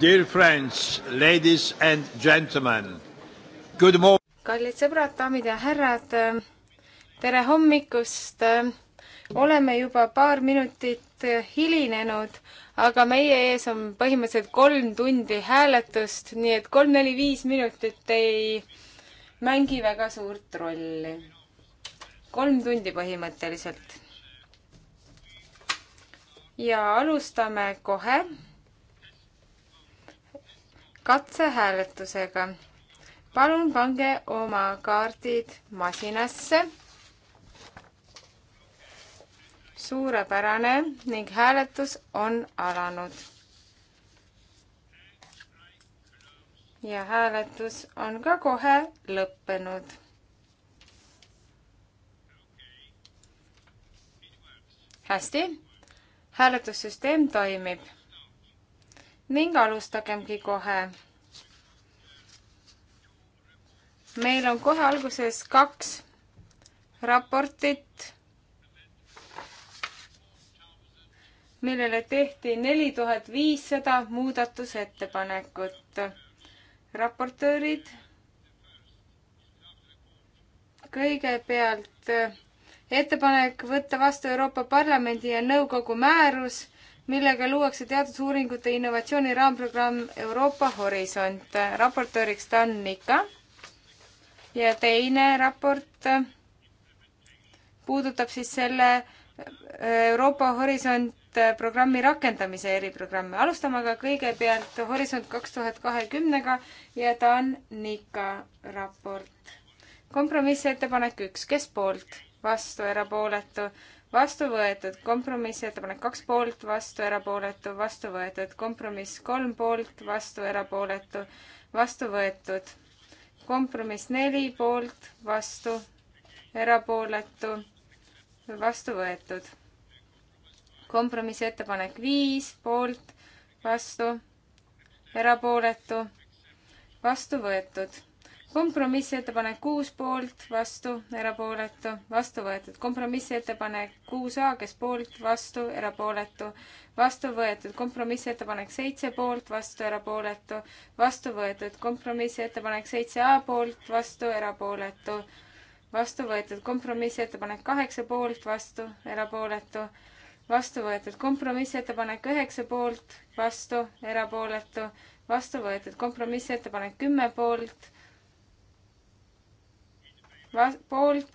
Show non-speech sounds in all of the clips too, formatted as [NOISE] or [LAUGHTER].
Dear friends, ladies and gentlemen, good morning. kallid sõbrad, daamid ja härrad, tere hommikust. oleme juba paar minutit hilinenud, aga meie ees on põhimõtteliselt kolm tundi hääletust, nii et kolm-neli-viis minutit ei mängi väga suurt rolli. kolm tundi põhimõtteliselt. ja alustame kohe katsehääletusega. palun pange oma kaardid masinasse. suurepärane ning hääletus on alanud. ja hääletus on ka kohe lõppenud. hästi, hääletussüsteem toimib ning alustagemgi kohe. meil on kohe alguses kaks raportit, millele tehti neli tuhat viissada muudatusettepanekut. raportöörid kõigepealt ettepanek võtta vastu Euroopa Parlamendi ja Nõukogu määrus millega luuakse teadusuuringute innovatsiooni raamprogramm Euroopa Horisont. raportööriks Dan Nika. ja teine raport puudutab siis selle äh, Euroopa Horisont äh, programmi rakendamise eriprogramme. alustame aga kõigepealt Horisont kaks tuhat kahekümnega ja Dan Nika raport. kompromissettepanek üks, kes poolt? vastu, erapooletu vastu võetud, kompromissettepanek kaks poolt, vastu erapooletu, vastu võetud, kompromiss kolm poolt, vastu erapooletu, vastu võetud, kompromiss neli poolt, vastu erapooletu, vastu võetud. kompromissettepanek viis poolt, vastu erapooletu, vastu võetud kompromissettepanek kuus poolt, vastu, erapooletu, vastu võetud. kompromissettepanek kuus A, kes poolt, vastu, erapooletu, vastu võetud. kompromissettepanek seitse poolt, vastu, erapooletu, vastu võetud. kompromissettepanek seitse A poolt, vastu, erapooletu, vastu võetud. kompromissettepanek kaheksa poolt, vastu, erapooletu, vastu võetud. kompromissettepanek üheksa poolt, vastu, erapooletu, vastu võetud. kompromissettepanek kümme poolt poolt.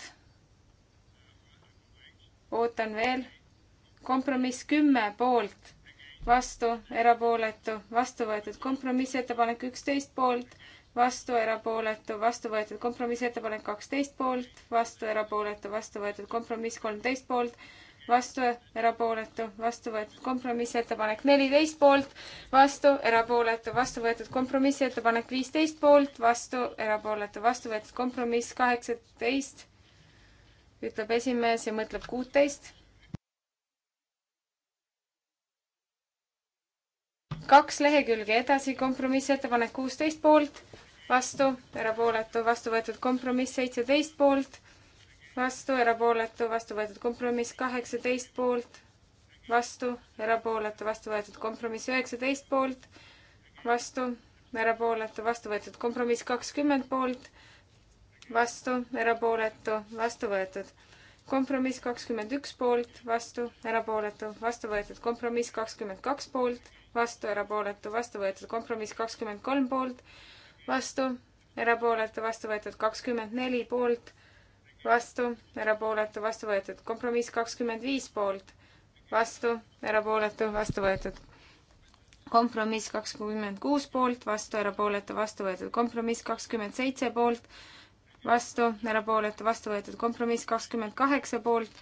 ootan veel. kompromiss kümme poolt, vastu, erapooletu, vastu võetud. kompromissettepanek üksteist poolt vastu, erapooletu, vastu võetud kompromissettepanek kaksteist poolt, vastu, erapooletu, vastu võetud kompromiss kolmteist poolt, vastu, erapooletu, vastu võetud kompromissettepanek neliteist poolt, vastu, erapooletu, vastu võetud kompromissettepanek viisteist poolt, vastu, erapooletu, vastu võetud kompromiss kaheksateist, ütleb esimees ja mõtleb kuuteist. kaks lehekülge edasi, kompromissettepanek kuusteist poolt, vastu, erapooletu, vastu võetud kompromiss seitseteist poolt vastu, erapooletu, vastu võetud kompromiss kaheksateist poolt, vastu, erapooletu, vastu võetud kompromiss üheksateist poolt, vastu, erapooletu, vastu võetud kompromiss kakskümmend poolt, vastu, erapooletu, vastu võetud kompromiss kakskümmend üks poolt, vastu, erapooletu, vastu võetud kompromiss kakskümmend kaks poolt, vastu, erapooletu, vastu võetud kompromiss kakskümmend kolm poolt, vastu, erapooletu, vastu võetud kakskümmend neli poolt vastu, erapooletu, vastu võetud. kompromiss kakskümmend viis poolt, vastu, erapooletu, vastu võetud. kompromiss kakskümmend kuus poolt, vastu, erapooletu, vastu võetud. kompromiss kakskümmend seitse poolt, vastu, erapooletu, vastu võetud. kompromiss kakskümmend kaheksa poolt,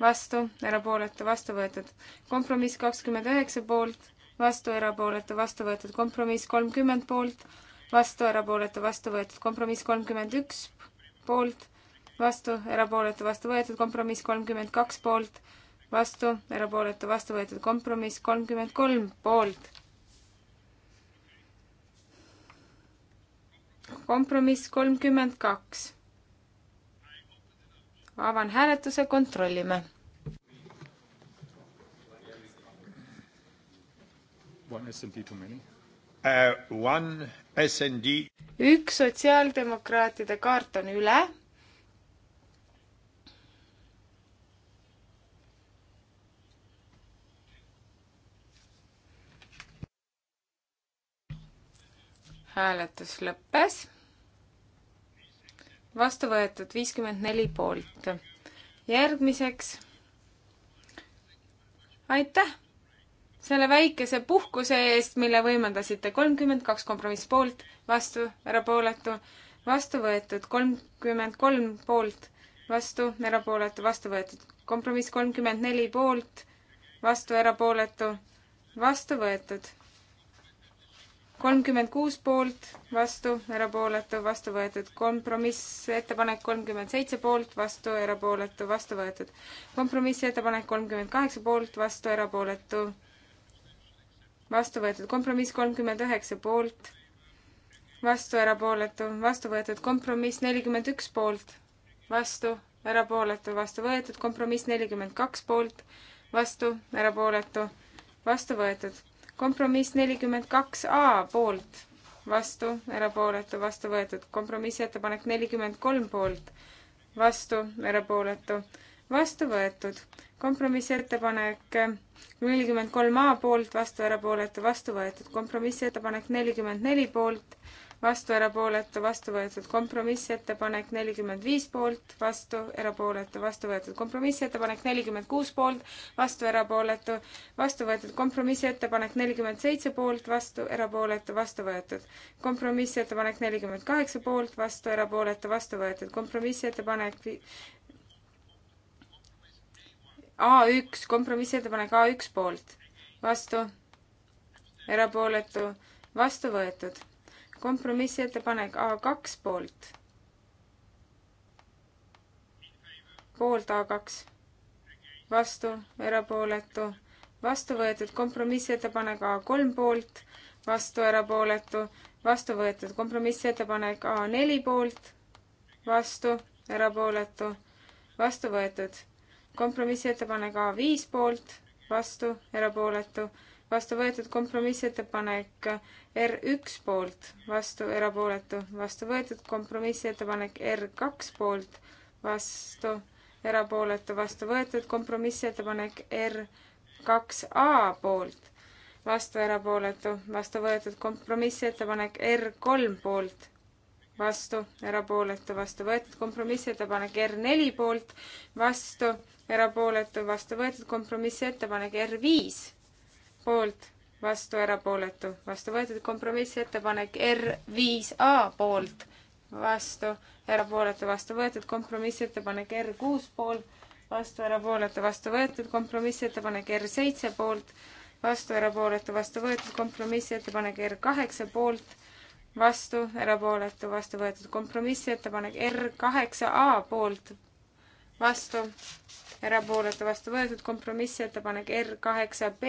vastu, erapooletu, vastu võetud. kompromiss kakskümmend üheksa poolt, vastu, erapooletu, vastu võetud. kompromiss kolmkümmend poolt, vastu, erapooletu, vastu võetud. kompromiss kolmkümmend üks poolt vastu, erapooletu, vastu võetud, kompromiss kolmkümmend kaks poolt, vastu, erapooletu, vastu võetud, kompromiss kolmkümmend kolm poolt. kompromiss kolmkümmend kaks. avan hääletuse, kontrollime. One SMT too many. Uh, one SND. üks sotsiaaldemokraatide kaart on üle hääletus lõppes. vastu võetud viiskümmend neli poolt. järgmiseks. aitäh selle väikese puhkuse eest, mille võimaldasite. kolmkümmend kaks kompromiss poolt, vastu, erapooletu, vastu võetud. kolmkümmend kolm poolt, vastu, erapooletu, vastu võetud. kompromiss kolmkümmend neli poolt, vastu, erapooletu, vastu võetud kolmkümmend kuus poolt, vastu, erapooletu, vastu võetud. kompromissettepanek kolmkümmend seitse poolt, vastu, erapooletu, vastu võetud. kompromissettepanek kolmkümmend kaheksa poolt, vastu, erapooletu, vastu võetud. kompromiss kolmkümmend üheksa poolt, vastu, erapooletu, vastu võetud. kompromiss nelikümmend üks poolt, vastu, erapooletu, vastu võetud. kompromiss nelikümmend kaks poolt, vastu, erapooletu, vastu võetud kompromiss nelikümmend kaks A poolt, vastu, erapooletu, vastu võetud. kompromissettepanek nelikümmend kolm poolt, vastu, erapooletu, vastu võetud. kompromissettepanek nelikümmend kolm A poolt, vastu, erapooletu, vastu võetud. kompromissettepanek nelikümmend neli poolt, vastu, erapooletu, vastu võetud kompromissettepanek nelikümmend viis poolt, vastu, erapooletu, vastu võetud kompromissettepanek nelikümmend kuus poolt, vastu, erapooletu, vastu võetud kompromissettepanek nelikümmend seitse poolt, vastu, erapooletu, vastu võetud kompromissettepanek nelikümmend kaheksa poolt, vastu, erapooletu, vastu võetud kompromissettepanek A1, kompromissettepanek A1 poolt, vastu, erapooletu, vastu võetud kompromissettepanek A2 poolt. poolt A2, vastu, erapooletu, vastu võetud kompromissettepanek A3 poolt, vastu, erapooletu, vastu võetud kompromissettepanek A4 poolt, vastu, erapooletu, vastu võetud kompromissettepanek A5 poolt, vastu, erapooletu vastu võetud kompromissettepanek R1 poolt, vastu erapooletu, vastu võetud kompromissettepanek R2 poolt, vastu erapooletu, vastu võetud kompromissettepanek R2A poolt, vastu erapooletu, vastu võetud kompromissettepanek R3 poolt, vastu, erapooletu, vastu võetud, kompromissettepanek R4 poolt, vastu, erapooletu, vastu võetud, kompromissettepanek R5 poolt, vastu, erapooletu, vastu võetud. kompromissettepanek R5A poolt, vastu, erapooletu, vastu võetud. kompromissettepanek R6 poolt, vastu, erapooletu, vastu võetud. kompromissettepanek R7 poolt, vastu, erapooletu, vastu võetud. kompromissettepanek R8 poolt vastu, erapooletu, vastu võetud kompromissettepanek R kaheksa A poolt, vastu, erapooletu, vastu võetud kompromissettepanek R kaheksa B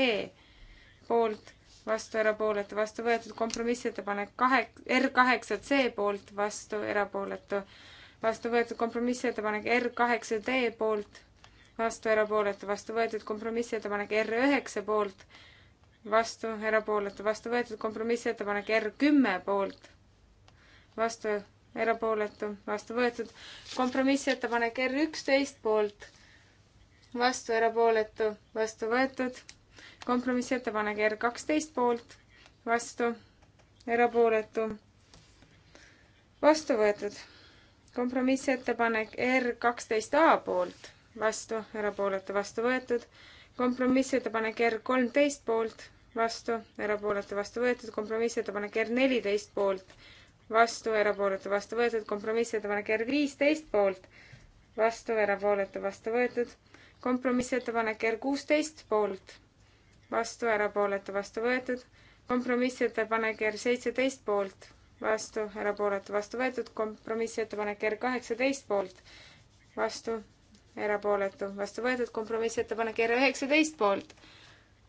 poolt, vastu, erapooletu, vastu võetud, kompromissettepanek kahe, R kaheksa C poolt, vastu, erapooletu, vastu võetud, kompromissettepanek R kaheksa D poolt, vastu, erapooletu, vastu võetud, kompromissettepanek R üheksa poolt, vastu, erapooletu, vastu võetud, kompromissettepanek R kümme poolt, vastu, erapooletu, vastu võetud, kompromissettepanek R üksteist poolt, vastu, erapooletu, vastu võetud kompromissettepanek R kaksteist poolt, vastu, erapooletu, vastu võetud. kompromissettepanek R kaksteist A poolt, vastu, erapooletu, vastu võetud. kompromissettepanek R kolmteist poolt, vastu, erapooletu, vastu võetud. kompromissettepanek R neliteist poolt, vastu, erapooletu, vastu võetud. kompromissettepanek R viisteist poolt, vastu, erapooletu, vastu võetud. kompromissettepanek R kuusteist poolt vastu, erapooletu, vastu võetud. kompromissettepanek R seitseteist poolt, vastu, erapooletu, vastu võetud. kompromissettepanek R kaheksateist poolt, vastu, erapooletu, vastu võetud. kompromissettepanek R üheksateist poolt,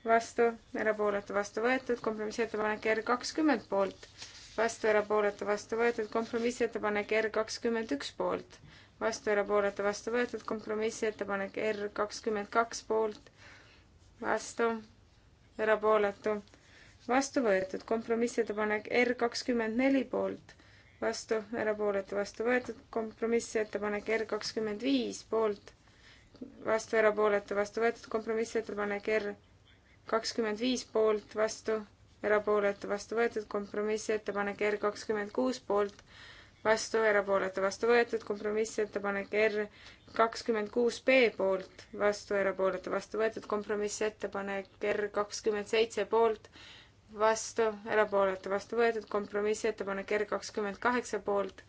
vastu, erapooletu, vastu võetud. kompromissettepanek R kakskümmend poolt, vastu, erapooletu, vastu võetud. kompromissettepanek R kakskümmend üks poolt, vastu, erapooletu, vastu võetud. kompromissettepanek R kakskümmend kaks poolt vastu, erapooletu, vastu võetud. kompromissettepanek R kakskümmend neli poolt, vastu, erapooletu, vastu võetud. kompromissettepanek R kakskümmend viis poolt, vastu, erapooletu, vastu võetud. kompromissettepanek R kakskümmend viis poolt, vastu, erapooletu, vastu võetud. kompromissettepanek R kakskümmend kuus poolt, vastu, erapooletu, vastu võetud, kompromissettepanek R kakskümmend kuus B poolt, vastu, erapooletu, vastu võetud, kompromissettepanek R kakskümmend seitse poolt, vastu, erapooletu, vastu võetud, kompromissettepanek R kakskümmend kaheksa poolt,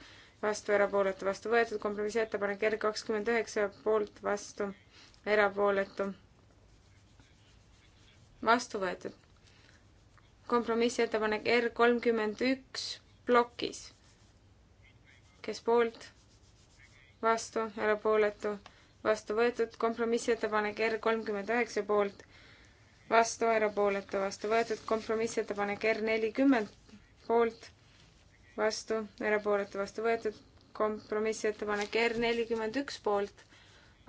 vastu, erapooletu, vastu võetud, kompromissettepanek R kakskümmend üheksa poolt, vastu, erapooletu, vastu võetud. kompromissettepanek R kolmkümmend üks plokis kes poolt, vastu, erapooletu, vastu võetud, kompromissettepanek R kolmkümmend üheksa poolt, vastu, erapooletu, vastu võetud, kompromissettepanek R nelikümmend poolt, vastu, erapooletu, vastu võetud, kompromissettepanek R nelikümmend üks poolt,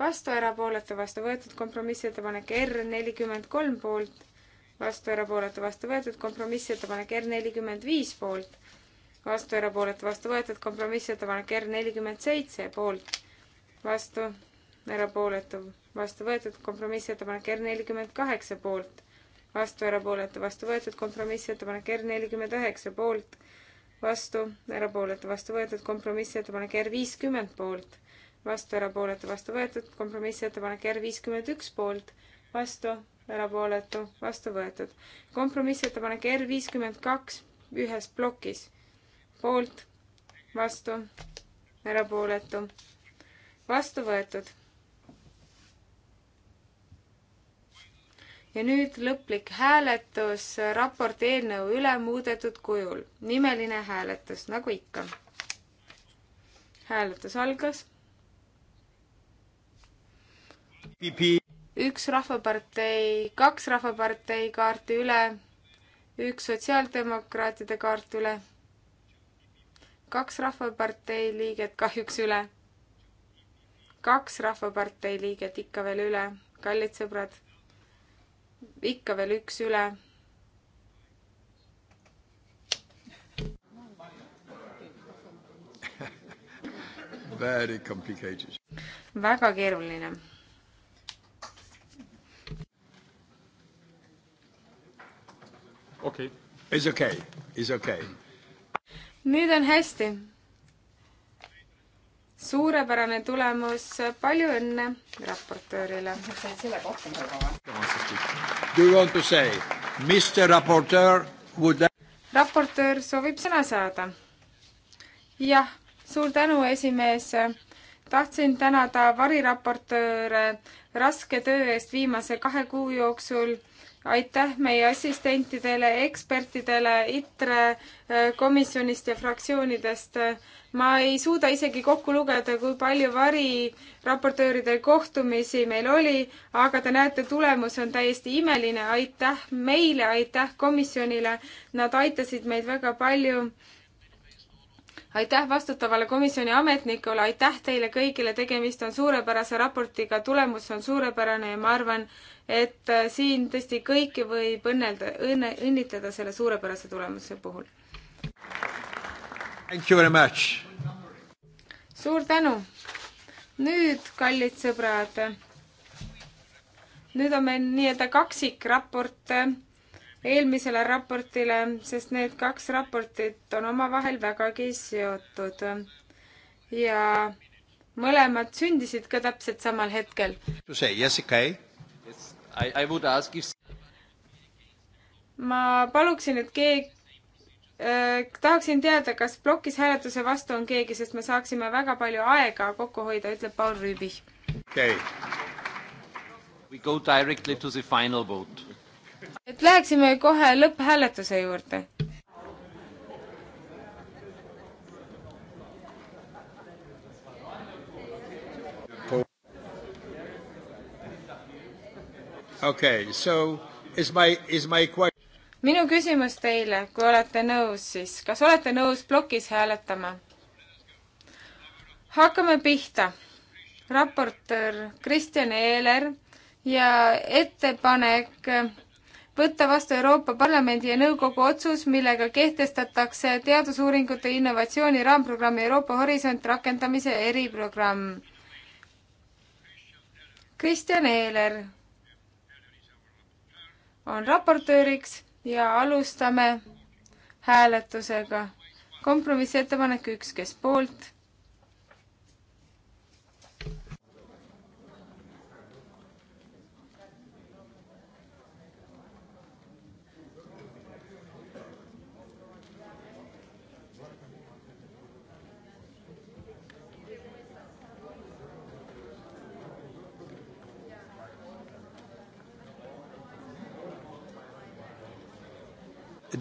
vastu erapooletu, vastu võetud kompromissettepanek R nelikümmend kolm poolt, vastu erapooletu, vastu võetud kompromissettepanek R nelikümmend viis poolt, vastu, erapooletu, vastu võetud, kompromissettepanek R nelikümmend seitse poolt, vastu, erapooletu, vastu võetud, kompromissettepanek R nelikümmend kaheksa poolt, vastu, erapooletu, vastu võetud, kompromissettepanek R nelikümmend üheksa poolt, vastu, erapooletu, vastu võetud, kompromissettepanek R viiskümmend poolt, vastu, erapooletu, vastu võetud, kompromissettepanek R viiskümmend üks poolt, vastu, erapooletu, vastu võetud. kompromissettepanek R viiskümmend kaks ühes plokis poolt, vastu, erapooletu, vastu võetud. ja nüüd lõplik hääletus raporti eelnõu üle muudetud kujul. nimeline hääletus, nagu ikka. hääletus algas. üks Rahvapartei, kaks Rahvapartei kaarti üle, üks sotsiaaldemokraatide kaart üle kaks Rahvapartei liiget kahjuks üle. kaks Rahvapartei liiget ikka veel üle, kallid sõbrad. ikka veel üks üle [LAUGHS] Very complicated. väga keeruline. okei okay.. It's okay, it's okay nüüd on hästi. suurepärane tulemus, palju õnne raportöörile. Would... raportöör soovib sõna saada. jah, suur tänu, esimees. tahtsin tänada variraportööre raske töö eest viimase kahe kuu jooksul aitäh meie assistentidele, ekspertidele ITRE eh, komisjonist ja fraktsioonidest. ma ei suuda isegi kokku lugeda, kui palju variraportööridel kohtumisi meil oli, aga te näete, tulemus on täiesti imeline. aitäh meile, aitäh komisjonile, nad aitasid meid väga palju aitäh vastutavale komisjoni ametnikule, aitäh teile kõigile, tegemist on suurepärase raportiga, tulemus on suurepärane ja ma arvan, et äh, siin tõesti kõiki võib õnnelda, õnne, õnnitleda selle suurepärase tulemuse puhul. suur tänu. nüüd, kallid sõbrad, nüüd on meil nii-öelda kaksikraport äh, eelmisele raportile, sest need kaks raportit on omavahel vägagi seotud. ja mõlemad sündisid ka täpselt samal hetkel. Yes, okay. yes, I, I would ask if ma paluksin, et keegi äh,, tahaksin teada, kas plokis hääletuse vastu on keegi, sest me saaksime väga palju aega kokku hoida, ütleb Paul Rüübich. okei okay.. We go directly to the final vote et läheksime kohe lõpphääletuse juurde. okei okay,, so is my, is my question. minu küsimus teile, kui olete nõus, siis kas olete nõus plokis hääletama? hakkame pihta. raportöör Kristjan Eeler ja ettepanek võtta vastu Euroopa Parlamendi ja Nõukogu otsus, millega kehtestatakse teadusuuringute innovatsiooni raamprogrammi Euroopa Horisont rakendamise eriprogramm. Kristjan Eeler on raportööriks ja alustame hääletusega. kompromissettepanek üks, kes poolt,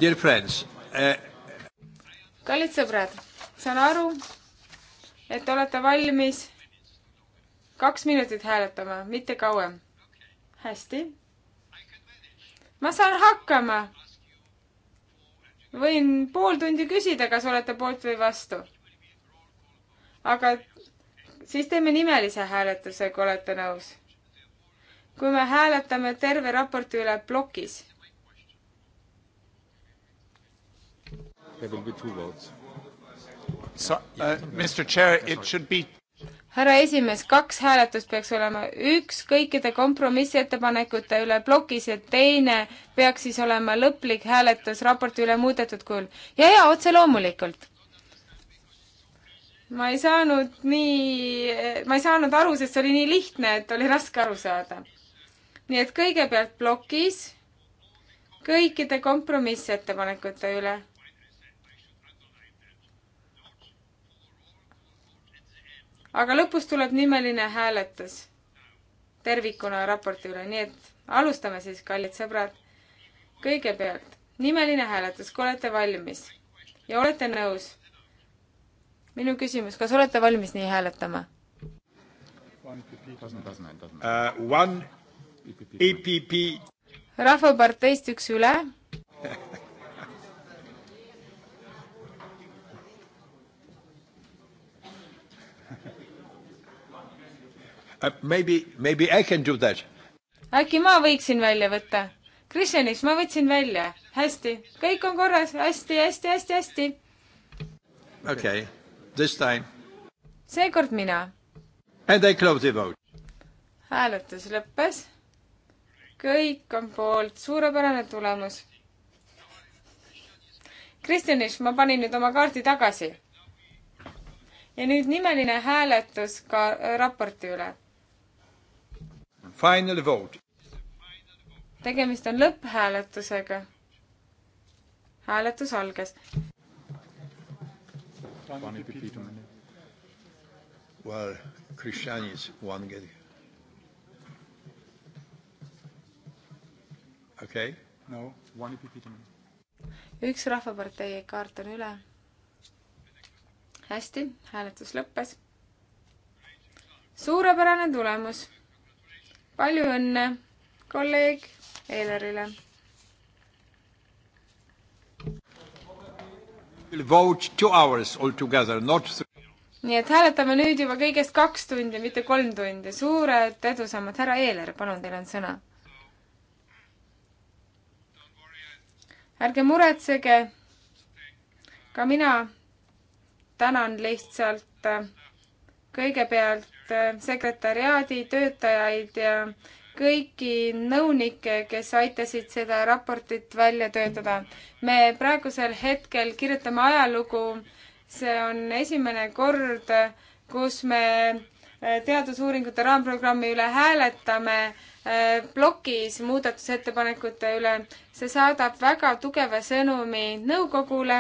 Dear friends eh.... kallid sõbrad, saan aru, et olete valmis kaks minutit hääletama, mitte kauem. hästi. ma saan hakkama. võin pool tundi küsida, kas olete poolt või vastu. aga siis teeme nimelise hääletuse, kui olete nõus. kui me hääletame terve raporti üle plokis There will be two votes. So, uh, Mr Chair, it should be härra esimees, kaks hääletust peaks olema, üks kõikide kompromissettepanekute üle plokis ja teine peaks siis olema lõplik hääletus raporti üle muudetud kujul. ja, ja otse loomulikult. ma ei saanud nii, ma ei saanud aru, sest see oli nii lihtne, et oli raske aru saada. nii et kõigepealt plokis kõikide kompromissettepanekute üle aga lõpus tuleb nimeline hääletus tervikuna raporti üle, nii et alustame siis, kallid sõbrad. kõigepealt nimeline hääletus, kui olete valmis ja olete nõus. minu küsimus, kas olete valmis nii hääletama? Uh, äh, EPP. E rahvaparteist üks üle [LAUGHS] Uh, maybe, maybe I can do that. äkki ma võiksin välja võtta? Kristjanis, ma võtsin välja. hästi, kõik on korras, hästi, hästi, hästi, hästi. okei okay., this time. seekord mina. And I close the vote. hääletus lõppes. kõik on poolt, suurepärane tulemus. Kristjanis, ma panin nüüd oma kaardi tagasi. ja nüüd nimeline hääletus ka äh, raporti üle Final vote. tegemist on lõpphääletusega. hääletus algas. Well, Christian is one getting. Okay. No, one EPP. üks Rahvapartei kaart on üle. hästi, hääletus lõppes. suurepärane tulemus palju õnne kolleeg Eelerile. nii et hääletame nüüd juba kõigest kaks tundi, mitte kolm tundi. suured edusammad, härra Eeler, palun, teil on sõna. ärge muretsege, ka mina tänan lihtsalt kõigepealt Äh, sekretäriaadi töötajaid ja kõiki nõunikke, kes aitasid seda raportit välja töötada. me praegusel hetkel kirjutame ajalugu. see on esimene kord, kus me äh, teadusuuringute raamprogrammi üle hääletame äh, plokis muudatusettepanekute üle. see saadab väga tugeva sõnumi nõukogule.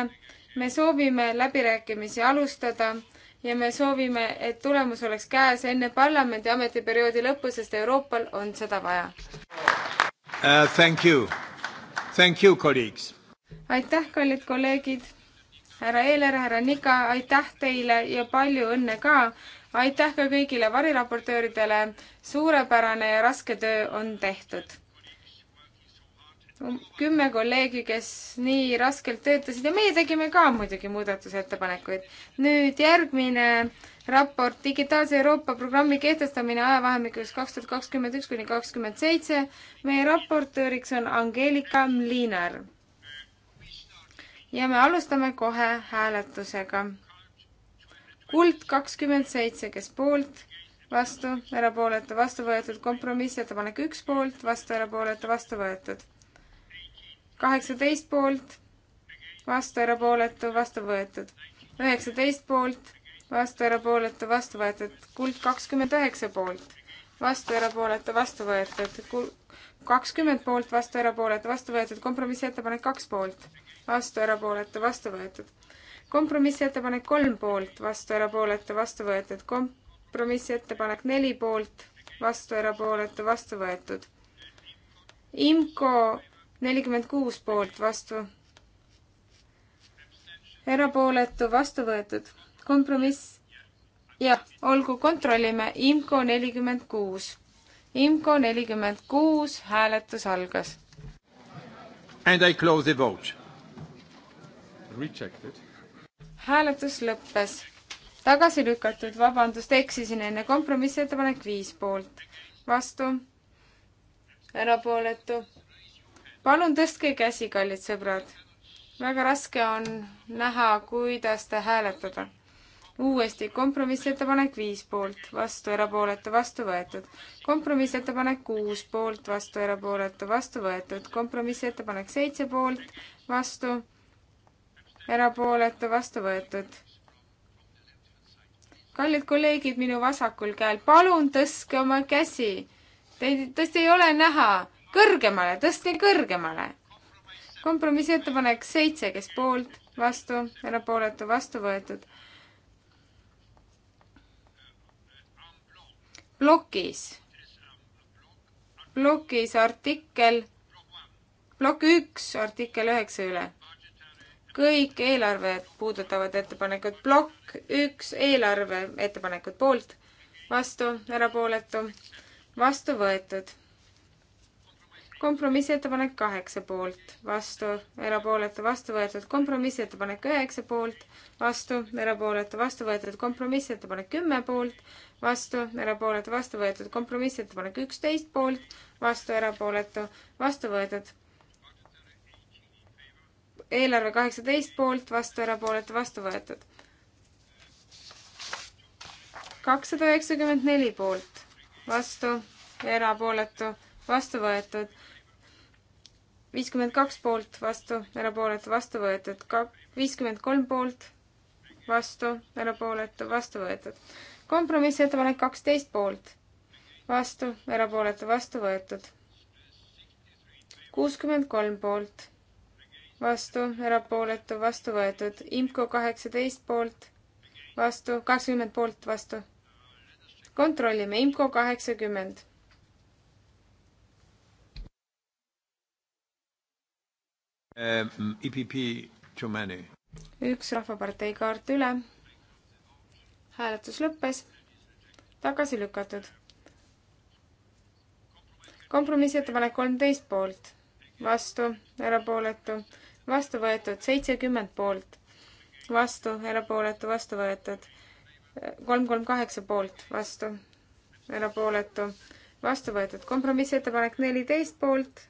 me soovime läbirääkimisi alustada ja me soovime, et tulemus oleks käes enne parlamendi ametiperioodi lõppu, sest Euroopal on seda vaja uh,. Thank you, thank you, colleagues. aitäh, kallid kolleegid, härra Eeler, härra Nika, aitäh teile ja palju õnne ka. aitäh ka kõigile variraportööridele, suurepärane ja raske töö on tehtud kümme kolleegi, kes nii raskelt töötasid ja meie tegime ka muidugi muudatusettepanekuid. nüüd järgmine raport, Digitaalse Euroopa programmi kehtestamine ajavahemikus kaks tuhat kakskümmend üks kuni kakskümmend seitse. meie raportööriks on Angeelika Mlinar. ja me alustame kohe hääletusega. kuld kakskümmend seitse, kes poolt vastu, erapooletu, vastu võetud, kompromissettepanek üks poolt, vastu, erapooletu, vastu võetud kaheksateist poolt, vastu, erapooletu, vastu võetud. üheksateist poolt, vastu, erapooletu, vastu võetud. kuld kakskümmend üheksa poolt, vastu, erapooletu, vastu võetud. kakskümmend poolt, vastu, erapooletu, vastu võetud. kompromissettepanek kaks poolt, vastu, erapooletu, vastu võetud. kompromissettepanek kolm poolt, vastu, erapooletu, vastu võetud. kompromissettepanek neli poolt, vastu, erapooletu, vastu võetud. IMCO nelikümmend kuus poolt vastu. erapooletu vastu võetud. kompromiss. jah, olgu, kontrollime. IMCO nelikümmend kuus. IMCO nelikümmend kuus, hääletus algas. And I close the vote. Rejected. hääletus lõppes. tagasi lükatud, vabandust, eksisin enne. kompromissettepanek viis poolt. vastu. erapooletu palun tõstke käsi, kallid sõbrad. väga raske on näha, kuidas te hääletada. uuesti kompromissettepanek viis poolt, vastu, erapooletu, vastu võetud. kompromissettepanek kuus poolt, vastu, erapooletu, vastu võetud. kompromissettepanek seitse poolt, vastu, erapooletu, vastu võetud kallid kolleegid minu vasakul käel, palun tõstke oma käsi. Teid tõesti ei ole näha, kõrgemale, tõstke kõrgemale. kompromissettepanek seitse, kes poolt, vastu, erapooletu, vastu võetud. plokis, plokis artikkel, plokk üks, artikkel üheksa üle kõik eelarvet puudutavad ettepanekud, plokk üks eelarve ettepanekud poolt, vastu, erapooletu, vastu võetud kompromissettepanek kaheksa poolt, vastu, erapooletu, vastu võetud, kompromissettepanek üheksa poolt, vastu, erapooletu, vastu võetud, kompromissettepanek kümme poolt, vastu, erapooletu, vastu võetud, kompromissettepanek üksteist poolt, vastu, erapooletu, vastu võetud. eelarve kaheksateist poolt, vastu, erapooletu, vastu võetud. kakssada üheksakümmend neli poolt, vastu, erapooletu, vastu võetud viiskümmend kaks poolt, vastu, erapooletu, vastu võetud, ka viiskümmend kolm poolt, vastu, erapooletu, vastu võetud. kompromissettepanek kaksteist poolt, vastu, erapooletu, vastu võetud. kuuskümmend kolm poolt, vastu, erapooletu, vastu võetud. IMCO kaheksateist poolt, vastu, kakskümmend poolt, vastu. kontrollime, IMCO kaheksakümmend Um, EPP too many. üks Rahvapartei kaart üle. hääletus lõppes. tagasi lükatud. kompromissettepanek kolmteist poolt, vastu, erapooletu, vastu võetud seitsekümmend poolt, vastu, erapooletu, vastu võetud kolm, kolm, kaheksa poolt, vastu, erapooletu, vastu võetud. kompromissettepanek neliteist poolt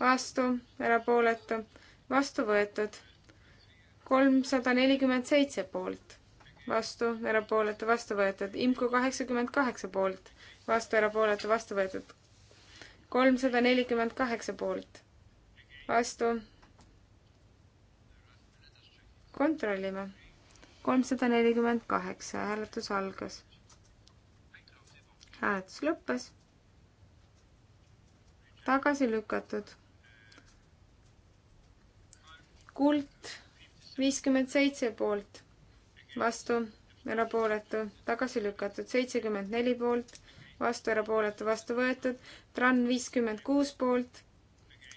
vastu, erapooletu, vastu võetud. kolmsada nelikümmend seitse poolt, vastu, erapooletu, vastu võetud. IMCO kaheksakümmend kaheksa poolt, vastu, erapooletu, vastu võetud. kolmsada nelikümmend kaheksa poolt, vastu. kontrollime. kolmsada nelikümmend kaheksa, hääletus algas. hääletus lõppes tagasi lükatud kuld viiskümmend seitse poolt, vastu, erapooletu, tagasi lükatud, seitsekümmend neli poolt, vastu, erapooletu, vastu võetud, TRAN viiskümmend kuus poolt,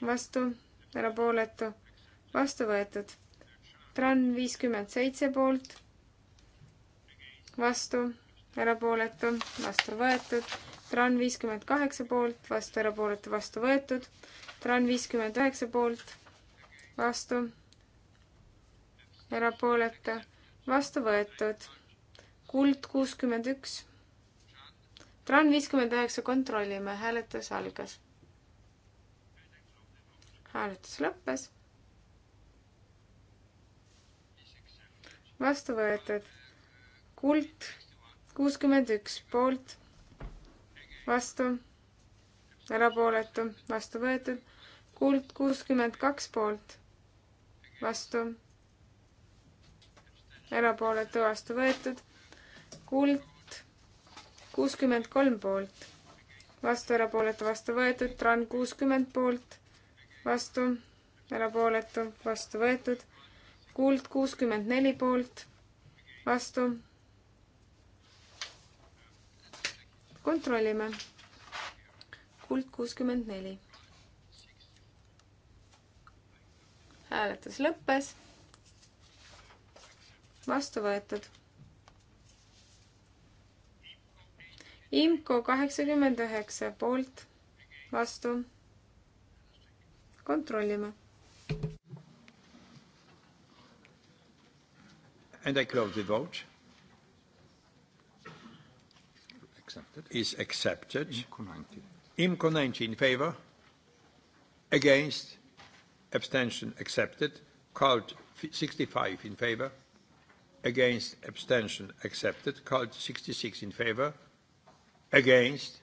vastu, erapooletu, vastu võetud, TRAN viiskümmend seitse poolt, vastu, erapooletu, vastu võetud, TRAN viiskümmend kaheksa poolt, vastu, erapooletu, vastu võetud, TRAN viiskümmend üheksa poolt, vastu erapooletu, vastu võetud. kuld kuuskümmend üks. Tran viiskümmend üheksa, kontrollime, hääletus algas. hääletus lõppes. vastu võetud. kuld kuuskümmend üks, poolt, vastu, erapooletu, vastu võetud. kuld kuuskümmend kaks, poolt, vastu erapooletu vastu võetud. kuld kuuskümmend kolm poolt, vastu erapooletu vastu võetud. tran kuuskümmend poolt, vastu erapooletu vastu võetud. kuld kuuskümmend neli poolt, vastu. kontrollime. kuld kuuskümmend neli hääletus lõppes vastu võetud. IMCO kaheksakümmend üheksa poolt, vastu. kontrollime. And I close the vote. Accepted. Is accepted. IMCO ninety. IMCO ninety in favor. Against. Abstention accepted. Called sixty five in favor against abstention accepted cult 66 in favor against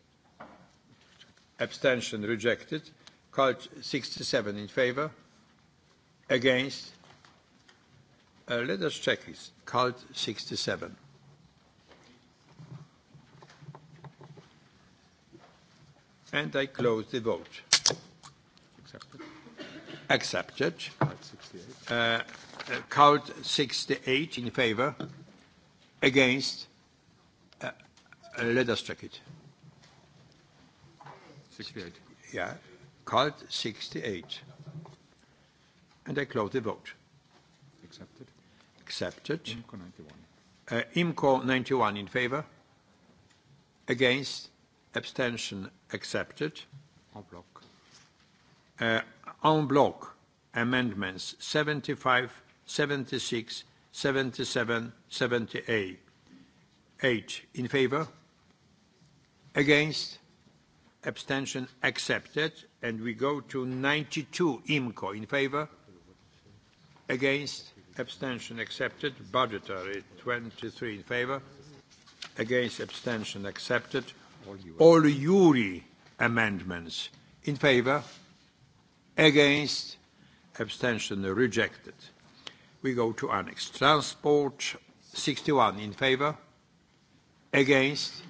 abstention rejected cult 67 in favor against uh, let us check it cult 67 and i close the vote accepted accepted uh, Count 68 in favor, against. Uh, uh, let us check it. 68. Yeah. Count 68. And I close the vote. Accepted. Accepted. IMCO 91. Uh, IMCO 91 in favor, against, abstention accepted. En bloc. Uh, en bloc amendments 75 76, 77, 78. 8 in favor, against, abstention accepted. And we go to 92, IMCO, in favor, against, abstention accepted. Budgetary, 23 in favor, against, abstention accepted. All Juri amendments in favor, against, abstention rejected we go to annex. Transport 61 in favor? Against?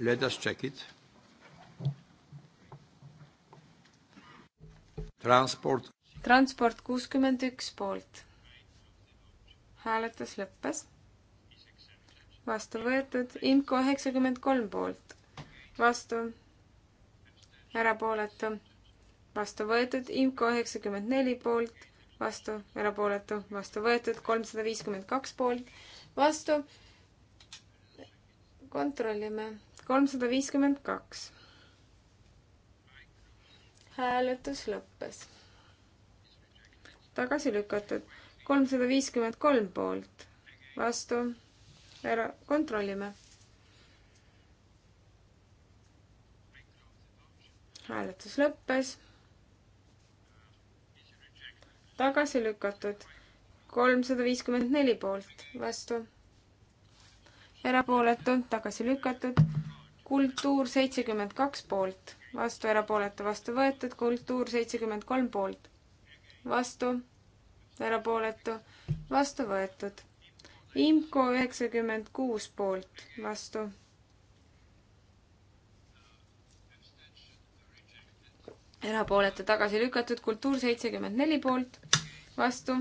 Let us check it. Transport. Transport 61 poolt. Hääletus lõppes. Vastu võetud. IMCO 93 poolt. Vastu. Ära pooletu. Vastu võetud. IMCO 94 poolt vastu, erapooletu, vastu võetud, kolmsada viiskümmend kaks poolt, vastu. kontrollime, kolmsada viiskümmend kaks. hääletus lõppes. tagasi lükatud, kolmsada viiskümmend kolm poolt, vastu, ära, kontrollime. hääletus lõppes tagasi lükatud. kolmsada viiskümmend neli poolt, vastu. erapooletu, tagasi lükatud. kultuur seitsekümmend kaks poolt, vastu, erapooletu, vastu võetud. kultuur seitsekümmend kolm poolt, vastu, erapooletu, vastu võetud. IMCO üheksakümmend kuus poolt, vastu erapooletu tagasi lükatud, kultuur seitsekümmend neli poolt, vastu,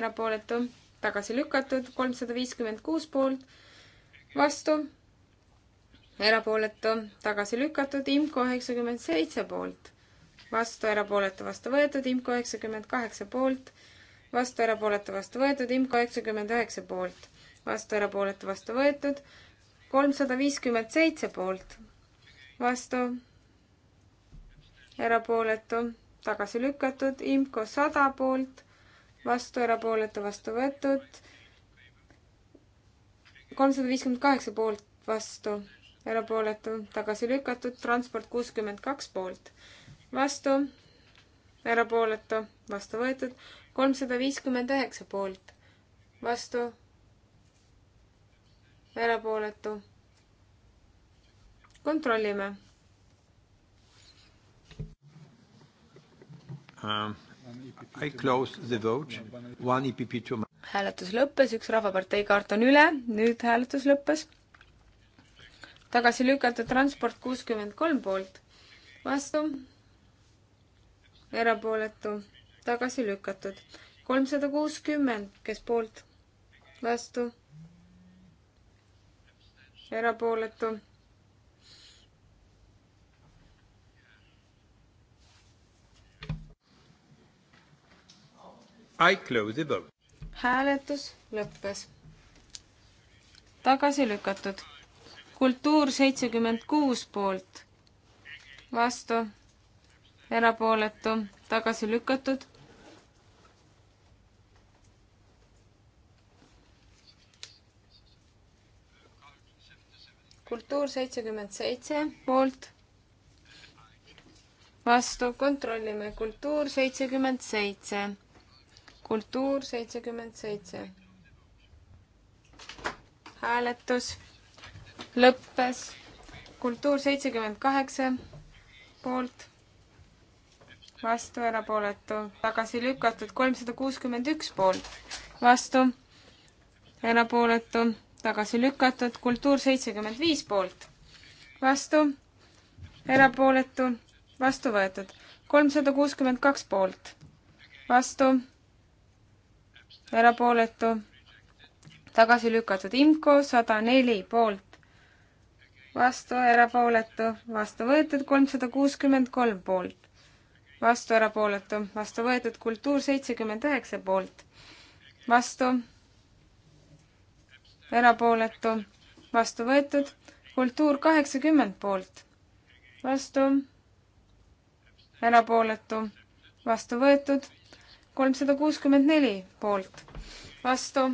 erapooletu, tagasi lükatud, kolmsada viiskümmend kuus poolt, vastu, erapooletu, tagasi lükatud, IMCO üheksakümmend seitse poolt, vastu, erapooletu, vastu võetud, IMCO üheksakümmend kaheksa poolt, vastu, erapooletu, vastu võetud, IMCO üheksakümmend üheksa poolt, vastu, erapooletu, vastu võetud, kolmsada viiskümmend seitse poolt, vastu, erapooletu, tagasi lükatud, IMCO sada poolt vastu, erapooletu, vastu võetud. kolmsada viiskümmend kaheksa poolt, vastu, erapooletu, tagasi lükatud, transport kuuskümmend kaks poolt, vastu, erapooletu, vastu võetud, kolmsada viiskümmend üheksa poolt, vastu, erapooletu. kontrollime um I close the vote. One EPP too much. hääletus lõppes, üks Rahvapartei kaart on üle, nüüd hääletus lõppes. tagasi lükata transport kuuskümmend kolm poolt, vastu, erapooletu, tagasi lükatud. kolmsada kuuskümmend, kes poolt, vastu, erapooletu I close the vote. hääletus lõppes. tagasi lükatud. kultuur seitsekümmend kuus poolt, vastu, erapooletu, tagasi lükatud. kultuur seitsekümmend seitse poolt vastu kontrollime kultuur seitsekümmend seitse kultuur seitsekümmend seitse. hääletus lõppes. kultuur seitsekümmend kaheksa poolt, vastu, erapooletu, tagasi lükatud kolmsada kuuskümmend üks poolt, vastu, erapooletu, tagasi lükatud, kultuur seitsekümmend viis poolt, vastu, erapooletu, vastu võetud, kolmsada kuuskümmend kaks poolt, vastu erapooletu, tagasi lükatud IMCO sada neli poolt, vastu, erapooletu, vastu võetud kolmsada kuuskümmend kolm poolt, vastu, erapooletu, vastu võetud kultuur seitsekümmend üheksa poolt, vastu, erapooletu, vastu võetud kultuur kaheksakümmend poolt, vastu, erapooletu, vastu võetud kolmsada kuuskümmend neli poolt, vastu,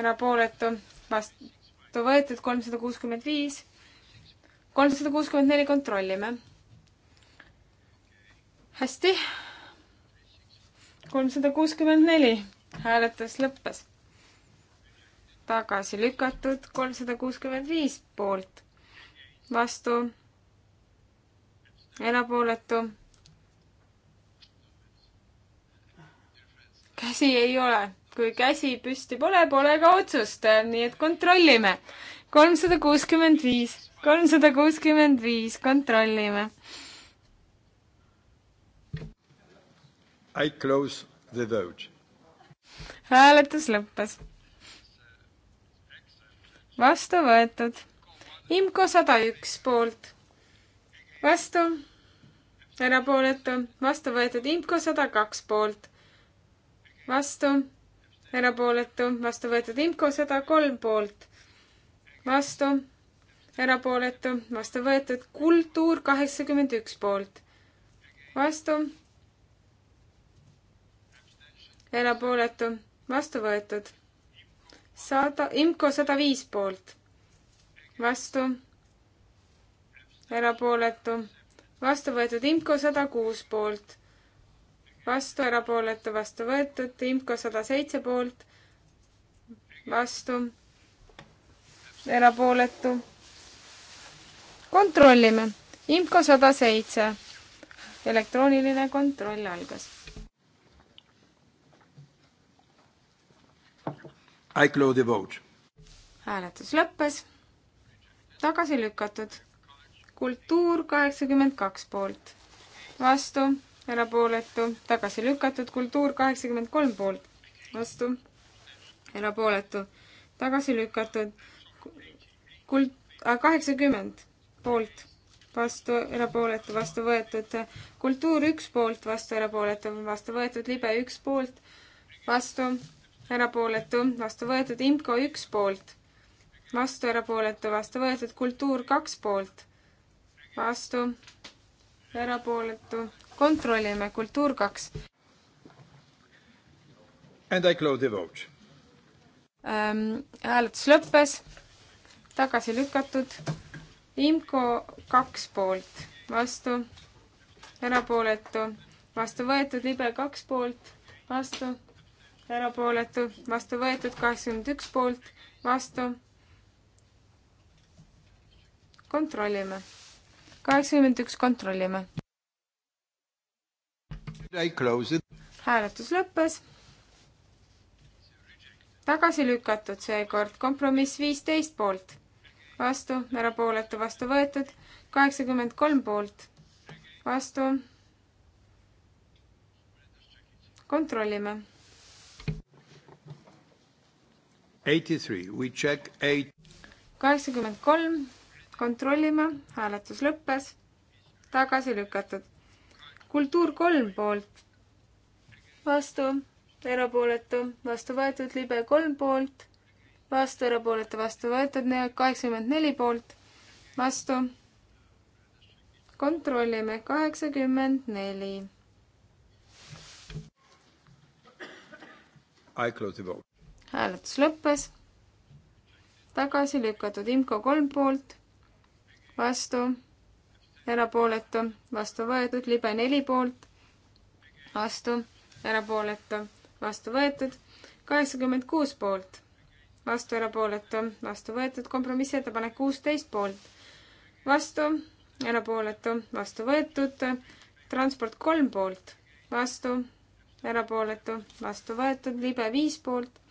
erapooletu, vastu võetud kolmsada kuuskümmend viis, kolmsada kuuskümmend neli kontrollime. hästi, kolmsada kuuskümmend neli, hääletus lõppes. tagasi lükatud kolmsada kuuskümmend viis poolt, vastu, erapooletu käsi ei ole. kui käsi püsti pole, pole ka otsust, nii et kontrollime. kolmsada kuuskümmend viis, kolmsada kuuskümmend viis, kontrollime. I close the vote. hääletus lõppes. vastu võetud. IMCO sada üks poolt. vastu erapooletu, vastu võetud IMCO sada kaks poolt vastu, erapooletu, vastu võetud IMCO sada kolm poolt, vastu, erapooletu, vastu võetud Kultuur kaheksakümmend üks poolt, vastu, erapooletu, vastu võetud sada, IMCO sada viis poolt, vastu, erapooletu, vastu võetud IMCO sada kuus poolt vastu, erapooletu, vastu võetud, IMCO sada seitse poolt, vastu, erapooletu. kontrollime, IMCO sada seitse, elektrooniline kontroll algas. I close the vote. hääletus lõppes, tagasi lükatud. kultuur kaheksakümmend kaks poolt, vastu erapooletu, tagasi lükatud, kultuur kaheksakümmend kolm poolt, vastu, erapooletu, tagasi lükatud, kuld-, äh, kaheksakümmend poolt, vastu, erapooletu, vastu võetud, kultuur üks poolt, vastu, erapooletu, vastu võetud, libe üks poolt, vastu, erapooletu, vastu võetud, IMCO üks poolt, vastu, erapooletu, vastu võetud, kultuur kaks poolt, vastu, erapooletu, kontrollime, kultuur kaks. And I close the vote ähm,. hääletus lõppes, tagasi lükatud. IMCO kaks poolt, vastu, erapooletu, vastu võetud, libe kaks poolt, vastu, erapooletu, vastu võetud, kaheksakümmend üks poolt, vastu. kontrollime, kaheksakümmend üks kontrollime hääletus lõppes. tagasi lükatud seekord kompromiss viisteist poolt, vastu, erapooletu, vastu võetud, kaheksakümmend kolm poolt, vastu. kontrollime. kaheksakümmend kolm, kontrollime, hääletus lõppes, tagasi lükatud kultuur kolm poolt, vastu, erapooletu, vastu võetud, libe kolm poolt, vastu, erapooletu, vastu võetud, kaheksakümmend neli poolt, vastu. kontrollime, kaheksakümmend neli. hääletus lõppes. tagasi lükatud IMCO kolm poolt, vastu erapooletu, vastu võetud, libe neli poolt, vastu, erapooletu, vastu võetud, kaheksakümmend kuus poolt, vastu, erapooletu, vastu võetud, kompromissettepanek kuusteist poolt, vastu, erapooletu, vastu võetud, transport kolm poolt, vastu, erapooletu, vastu võetud, libe viis poolt,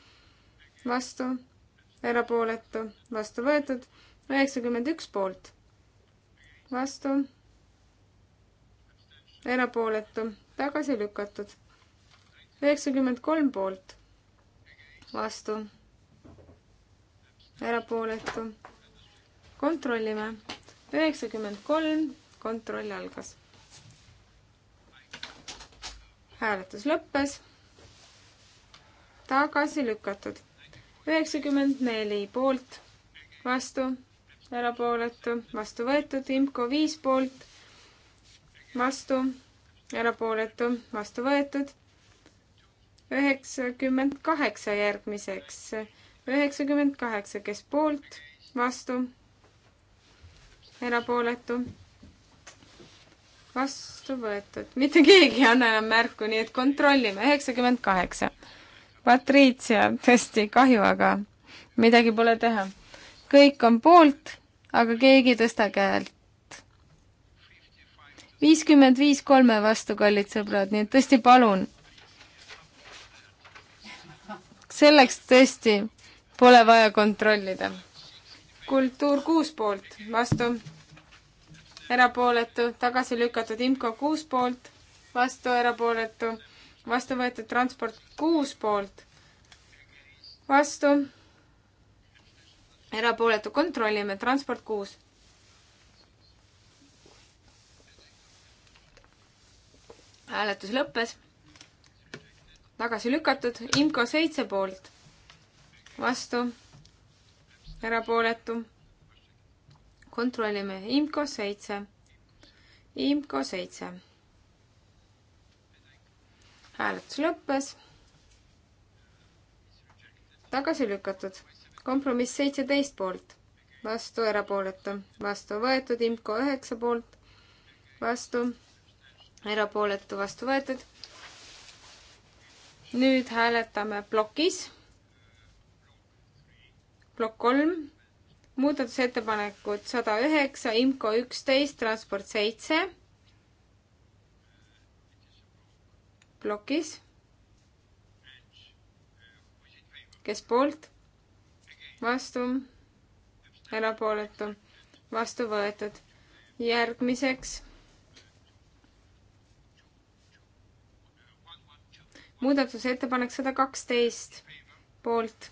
vastu, erapooletu, vastu võetud, üheksakümmend üks poolt vastu, erapooletu, tagasi lükatud. üheksakümmend kolm poolt, vastu, erapooletu. kontrollime. üheksakümmend kolm, kontroll algas. hääletus lõppes. tagasi lükatud. üheksakümmend neli poolt, vastu erapooletu, vastu võetud, IMCO viis poolt, vastu, erapooletu, vastu võetud, üheksakümmend kaheksa järgmiseks, üheksakümmend kaheksa, kes poolt, vastu, erapooletu, vastu võetud, mitte keegi ei anna enam märku, nii et kontrollime, üheksakümmend kaheksa. Patricia, tõesti kahju, aga midagi pole teha kõik on poolt, aga keegi ei tõsta käelt. viiskümmend viis kolme vastu, kallid sõbrad, nii et tõesti palun. selleks tõesti pole vaja kontrollida. kultuur kuus poolt, vastu, erapooletu, tagasi lükatud, IMCO kuus poolt, vastu, erapooletu, vastu võetud transport kuus poolt, vastu erapooletu kontrollime, transport kuus. hääletus lõppes. tagasi lükatud, IMCO seitse poolt, vastu, erapooletu. kontrollime, IMCO seitse, IMCO seitse. hääletus lõppes. tagasi lükatud kompromiss seitseteist poolt, vastu, erapooletu, vastu võetud, IMCO üheksa poolt, vastu, erapooletu, vastu võetud. nüüd hääletame plokis. plokk kolm, muudatusettepanekud sada üheksa, IMCO üksteist, transport seitse. plokis. kes poolt vastu, erapooletu, vastu võetud. järgmiseks. muudatusettepanek sada kaksteist, poolt,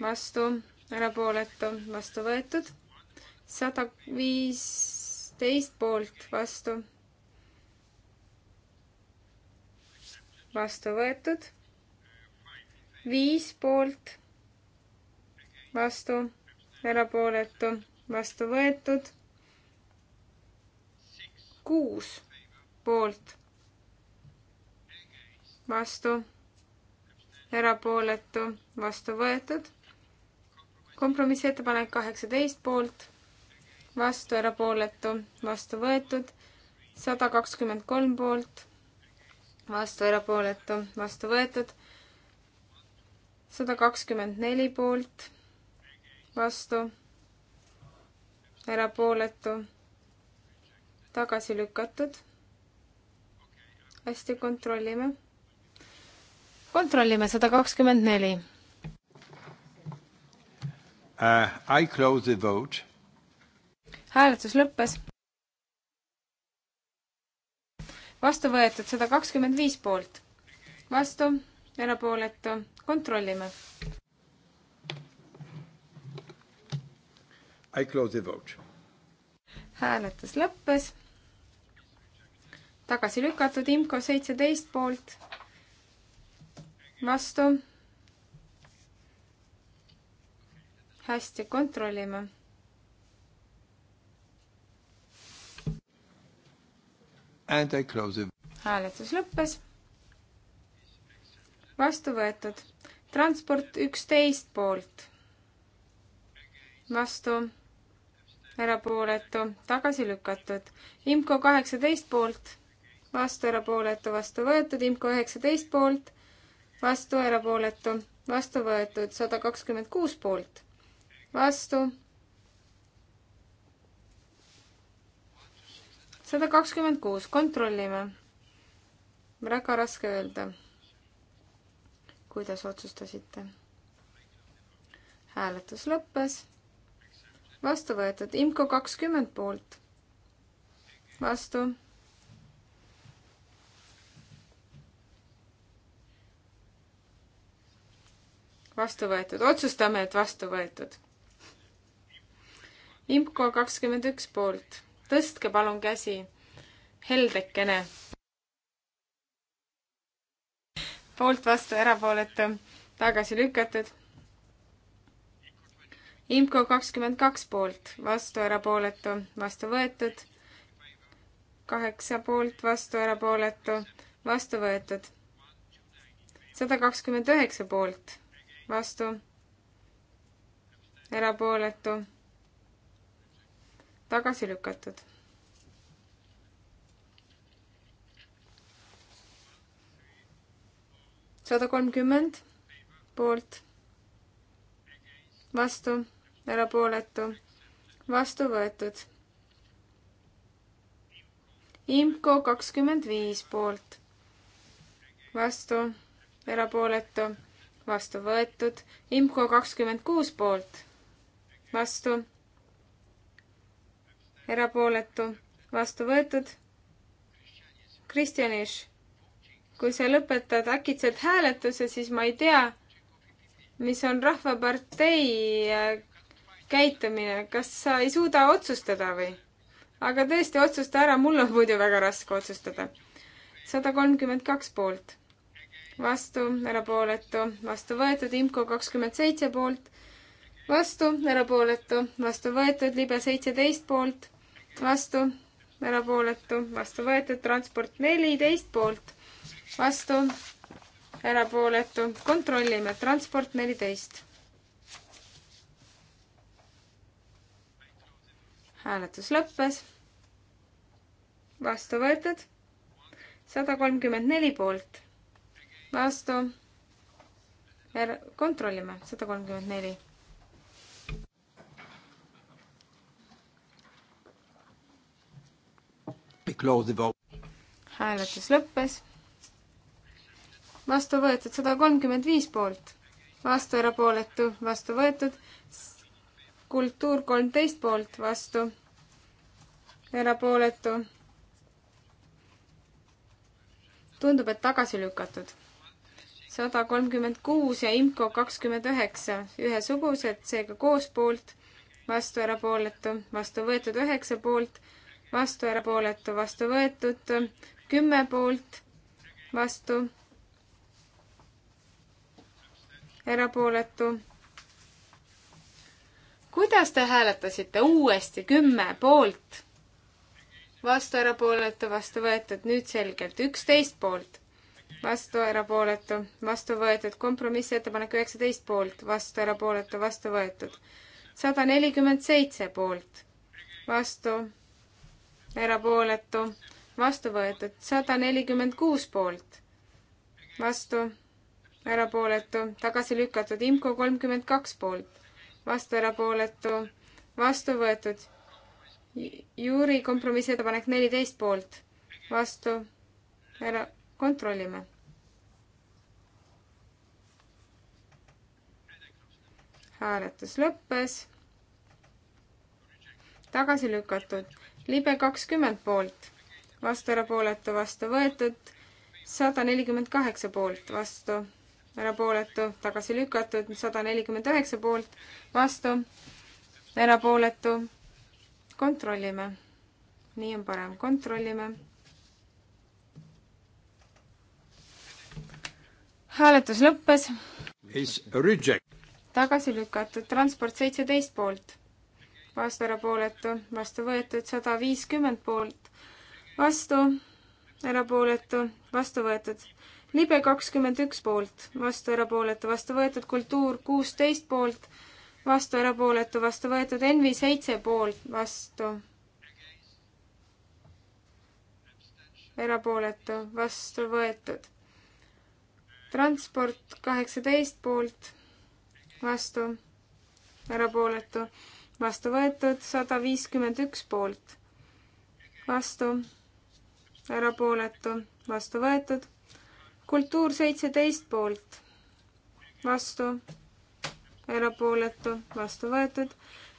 vastu, erapooletu, vastu võetud. sada viisteist poolt, vastu. vastu võetud. viis poolt vastu, erapooletu, vastu võetud. kuus poolt, vastu, erapooletu, vastu võetud. kompromissettepanek kaheksateist poolt, vastu, erapooletu, vastu võetud. sada kakskümmend kolm poolt, vastu, erapooletu, vastu võetud sada kakskümmend neli poolt, vastu, erapooletu, tagasi lükatud. hästi, kontrollime. kontrollime sada kakskümmend neli. Uh, I close the vote. hääletus lõppes. vastu võetud sada kakskümmend viis poolt, vastu, erapooletu, kontrollime I close the vote. hääletus lõppes. tagasi lükatud IMCO seitseteist poolt, vastu. hästi, kontrollime and I close it. hääletus lõppes. vastu võetud. transport üksteist poolt. vastu erapooletu, tagasi lükatud. IMCO kaheksateist poolt, vastu erapooletu, vastu võetud, IMCO üheksateist poolt, vastu erapooletu, vastu võetud, sada kakskümmend kuus poolt, vastu. sada kakskümmend kuus, kontrollime. väga raske öelda, kuidas otsustasite. hääletus lõppes vastu võetud. IMCO kakskümmend poolt, vastu. vastu võetud, otsustame, et vastu võetud. IMCO kakskümmend üks poolt, tõstke palun käsi, heldekene. poolt, vastu, erapooletu, tagasi lükatud IMCO kakskümmend kaks poolt, vastu, erapooletu, vastu võetud. kaheksa poolt, vastu, erapooletu, vastu võetud. sada kakskümmend üheksa poolt, vastu, erapooletu, tagasi lükatud sada kolmkümmend poolt, vastu, erapooletu, vastu võetud. IMCO kakskümmend viis poolt, vastu, erapooletu, vastu võetud. IMCO kakskümmend kuus poolt, vastu, erapooletu, vastu võetud. Kristjanis kui sa lõpetad äkitselt hääletuse, siis ma ei tea, mis on Rahvapartei käitumine, kas sa ei suuda otsustada või? aga tõesti, otsusta ära, mul on muidu väga raske otsustada. sada kolmkümmend kaks poolt, vastu, erapooletu, vastu võetud, IMCO kakskümmend seitse poolt, vastu, erapooletu, vastu võetud, libe seitseteist poolt, vastu, erapooletu, vastu võetud, transport neliteist poolt, vastu, erapooletu, kontrollime, transport neliteist hääletus lõppes. vastu võetud. sada kolmkümmend neli poolt. vastu. Er-, kontrollime, sada kolmkümmend neli. hääletus lõppes. vastu võetud sada kolmkümmend viis poolt, vastu erapooletu, vastu võetud kultuur kolmteist poolt vastu, erapooletu. tundub, et tagasi lükatud. sada kolmkümmend kuus ja IMCO kakskümmend üheksa, ühesugused, seega koos poolt, vastu erapooletu, vastu võetud üheksa poolt, vastu erapooletu, vastu võetud kümme poolt, vastu erapooletu kuidas te hääletasite uuesti kümme poolt? vastu erapooletu, vastu võetud, nüüd selgelt üksteist poolt. vastu erapooletu, vastu võetud, kompromissettepanek üheksateist poolt, vastu erapooletu, vastu võetud. sada nelikümmend seitse poolt, vastu erapooletu, vastu võetud, sada nelikümmend kuus poolt, vastu erapooletu, tagasi lükatud, IMCO kolmkümmend kaks poolt vastu erapooletu, vastu võetud. juuri kompromissettepanek neliteist poolt, vastu, ära, kontrollime. hääletus lõppes. tagasi lükatud, libe kakskümmend poolt, vastu erapooletu, vastu võetud, sada nelikümmend kaheksa poolt, vastu erapooletu, tagasi lükatud, sada nelikümmend üheksa poolt, vastu, erapooletu. kontrollime. nii on parem, kontrollime. hääletus lõppes. tagasi lükatud, transport seitseteist poolt, vastu erapooletu, vastu võetud sada viiskümmend poolt, vastu erapooletu, vastu võetud libe kakskümmend üks poolt, vastu erapooletu, vastu võetud kultuur kuusteist poolt, vastu erapooletu, vastu võetud Envi seitse poolt, vastu. erapooletu, vastu võetud. transport kaheksateist poolt, vastu, erapooletu, vastu võetud sada viiskümmend üks poolt, vastu, erapooletu, vastu võetud kultuur seitseteist poolt, vastu, erapooletu, vastu võetud.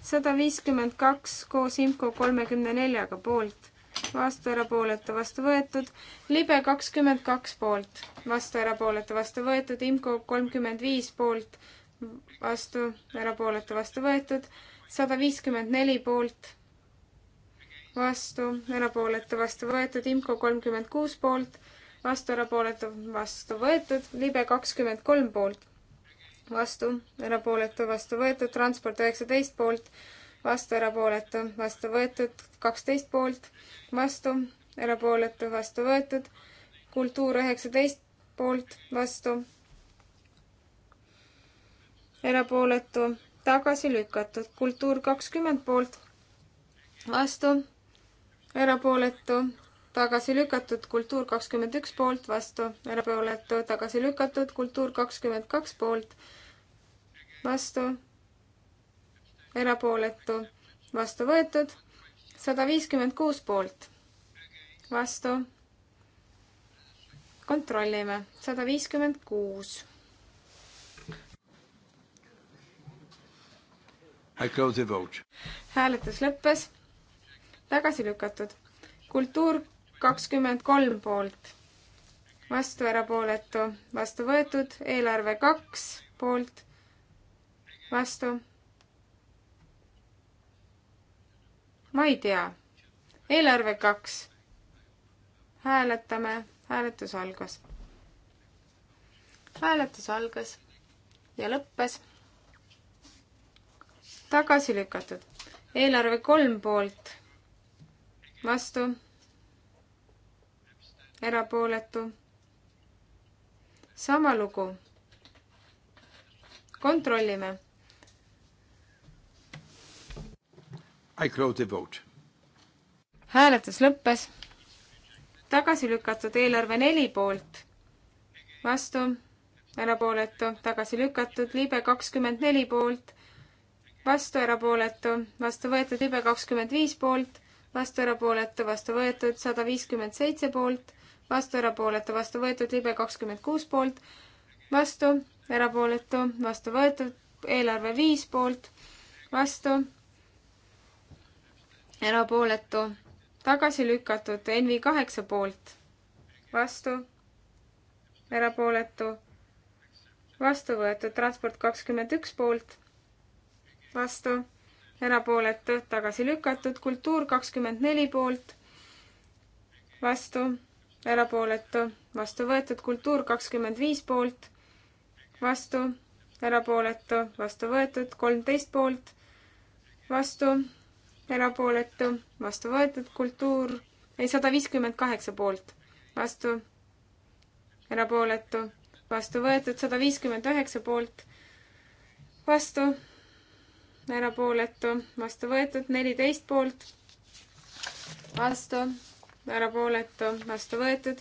sada viiskümmend kaks koos IMCO kolmekümne neljaga poolt, vastu, erapooletu, vastu võetud. libe kakskümmend kaks poolt, vastu, erapooletu, vastu võetud. IMCO kolmkümmend viis poolt, vastu, erapooletu, vastu võetud. sada viiskümmend neli poolt vastu, erapooletu vastu võetud, IMCO kolmkümmend kuus poolt, vastu, erapooletu, vastu võetud, libe kakskümmend kolm poolt, vastu, erapooletu, vastu võetud, transport üheksateist poolt, vastu, erapooletu, vastu võetud, kaksteist poolt, vastu, erapooletu, vastu võetud, kultuur üheksateist poolt, vastu, erapooletu, tagasi lükatud, kultuur kakskümmend poolt, vastu, erapooletu, tagasi lükatud, kultuur kakskümmend üks poolt, vastu, erapooletu, tagasi lükatud, kultuur kakskümmend kaks poolt, vastu, erapooletu, vastu võetud, sada viiskümmend kuus poolt, vastu. kontrollime, sada viiskümmend kuus. hääletus lõppes, tagasi lükatud kultuur kakskümmend kolm poolt, vastu erapooletu, vastu võetud, eelarve kaks poolt, vastu. ma ei tea, eelarve kaks. hääletame, hääletus algas. hääletus algas ja lõppes. tagasi lükatud, eelarve kolm poolt, vastu erapooletu. sama lugu. kontrollime. I close the vote. hääletus lõppes. tagasi lükatud eelarve neli poolt, vastu, erapooletu, tagasi lükatud, libe kakskümmend neli poolt, vastu, erapooletu, vastu võetud, libe kakskümmend viis poolt vastu erapooletu, vastu võetud sada viiskümmend seitse poolt, vastu, erapooletu, vastu võetud, libe kakskümmend kuus poolt, vastu, erapooletu, vastu võetud, eelarve viis poolt, vastu, erapooletu, tagasi lükatud, NV kaheksa poolt, vastu, erapooletu, vastu võetud, transport kakskümmend üks poolt, vastu, erapooletu, tagasi lükatud, kultuur kakskümmend neli poolt, vastu erapooletu, vastu võetud. kultuur kakskümmend viis poolt, vastu, erapooletu, vastu võetud. kolmteist poolt, vastu, erapooletu, vastu võetud. kultuur, ei, sada viiskümmend kaheksa poolt, vastu, erapooletu, vastu võetud. sada viiskümmend üheksa poolt, vastu, erapooletu, vastu võetud. neliteist poolt, vastu erapooletu, vastu võetud.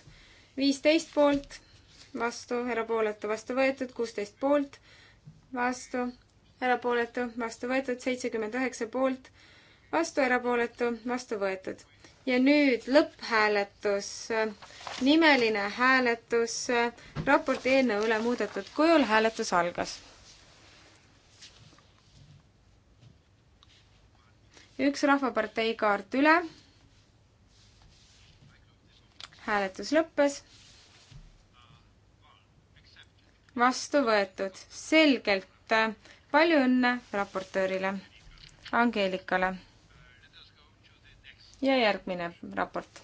viisteist poolt, vastu, erapooletu, vastu võetud. kuusteist poolt, vastu, erapooletu, vastu võetud. seitsekümmend üheksa poolt, vastu, erapooletu, vastu võetud. ja nüüd lõpphääletus, nimeline hääletus raporti eelnõu üle muudetud kujul. hääletus algas. üks Rahvapartei kaart üle hääletus lõppes. vastu võetud, selgelt. palju õnne raportöörile, Angeelikale. ja järgmine raport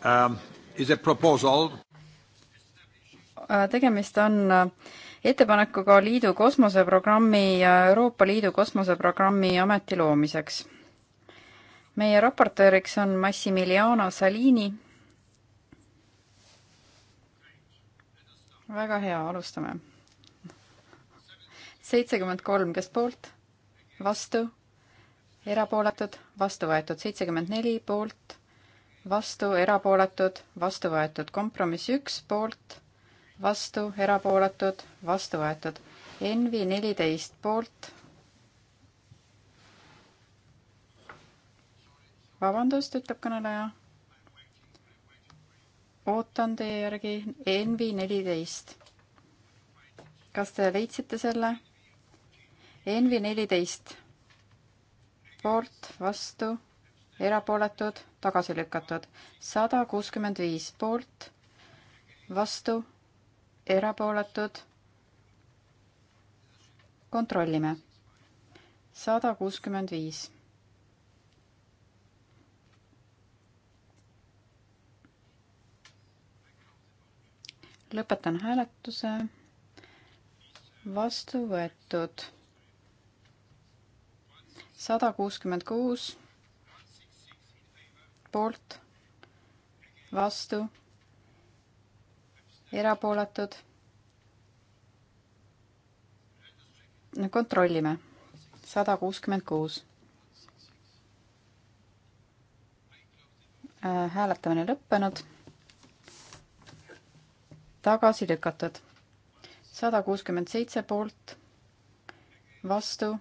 um, is a proposal. tegemist on ettepanekuga liidu kosmoseprogrammi ja Euroopa Liidu kosmoseprogrammi ameti loomiseks. meie raportööriks on Massimiliano Salini. väga hea, alustame. seitsekümmend kolm, kes poolt? vastu? erapooletud? vastu võetud. seitsekümmend neli poolt? vastu, erapooletud, vastu võetud. kompromiss üks poolt vastu, erapooletud, vastu võetud. Envi neliteist poolt. vabandust, ütleb kõneleja. ootan teie järgi Envi neliteist. kas te leidsite selle? Envi neliteist poolt, vastu, erapooletud, tagasi lükatud. sada kuuskümmend viis poolt, vastu erapooletud. kontrollime. sada kuuskümmend viis. lõpetan hääletuse. vastu võetud. sada kuuskümmend kuus poolt, vastu erapooletud. kontrollime, sada kuuskümmend kuus. Äh, hääletamine lõppenud. tagasi lükatud, sada kuuskümmend seitse poolt, vastu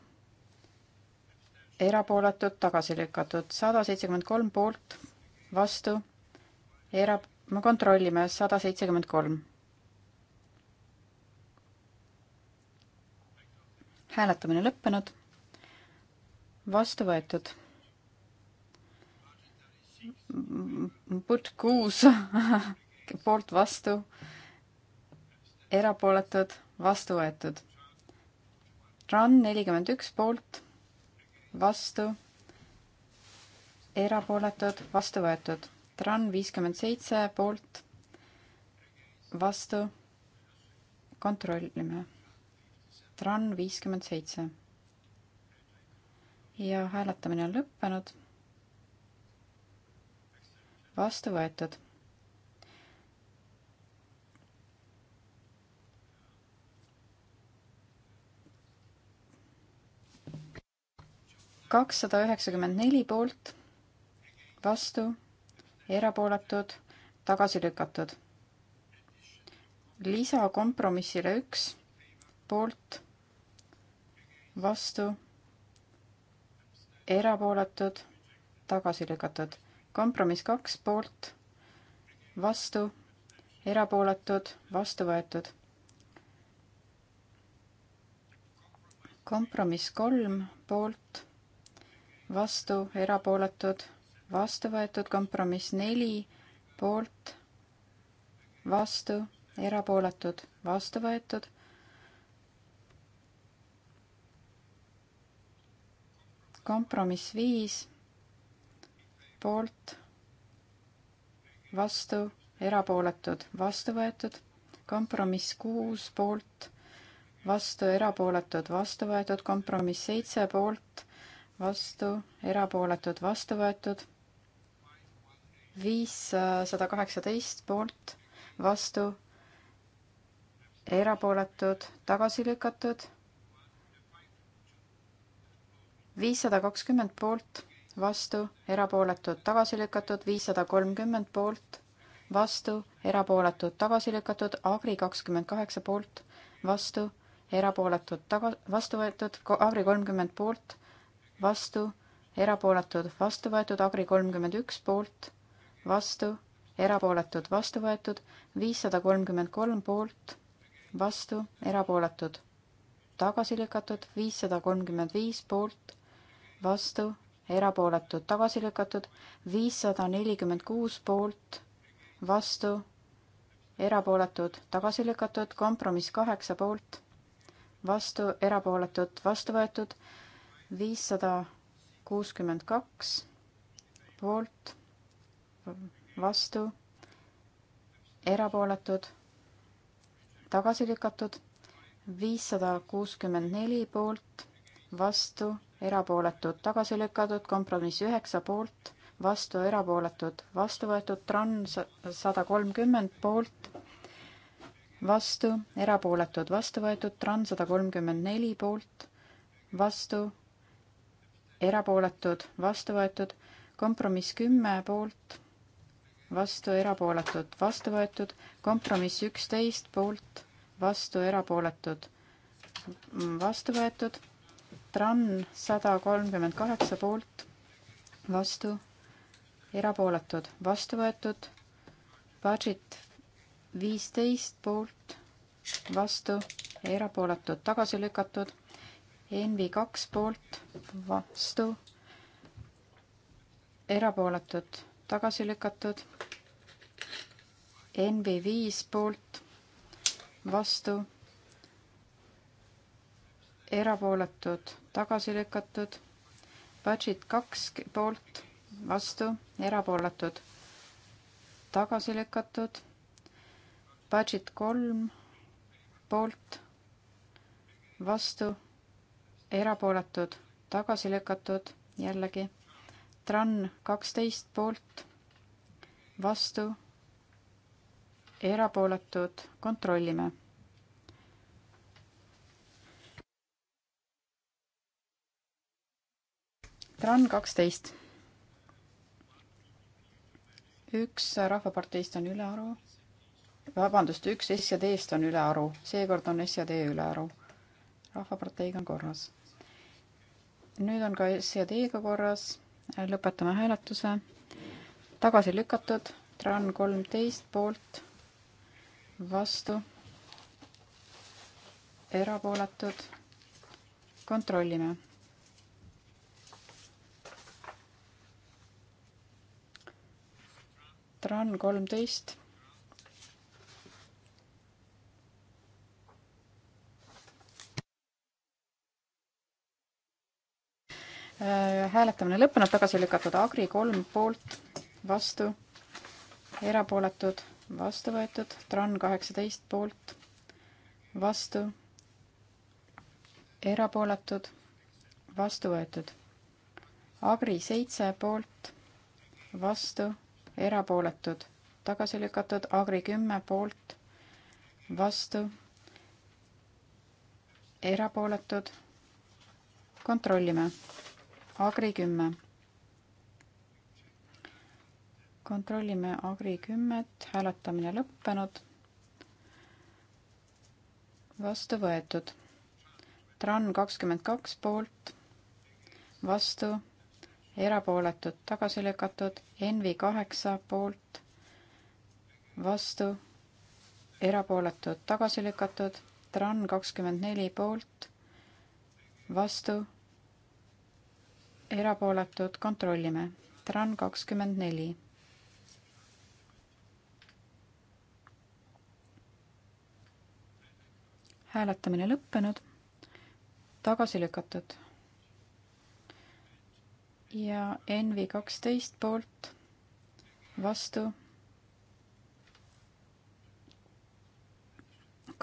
erapooletud, tagasi lükatud, sada seitsekümmend kolm poolt, vastu, era-, me kontrollime, sada seitsekümmend kolm. hääletamine lõppenud, vastu võetud. Put kuus [LAUGHS] poolt vastu, erapooletud, vastu võetud. Run nelikümmend üks poolt, vastu, erapooletud, vastu võetud Tran viiskümmend seitse poolt, vastu, kontrollime. Tran viiskümmend seitse. ja hääletamine on lõppenud. vastu võetud. kakssada üheksakümmend neli poolt, vastu erapooletud, tagasi lükatud. lisa kompromissile üks, poolt, vastu, erapooletud, tagasi lükatud. kompromiss kaks, poolt, vastu, erapooletud, vastu võetud kompromiss kolm poolt, vastu, erapooletud, vastu võetud, kompromiss neli poolt, vastu, erapooletud, vastu võetud. kompromiss viis poolt, vastu, erapooletud, vastu võetud. kompromiss kuus poolt, vastu, erapooletud, vastu võetud. kompromiss seitse poolt, vastu, erapooletud, vastu võetud viissada kaheksateist poolt, vastu, erapooletud, tagasi lükatud. viissada kakskümmend poolt, vastu, erapooletud, tagasi lükatud, viissada kolmkümmend poolt, vastu, erapooletud, tagasi lükatud, Agri kakskümmend kaheksa poolt, vastu, erapooletud, taga, vastu võetud, Agri kolmkümmend poolt, vastu, erapooletud, vastu võetud, Agri kolmkümmend üks poolt vastu, erapooletud, vastu võetud, viissada kolmkümmend kolm poolt, vastu, erapooletud, tagasi lükatud, viissada kolmkümmend viis poolt, vastu, erapooletud, tagasi lükatud, viissada nelikümmend kuus poolt, vastu, erapooletud, tagasi lükatud, kompromiss kaheksa poolt, vastu, erapooletud, vastu võetud, viissada kuuskümmend kaks poolt vastu, erapooletud, tagasi lükatud, viissada kuuskümmend neli poolt, vastu, erapooletud, tagasi lükatud, kompromiss üheksa poolt, vastu, erapooletud, vastu võetud, tran sada kolmkümmend poolt, vastu, erapooletud, vastu võetud, tran sada kolmkümmend neli poolt, vastu, erapooletud, vastu võetud, kompromiss kümme poolt, vastu, erapooletud, vastu võetud, kompromiss üksteist poolt, vastu, erapooletud, mm, vastu võetud, TRAN sada kolmkümmend kaheksa poolt, vastu, erapooletud, vastu võetud, budget viisteist poolt, vastu, erapooletud, tagasi lükatud, NV kaks poolt, vastu, erapooletud tagasi lükatud. NV5 poolt, vastu, erapooletud, tagasi lükatud. Budget kaks poolt, vastu, erapooletud, tagasi lükatud. Budget kolm poolt, vastu, erapooletud, tagasi lükatud jällegi Tran kaksteist poolt, vastu, erapooletud, kontrollime. Tran kaksteist. üks Rahvaparteist on ülearu, vabandust, üks SED-st on ülearu, seekord on SED ülearu. rahvaparteiga on korras. nüüd on ka SED-ga korras lõpetame hääletuse. tagasi lükatud, tran kolmteist poolt, vastu, erapooletud, kontrollime Tran kolmteist. hääletamine lõppenud, tagasi lükatud Agri kolm poolt, vastu, erapooletud, vastu võetud, Tran kaheksateist poolt, vastu, erapooletud, vastu võetud. Agri seitse poolt, vastu, erapooletud, tagasi lükatud, Agri kümme poolt, vastu, erapooletud kontrollime Agri kümme. kontrollime Agri kümmet, hääletamine lõppenud. vastu võetud. Tran kakskümmend kaks poolt, vastu, erapooletud, tagasi lükatud, Envi kaheksa poolt, vastu, erapooletud, tagasi lükatud, Tran kakskümmend neli poolt, vastu erapooletud, kontrollime. TRAN kakskümmend neli. hääletamine lõppenud, tagasi lükatud. ja NV kaksteist poolt, vastu.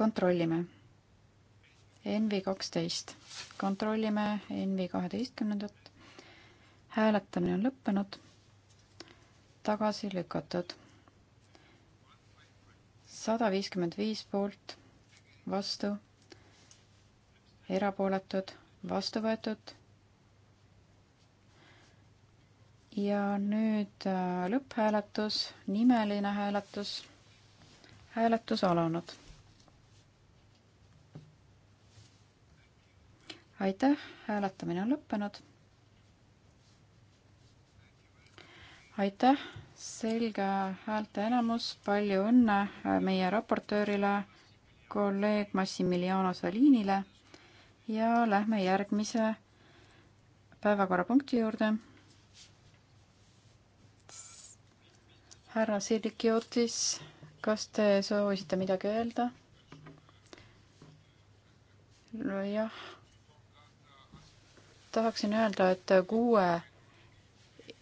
kontrollime. NV kaksteist, kontrollime NV kaheteistkümnendat hääletamine on lõppenud, tagasi lükatud. sada viiskümmend viis poolt, vastu, erapooletud, vastu võetud. ja nüüd äh, lõpphääletus, nimeline hääletus, hääletus alanud. aitäh, hääletamine on lõppenud aitäh, selge häälteenamus, palju õnne äh, meie raportöörile, kolleeg Massimiliano Salinile ja lähme järgmise päevakorrapunkti juurde. härra Sirlik Jootis, kas te soovisite midagi öelda? jah tahaksin öelda, et kuue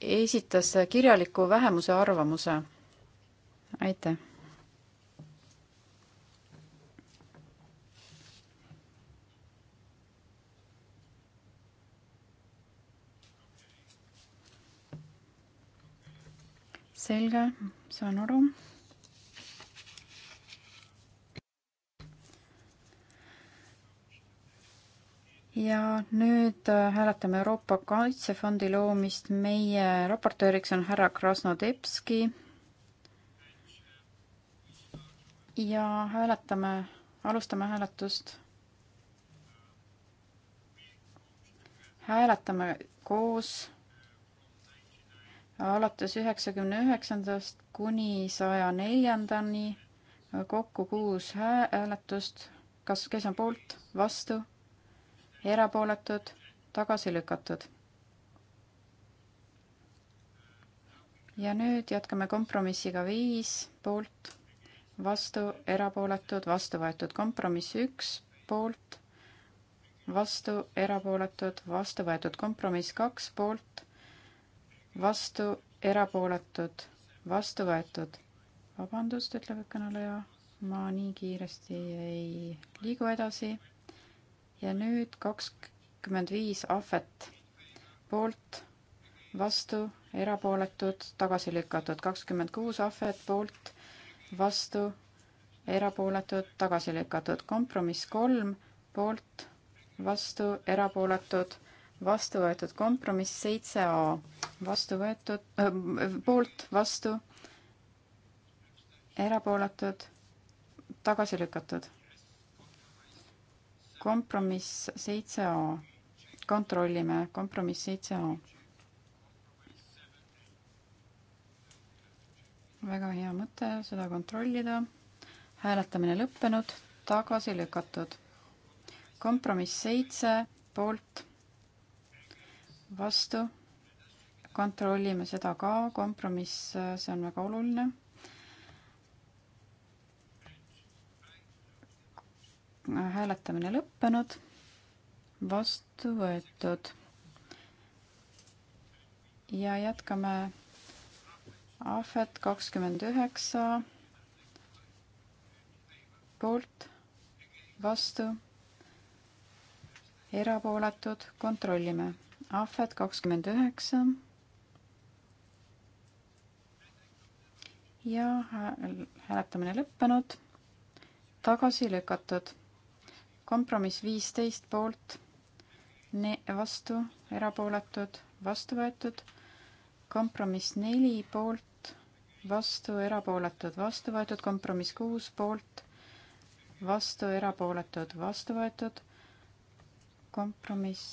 esitas kirjaliku vähemuse arvamuse. aitäh. selge, saan aru ja nüüd äh, hääletame Euroopa Kaitsefondi loomist. meie raportööriks on härra Krasnodebski. ja hääletame, alustame hääletust. hääletame koos alates üheksakümne üheksandast kuni saja neljandani kokku kuus hääletust. kas, kes on poolt, vastu? erapooletud, tagasi lükatud. ja nüüd jätkame kompromissiga viis poolt, vastu, erapooletud, vastu võetud, kompromiss üks poolt, vastu, erapooletud, vastu võetud, kompromiss kaks poolt, vastu, erapooletud, vastu võetud. vabandust, ütleb kõneleja, ma nii kiiresti ei liigu edasi ja nüüd kakskümmend viis ahvet poolt, vastu, erapooletud, tagasi lükatud, kakskümmend kuus ahvet poolt, vastu, erapooletud, tagasi lükatud, kompromiss kolm poolt, vastu, erapooletud, vastu võetud, kompromiss seitse A, vastu võetud äh,, poolt, vastu, erapooletud, tagasi lükatud kompromiss seitse A. kontrollime, kompromiss seitse A. väga hea mõte seda kontrollida. hääletamine lõppenud, tagasi lükatud. kompromiss seitse poolt, vastu. kontrollime seda ka, kompromiss, see on väga oluline hääletamine lõppenud, vastu võetud. ja jätkame ahvet kakskümmend üheksa poolt, vastu, erapooletud, kontrollime. ahvet kakskümmend üheksa. ja hääletamine lõppenud tagasi lükatud kompromiss viisteist poolt, vastu, erapooletud, vastu võetud. kompromiss neli poolt, vastu, erapooletud, vastu võetud. kompromiss kuus poolt, vastu, erapooletud, vastu võetud. kompromiss,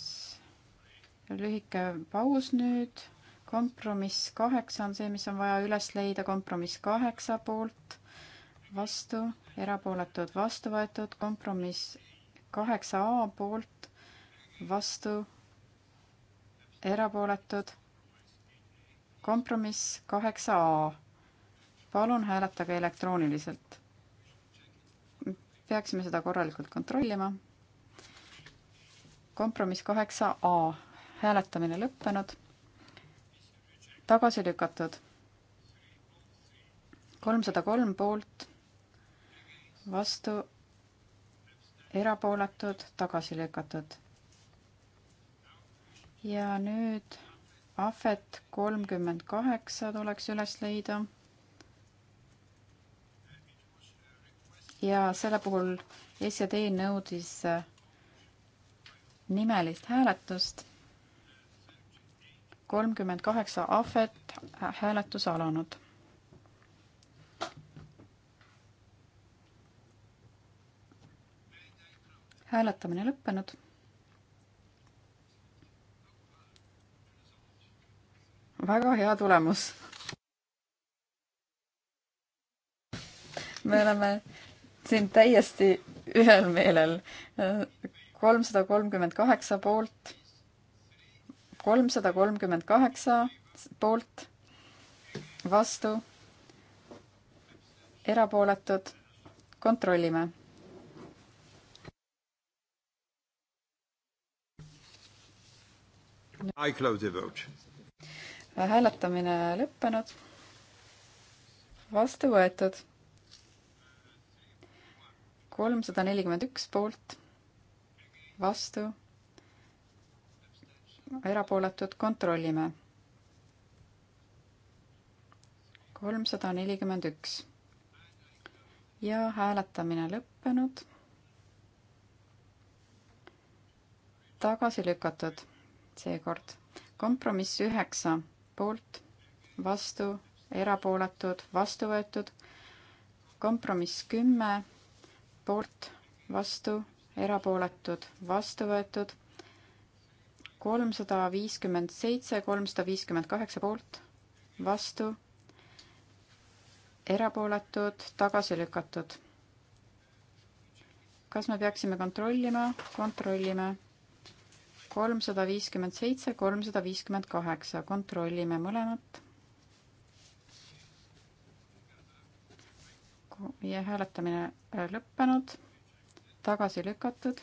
lühike paus nüüd kompromiss kaheksa on see, mis on vaja üles leida, kompromiss kaheksa poolt, vastu, erapooletud, vastu võetud, kompromiss kaheksa A poolt, vastu, erapooletud. kompromiss kaheksa A. palun hääletage elektrooniliselt. peaksime seda korralikult kontrollima. kompromiss kaheksa A, hääletamine lõppenud, tagasi lükatud kolmsada kolm poolt, vastu erapooletud, tagasi lükatud. ja nüüd ahvet kolmkümmend kaheksa tuleks üles leida. ja selle puhul S ja D nõudis äh, nimelist hääletust. kolmkümmend kaheksa ahvet hääletus alanud hääletamine lõppenud. väga hea tulemus. me oleme siin täiesti ühel meelel. kolmsada kolmkümmend kaheksa poolt, kolmsada kolmkümmend kaheksa poolt, vastu, erapooletud, kontrollime hääletamine lõppenud. vastu võetud. kolmsada nelikümmend üks poolt, vastu, erapooletud, kontrollime. kolmsada nelikümmend üks ja hääletamine lõppenud. tagasi lükatud seekord. kompromiss üheksa poolt, vastu, erapooletud, vastu võetud. kompromiss kümme poolt, vastu, erapooletud, vastu võetud. kolmsada viiskümmend seitse, kolmsada viiskümmend kaheksa poolt, vastu, erapooletud, tagasi lükatud. kas me peaksime kontrollima? kontrollime kolmsada viiskümmend seitse, kolmsada viiskümmend kaheksa, kontrollime mõlemat. ja hääletamine äh, lõppenud, tagasi lükatud.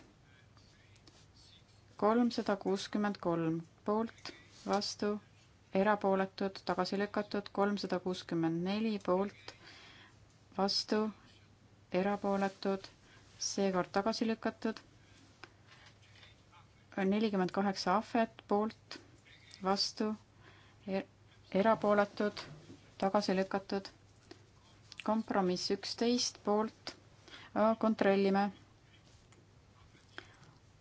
kolmsada kuuskümmend kolm poolt, vastu, erapooletud, tagasi lükatud, kolmsada kuuskümmend neli poolt, vastu, erapooletud, seekord tagasi lükatud nelikümmend kaheksa ahvet poolt, vastu er,, erapooletud, tagasi lükatud. kompromiss üksteist poolt, kontrollime.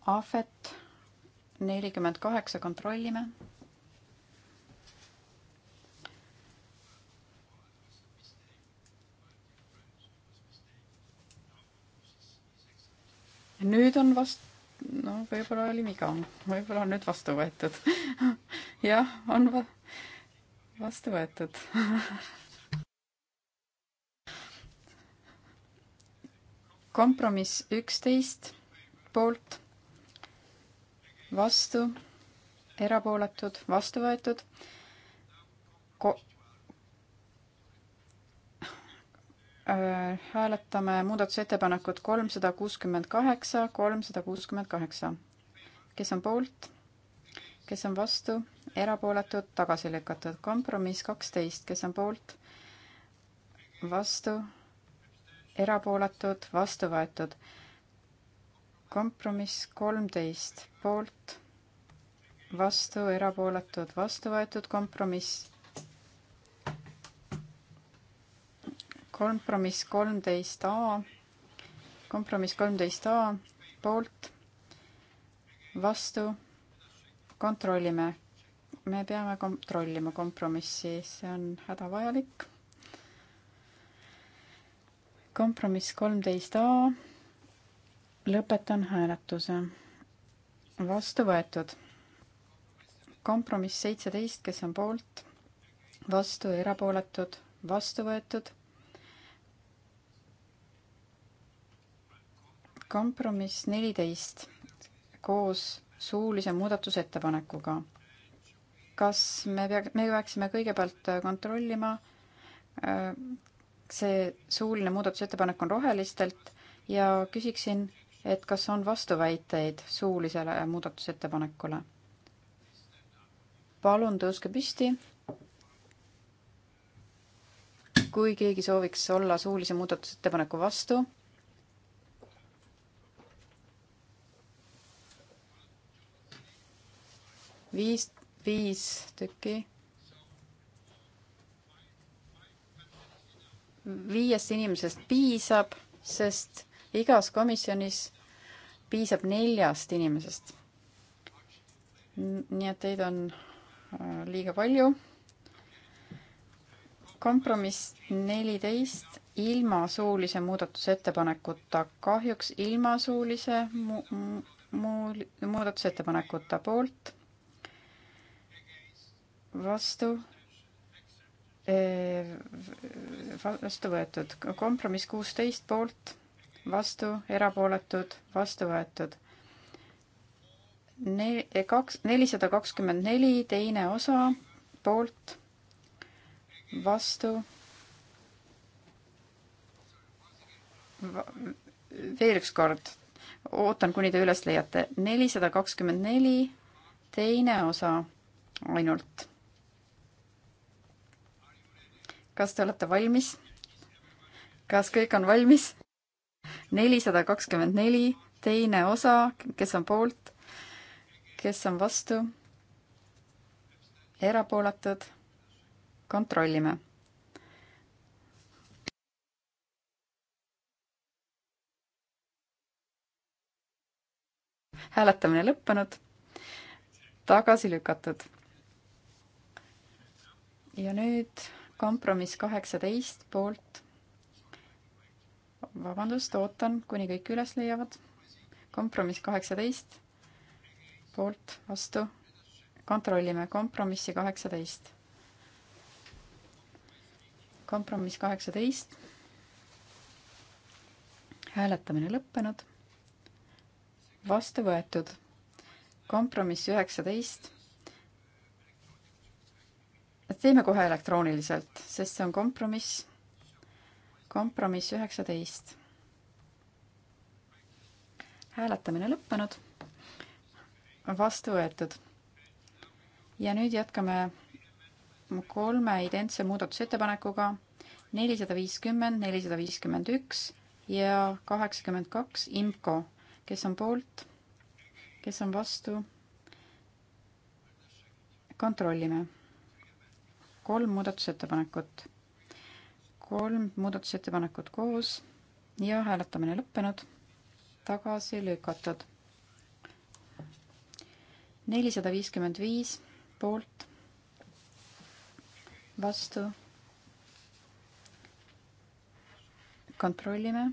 ahvet nelikümmend kaheksa, kontrollime. nüüd on vast-, no võib-olla oli viga, võib-olla on nüüd vastu võetud. [LAUGHS] jah, on va vastu võetud [LAUGHS] kompromiss üksteist poolt, vastu, erapooletud, vastu võetud Ko. Äh, hääletame muudatusettepanekut kolmsada kuuskümmend kaheksa, kolmsada kuuskümmend kaheksa. kes on poolt? kes on vastu? erapooletud, tagasi lükatud. kompromiss kaksteist, kes on poolt? vastu? erapooletud, vastu võetud. kompromiss kolmteist, poolt, vastu, erapooletud, vastu võetud, kompromiss kompromiss kolmteist A, kompromiss kolmteist A poolt, vastu, kontrollime. me peame kontrollima kompromissi, see on hädavajalik. kompromiss kolmteist A, lõpetan hääletuse. vastu võetud. kompromiss seitseteist, kes on poolt, vastu, erapooletud, vastu võetud kompromiss neliteist koos suulise muudatusettepanekuga. kas me pea, me peaksime kõigepealt kontrollima, äh, see suuline muudatusettepanek on rohelistelt ja küsiksin, et kas on vastuväiteid suulisele muudatusettepanekule? palun tõuske püsti. kui keegi sooviks olla suulise muudatusettepaneku vastu viis, viis tükki. viiest inimesest piisab, sest igas komisjonis piisab neljast inimesest. nii et teid on äh, liiga palju. kompromiss neliteist ilma suulise muudatusettepanekuta, kahjuks ilma suulise mu-, mu-, muudatusettepanekuta poolt, vastu eh, vastu võetud. kompromiss kuusteist poolt, vastu, erapooletud, vastu võetud. Ne-, eh, kaks, nelisada kakskümmend neli, teine osa, poolt, vastu Va, veel üks kord, ootan, kuni te üles leiate, nelisada kakskümmend neli, teine osa ainult kas te olete valmis? kas kõik on valmis? nelisada kakskümmend neli, teine osa, kes on poolt, kes on vastu, erapooletud, kontrollime hääletamine lõppenud, tagasi lükatud. ja nüüd kompromiss kaheksateist poolt. vabandust, ootan, kuni kõik üles leiavad. kompromiss kaheksateist poolt, vastu. kontrollime kompromissi kaheksateist. kompromiss kaheksateist. hääletamine lõppenud. vastu võetud. kompromiss üheksateist teeme kohe elektrooniliselt, sest see on kompromiss, kompromiss üheksateist. hääletamine lõppenud, vastu võetud. ja nüüd jätkame kolme identse muudatusettepanekuga nelisada viiskümmend, nelisada viiskümmend üks ja kaheksakümmend kaks IMCO, kes on poolt, kes on vastu. kontrollime kolm muudatusettepanekut. kolm muudatusettepanekut koos ja hääletamine lõppenud, tagasi lükatud. nelisada viiskümmend viis poolt, vastu. kontrollime.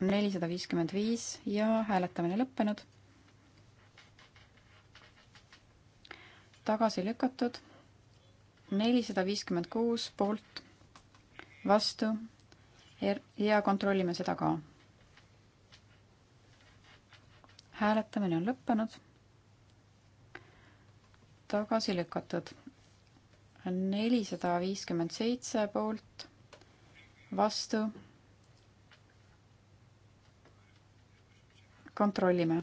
nelisada viiskümmend viis ja hääletamine lõppenud tagasi lükatud. nelisada viiskümmend kuus poolt, vastu ja kontrollime seda ka. hääletamine on lõppenud. tagasi lükatud. nelisada viiskümmend seitse poolt, vastu. kontrollime,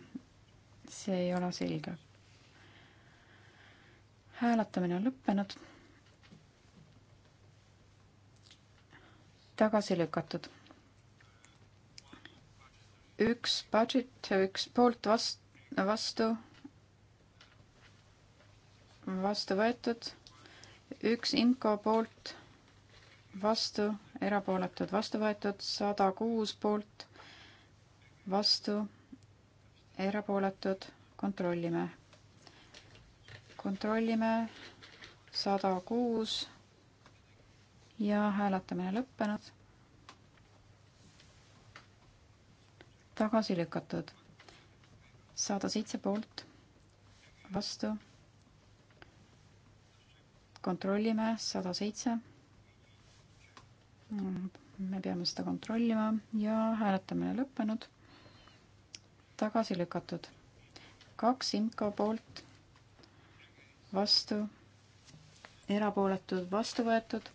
see ei ole selge hääletamine on lõppenud. tagasi lükatud. üks budget, üks poolt vastu, vastu, vastu võetud, üks IMCO poolt vastu, erapooletud vastu võetud, sada kuus poolt vastu, erapooletud, kontrollime kontrollime sada kuus ja hääletamine lõppenud. tagasi lükatud sada seitse poolt, vastu. kontrollime sada seitse. me peame seda kontrollima ja hääletamine lõppenud. tagasi lükatud kaks IMCO poolt vastu, erapooletud, vastu võetud.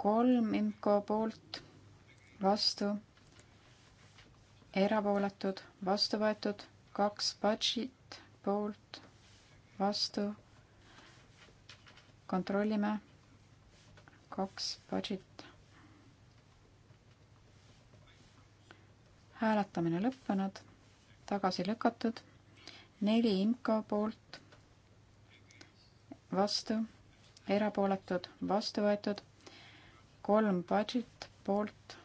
kolm IMCO poolt, vastu, erapooletud, vastu võetud. kaks budget poolt, vastu. kontrollime. kaks budget. hääletamine lõppenud, tagasi lükatud. neli IMCO poolt vastu, erapooletud, vastu võetud. kolm budget poolt,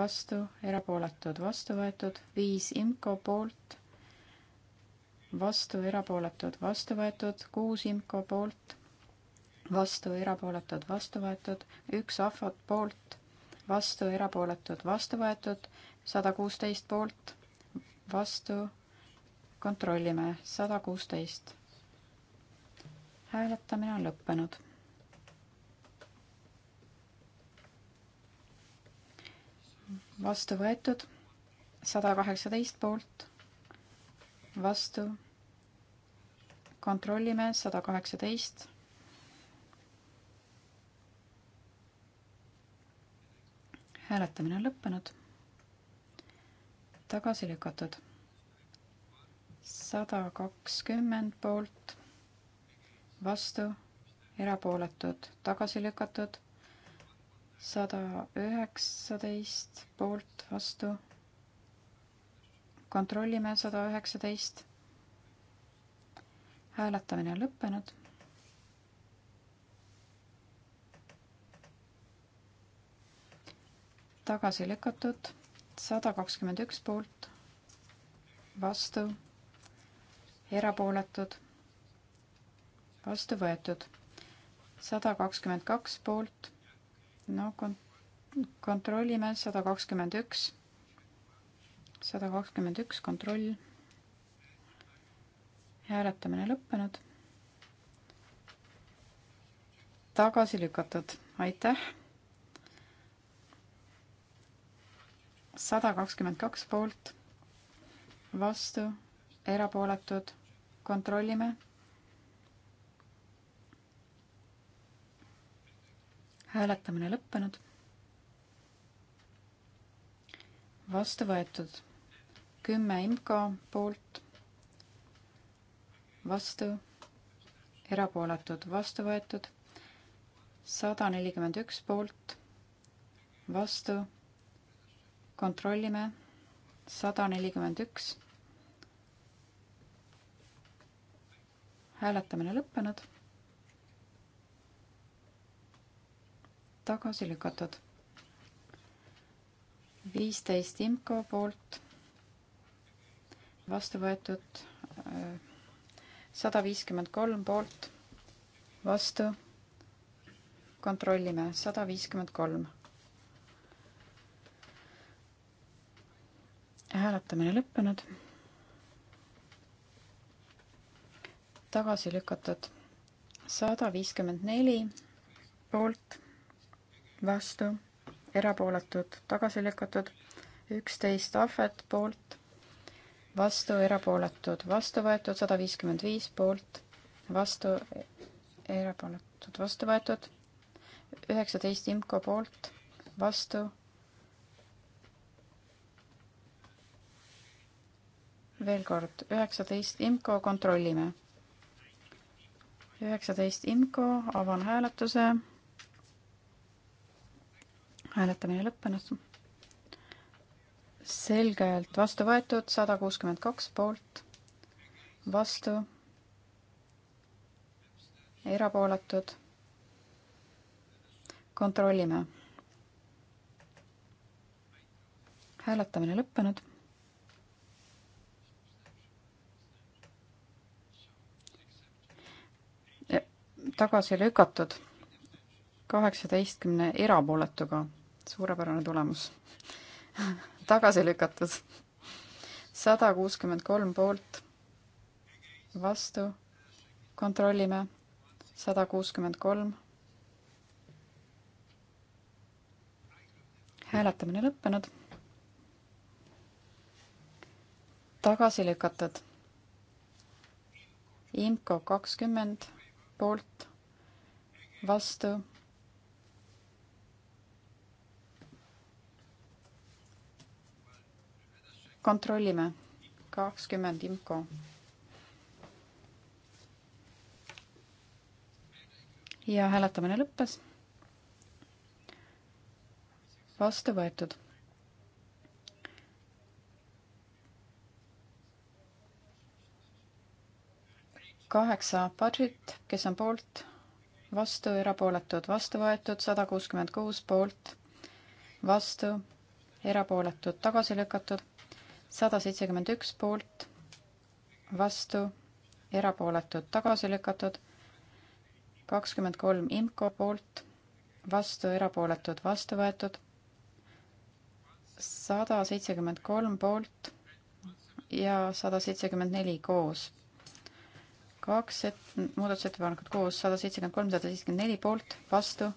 vastu, erapooletud, vastu võetud. viis IMCO poolt, vastu, erapooletud, vastu võetud. kuus IMCO poolt, vastu, erapooletud, vastu võetud. üks ahvat poolt, vastu, erapooletud, vastu võetud. sada kuusteist poolt, vastu kontrollime, sada kuusteist hääletamine on lõppenud. vastu võetud sada kaheksateist poolt, vastu. kontrollime sada kaheksateist. hääletamine on lõppenud. tagasi lükatud sada kakskümmend poolt vastu, erapooletud, tagasi lükatud, sada üheksateist poolt, vastu. kontrollime sada üheksateist. hääletamine on lõppenud. tagasi lükatud, sada kakskümmend üks poolt, vastu, erapooletud vastu võetud. sada kakskümmend kaks poolt, no kont-, kontrollime, sada kakskümmend üks, sada kakskümmend üks, kontroll. hääletamine lõppenud. tagasi lükatud, aitäh. sada kakskümmend kaks poolt, vastu, erapooletud, kontrollime hääletamine lõppenud. vastu võetud kümme IMCO poolt, vastu, erapooletud, vastu võetud sada nelikümmend üks poolt, vastu, kontrollime sada nelikümmend üks. hääletamine lõppenud tagasi lükatud. viisteist IMCO poolt vastu võetud sada viiskümmend kolm poolt vastu. kontrollime sada viiskümmend kolm. hääletamine lõppenud. tagasi lükatud sada viiskümmend neli poolt vastu, erapooletud, tagasi lükatud, üksteist ahvet poolt, vastu, erapooletud, vastu võetud, sada viiskümmend viis poolt, vastu, erapooletud, vastu võetud, üheksateist IMCO poolt, vastu, veel kord, üheksateist IMCO, kontrollime. üheksateist IMCO, avan hääletuse hääletamine lõppenud. selgelt vastu võetud, sada kuuskümmend kaks poolt, vastu, erapooletud. kontrollime. hääletamine lõppenud. tagasi lükatud kaheksateistkümne erapooletuga suurepärane tulemus tagasi lükatud. sada kuuskümmend kolm poolt, vastu, kontrollime, sada kuuskümmend kolm. hääletamine lõppenud. tagasi lükatud. IMCO kakskümmend poolt, vastu kontrollime. kakskümmend IMCO. ja hääletamine lõppes. vastu võetud. kaheksa budget, kes on poolt, vastu, erapooletud, vastu võetud, sada kuuskümmend kuus poolt, vastu, erapooletud, tagasi lükatud sada seitsekümmend üks poolt, vastu, erapooletud, tagasi lükatud, kakskümmend kolm IMCO poolt, vastu, erapooletud, vastu võetud, sada seitsekümmend kolm poolt ja sada seitsekümmend neli koos kaks et-, muudatusettepanekut koos, sada seitsekümmend kolm, sada seitsekümmend neli poolt, vastu.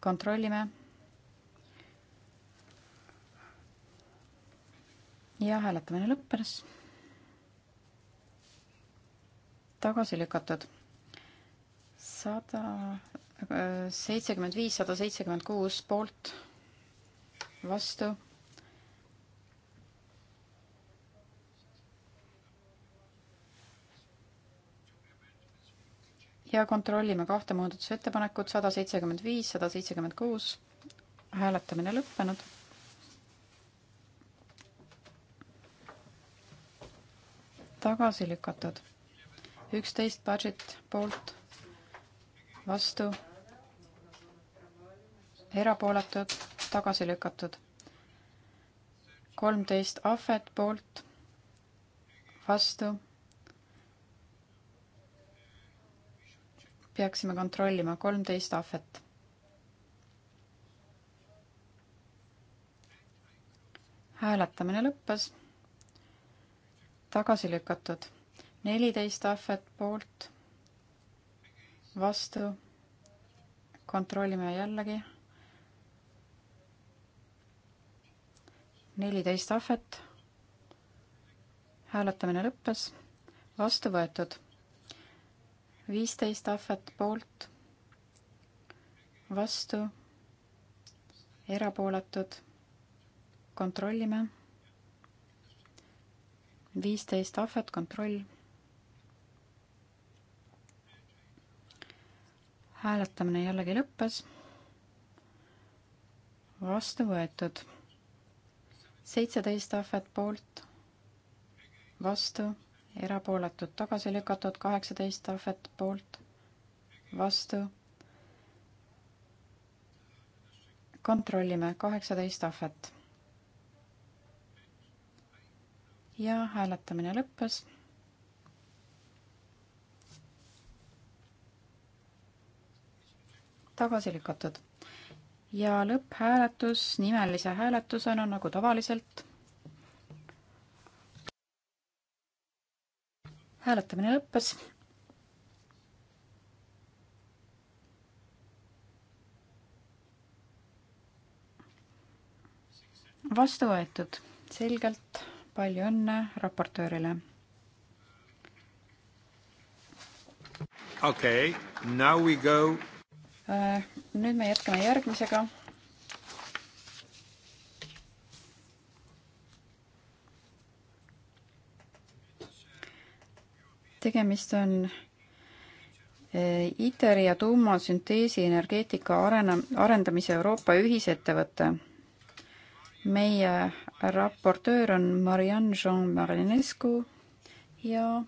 kontrollime. ja hääletamine lõppes. tagasi lükatud. sada äh, seitsekümmend viis, sada seitsekümmend kuus poolt, vastu. ja kontrollime kahte muudatusettepanekut, sada seitsekümmend viis, sada seitsekümmend kuus. hääletamine lõppenud tagasi lükatud. üksteist budget poolt, vastu, erapooletud, tagasi lükatud. kolmteist ahvet poolt, vastu. peaksime kontrollima kolmteist ahvet hääletamine lõppes tagasi lükatud. neliteist ahvet poolt, vastu. kontrollime jällegi. neliteist ahvet. hääletamine lõppes, vastu võetud. viisteist ahvet poolt, vastu, erapooletud. kontrollime viisteist ahvet, kontroll. hääletamine jällegi lõppes. vastu võetud. seitseteist ahvet poolt, vastu, erapooletud tagasi lükatud, kaheksateist ahvet poolt, vastu. kontrollime, kaheksateist ahvet ja hääletamine lõppes. tagasi lükatud ja lõpphääletus nimelise hääletusena nagu tavaliselt. hääletamine lõppes vastu võetud selgelt palju õnne raportöörile. okei okay,, now we go. Äh, nüüd me jätkame järgmisega tegemist on äh, ITER ja tuumasünteesi energeetika arena, arendamise Euroopa ühisettevõte meie raportöör on Marianne Jean-Marinescu ja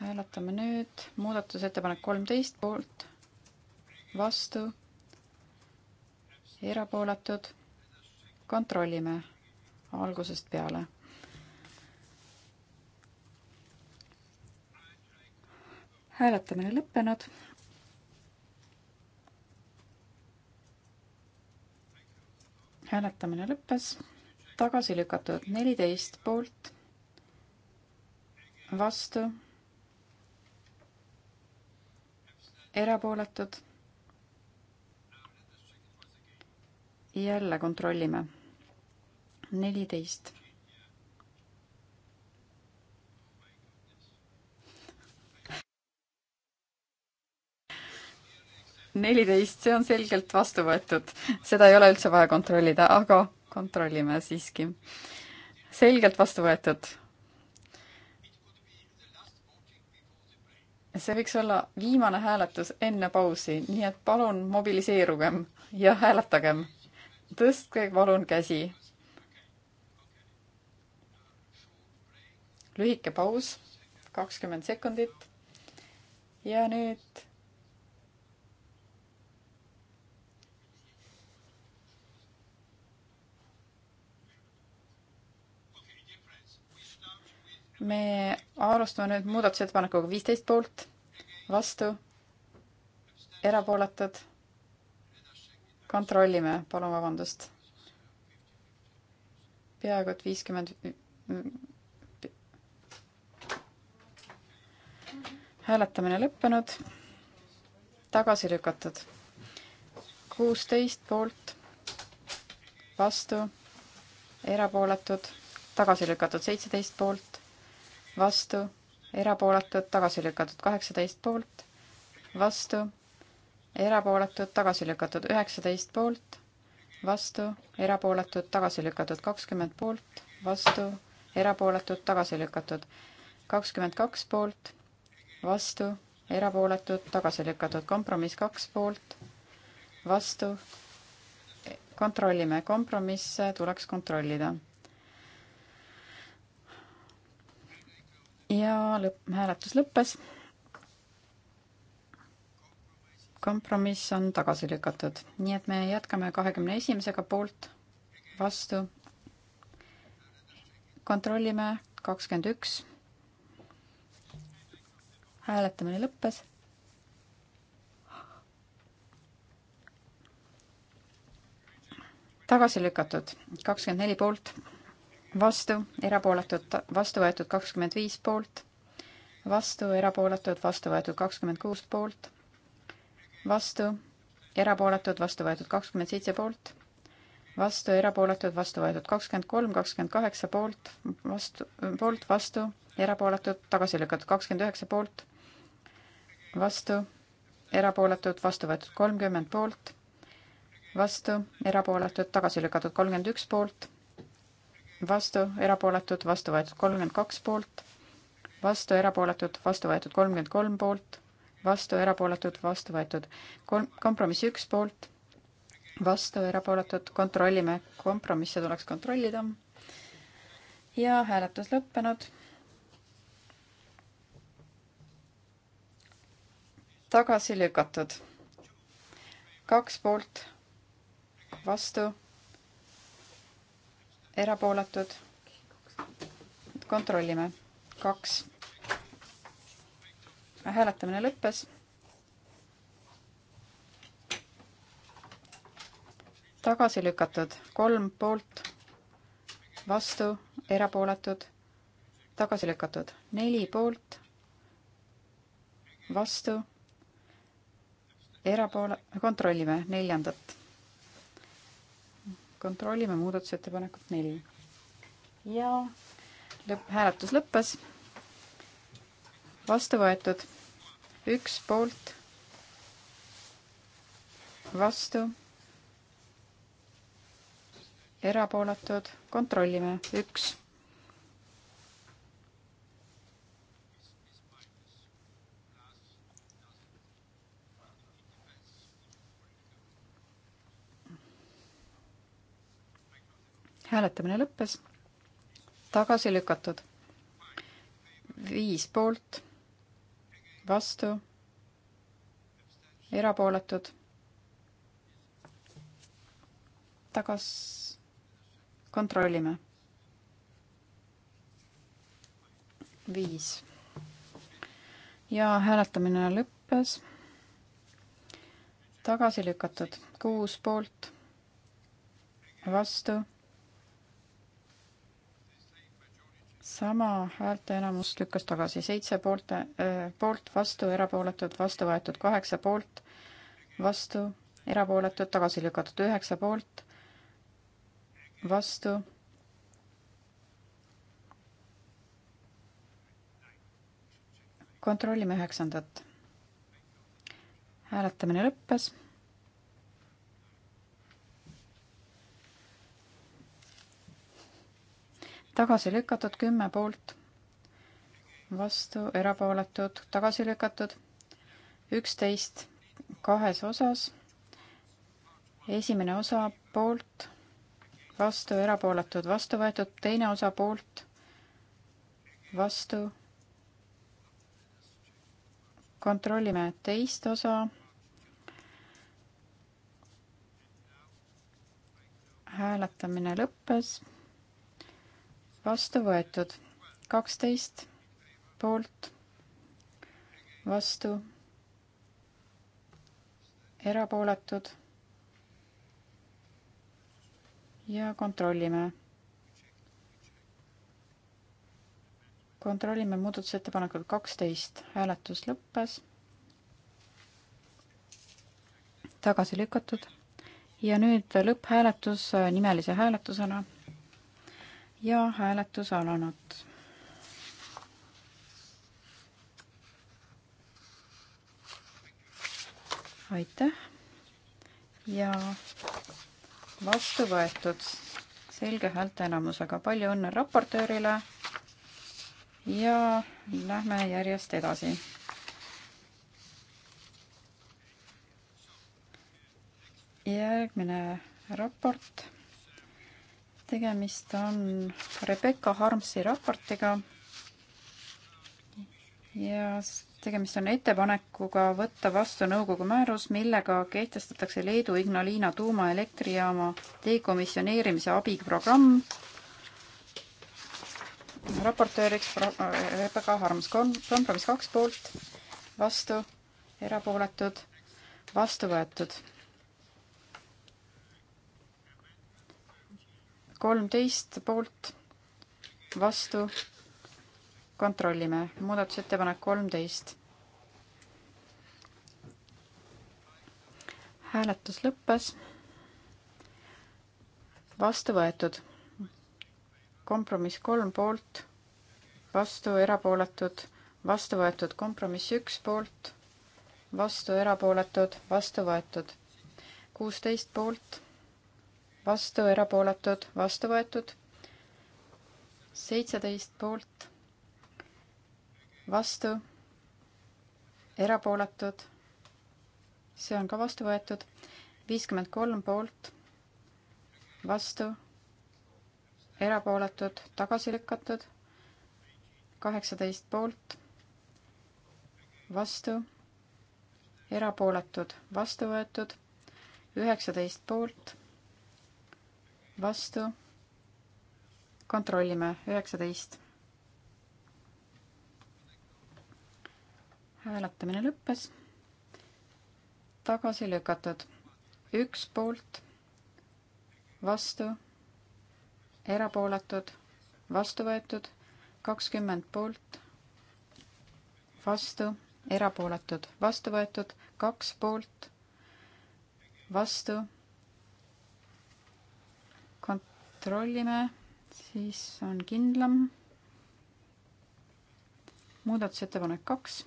hääletame nüüd muudatusettepanek kolmteist poolt, vastu, erapooletud. kontrollime algusest peale. hääletamine lõppenud hääletamine lõppes, tagasi lükatud neliteist poolt, vastu, erapooletud. jälle kontrollime, neliteist neliteist, see on selgelt vastu võetud. seda ei ole üldse vaja kontrollida, aga kontrollime siiski. selgelt vastu võetud. see võiks olla viimane hääletus enne pausi, nii et palun mobiliseerugem ja hääletagem. tõstke palun käsi. lühike paus, kakskümmend sekundit. ja nüüd me alustame nüüd muudatusettepanekuga viisteist poolt, vastu, erapooletud. kontrollime, palun vabandust. peaaegu et viiskümmend. hääletamine lõppenud, tagasi lükatud. kuusteist poolt, vastu, erapooletud, tagasi lükatud seitseteist poolt, vastu, erapooletud, tagasi lükatud, kaheksateist poolt, vastu, erapooletud, tagasi lükatud, üheksateist poolt, vastu, erapooletud, tagasi lükatud, kakskümmend poolt, vastu, erapooletud, tagasi lükatud, kakskümmend kaks poolt, vastu, erapooletud, tagasi lükatud, kompromiss kaks poolt, vastu, kontrollime kompromisse, tuleks kontrollida ja lõpp, hääletus lõppes. kompromiss on tagasi lükatud, nii et me jätkame kahekümne esimesega poolt, vastu. kontrollime kakskümmend üks. hääletamine lõppes tagasi lükatud, kakskümmend neli poolt, vastu, erapooletud, vastu võetud kakskümmend viis poolt, vastu, erapooletud, vastu võetud kakskümmend kuus poolt, vastu, erapooletud, vastu võetud kakskümmend seitse poolt, vastu, erapooletud, vastu võetud kakskümmend kolm, kakskümmend kaheksa poolt, vastu, poolt, vastu, erapooletud, tagasi lükatud kakskümmend üheksa poolt, vastu, erapooletud, vastu võetud kolmkümmend poolt, vastu, erapooletud, tagasi lükatud kolmkümmend üks poolt vastu, erapooletud, vastu võetud kolmkümmend kaks poolt, vastu, erapooletud, vastu võetud kolmkümmend kolm poolt, vastu, erapooletud, vastu võetud kolm, kompromiss üks poolt, vastu, erapooletud, kontrollime, kompromisse tuleks kontrollida. ja hääletus lõppenud. tagasi lükatud. kaks poolt, vastu erapooletud. kontrollime. kaks. hääletamine lõppes. tagasi lükatud, kolm poolt, vastu, erapooletud, tagasi lükatud, neli poolt, vastu, erapoole-, kontrollime neljandat kontrollime muudatusettepanekut neli. ja lõpp, hääletus lõppes. vastu võetud üks poolt, vastu, erapooletud, kontrollime üks hääletamine lõppes. tagasi lükatud. viis poolt, vastu, erapooletud. tagas-, kontrollime. viis. ja hääletamine lõppes. tagasi lükatud, kuus poolt, vastu sama häälteenamus lükkas tagasi, seitse poolt äh,, poolt, vastu, erapooletud, vastu võetud, kaheksa poolt, vastu, erapooletud, tagasi lükatud, üheksa poolt, vastu. kontrollime üheksandat. hääletamine lõppes tagasi lükatud kümme poolt, vastu erapooletud, tagasi lükatud üksteist kahes osas. esimene osa poolt, vastu erapooletud, vastu võetud, teine osa poolt, vastu. kontrollime teist osa. hääletamine lõppes vastu võetud. kaksteist poolt, vastu, erapooletud. ja kontrollime. kontrollime muudatusettepanekul kaksteist, hääletus lõppes. tagasi lükatud ja nüüd lõpphääletus nimelise hääletusena ja hääletus alanud. aitäh ja vastu võetud selge häälteenamusega. palju õnne raportöörile ja lähme järjest edasi. järgmine raport tegemist on Rebecca Harmsi raportiga ja tegemist on ettepanekuga võtta vastu nõukogu määrus, millega kehtestatakse Leedu Ignalina tuumaelektrijaama dekomisjoneerimise abiprogramm. raportööriks äh, Rebecca Harms, kompromiss kaks poolt, vastu, erapooletud, vastu võetud kolmteist poolt, vastu, kontrollime, muudatusettepanek kolmteist. hääletus lõppes, vastu võetud, kompromiss kolm poolt, vastu, erapooletud, vastu võetud, kompromiss üks poolt, vastu, erapooletud, vastu võetud, kuusteist poolt vastu, erapooletud, vastu võetud. seitseteist poolt, vastu, erapooletud, see on ka vastu võetud. viiskümmend kolm poolt, vastu, erapooletud, tagasi lükatud. kaheksateist poolt, vastu, erapooletud, vastu võetud. üheksateist poolt vastu. kontrollime, üheksateist. hääletamine lõppes. tagasi lükatud, üks poolt, vastu, erapooletud, vastu võetud, kakskümmend poolt, vastu, erapooletud, vastu võetud, kaks poolt, vastu kontrollime, siis on kindlam. muudatusettepanek kaks,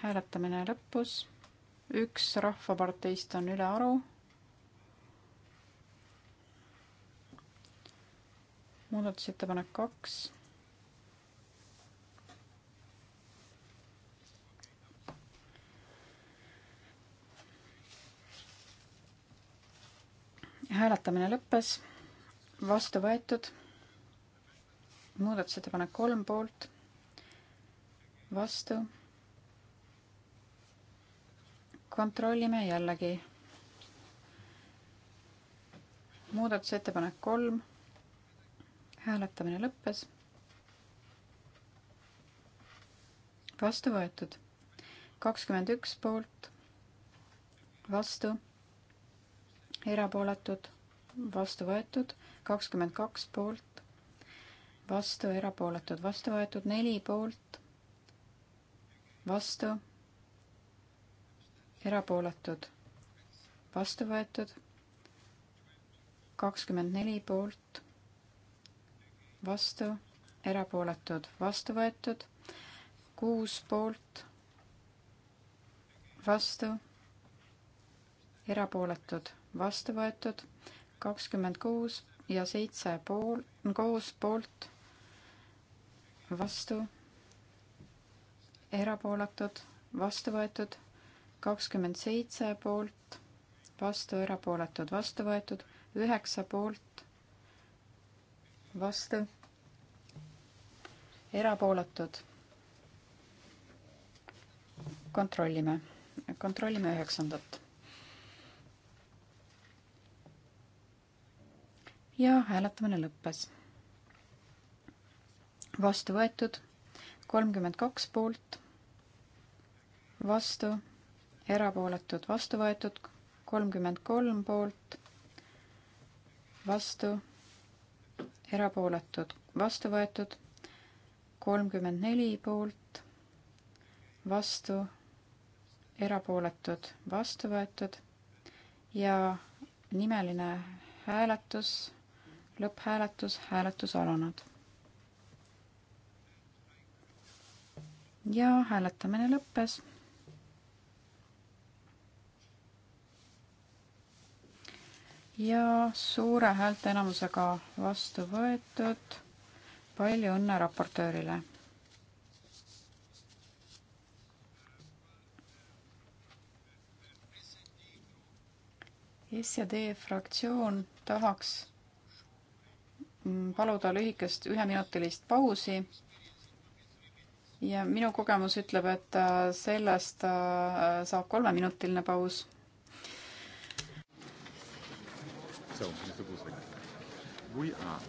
hääletamine lõpus, üks Rahvaparteist on ülearu. muudatusettepanek kaks hääletamine lõppes vastu võetud. muudatusettepanek kolm poolt, vastu. kontrollime jällegi. muudatusettepanek kolm. hääletamine lõppes. vastu võetud. kakskümmend üks poolt, vastu erapooletud, vastu võetud, kakskümmend kaks poolt, vastu, erapooletud, vastu võetud neli poolt, vastu, erapooletud, vastu võetud kakskümmend neli poolt, vastu, erapooletud, vastu võetud kuus poolt, vastu, erapooletud, vastu võetud kakskümmend kuus ja seitse pool, koos poolt, vastu, erapooletud, vastu võetud, kakskümmend seitse poolt, vastu, erapooletud, vastu võetud, üheksa poolt, vastu, erapooletud. kontrollime, kontrollime üheksandat. ja hääletamine lõppes. vastu võetud kolmkümmend kaks poolt, vastu, erapooletud, vastu võetud kolmkümmend kolm poolt, vastu, erapooletud, vastu võetud kolmkümmend neli poolt, vastu, erapooletud, vastu võetud ja nimeline hääletus lõpphääletus, hääletus alanud. ja hääletamine lõppes. ja suure häälteenamusega vastu võetud. palju õnne raportöörile SD fraktsioon tahaks Mm, paluda lühikest üheminutilist pausi. ja minu kogemus ütleb, et äh, sellest äh, saab kolmeminutiline paus. So, Mr. Busek, we are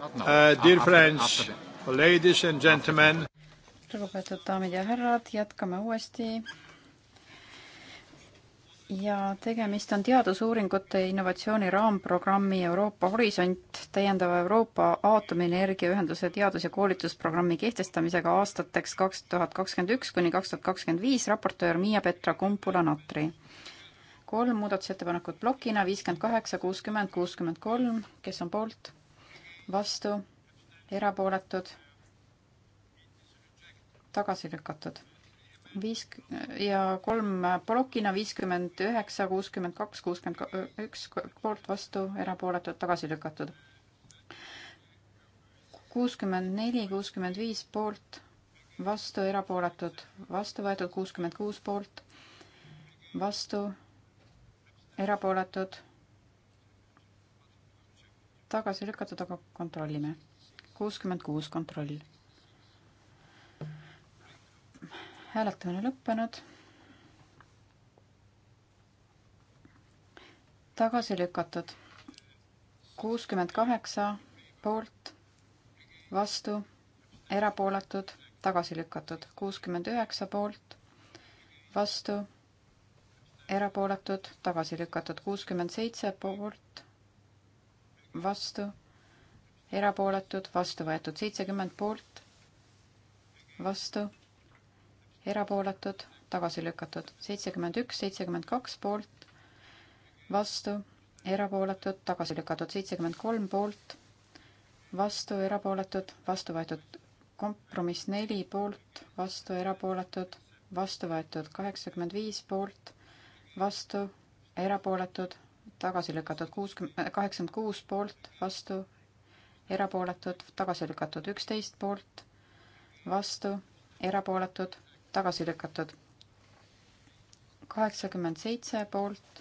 uh,. Dear friends, ladies and gentlemen. lugupeetud daamid ja härrad, jätkame uuesti. ja tegemist on teadusuuringute innovatsiooni raamprogrammi Euroopa Horisont täiendava Euroopa aatomienergiaühenduse teadus- ja koolitusprogrammi kehtestamisega aastateks kaks tuhat kakskümmend üks kuni kaks tuhat kakskümmend viis, raportöör Miia-Petra Kumpula-Natri kolm muudatusettepanekut plokina, viiskümmend kaheksa, kuuskümmend, kuuskümmend kolm, kes on poolt? vastu, erapooletud, tagasi lükatud. viis ja kolm plokina viiskümmend üheksa, kuuskümmend kaks, kuuskümmend üks poolt vastu, erapooletud, tagasi lükatud. kuuskümmend neli, kuuskümmend viis poolt, vastu, erapooletud, vastu võetud kuuskümmend kuus poolt, vastu, erapooletud tagasi lükatud, aga kontrollime. kuuskümmend kuus, kontroll. hääletamine lõppenud. tagasi lükatud. kuuskümmend kaheksa poolt, vastu, erapooletud, tagasi lükatud. kuuskümmend üheksa poolt, vastu, erapooletud, tagasi lükatud. kuuskümmend seitse poolt, vastu, erapooletud, vastu võetud seitsekümmend poolt, vastu, erapooletud, tagasi lükatud seitsekümmend üks, seitsekümmend kaks poolt, vastu, erapooletud, tagasi lükatud seitsekümmend kolm poolt, vastu, erapooletud, vastu võetud kompromiss neli poolt, vastu, erapooletud, vastu võetud kaheksakümmend viis poolt, vastu, erapooletud, tagasi lükatud kuuskümmend, äh, kaheksakümmend kuus poolt, vastu, erapooletud, tagasi lükatud üksteist poolt, vastu, erapooletud, tagasi lükatud kaheksakümmend seitse poolt,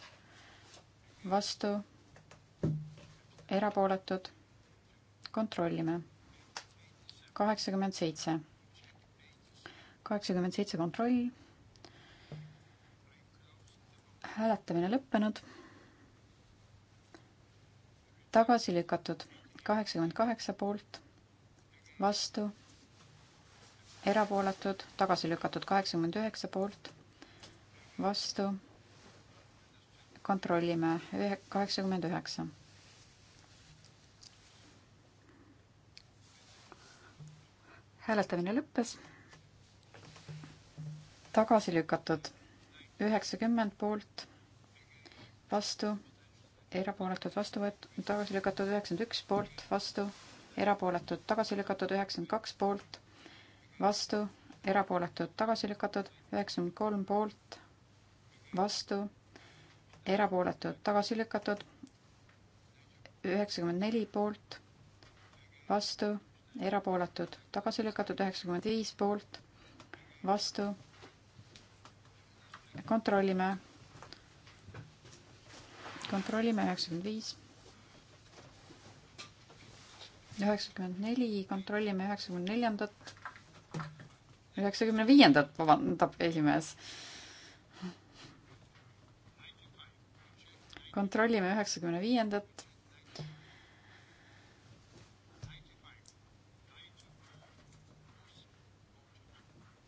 vastu, erapooletud, kontrollime. kaheksakümmend seitse, kaheksakümmend seitse kontroll hääletamine lõppenud tagasi lükatud. kaheksakümmend kaheksa poolt, vastu, erapooletud, tagasi lükatud. kaheksakümmend üheksa poolt, vastu, kontrollime, ühe, kaheksakümmend üheksa. hääletamine lõppes. tagasi lükatud üheksakümmend poolt, vastu erapooletud, vastu võetud, tagasi lükatud üheksakümmend üks poolt, vastu, erapooletud, tagasi lükatud üheksakümmend kaks poolt, vastu, erapooletud, tagasi lükatud üheksakümmend kolm poolt, vastu, erapooletud, tagasi lükatud üheksakümmend neli poolt, vastu, erapooletud, tagasi lükatud üheksakümmend viis poolt, vastu, kontrollime kontrollime üheksakümmend viis. üheksakümmend neli, kontrollime üheksakümne neljandat. üheksakümne viiendat, vabandab esimees. kontrollime üheksakümne viiendat.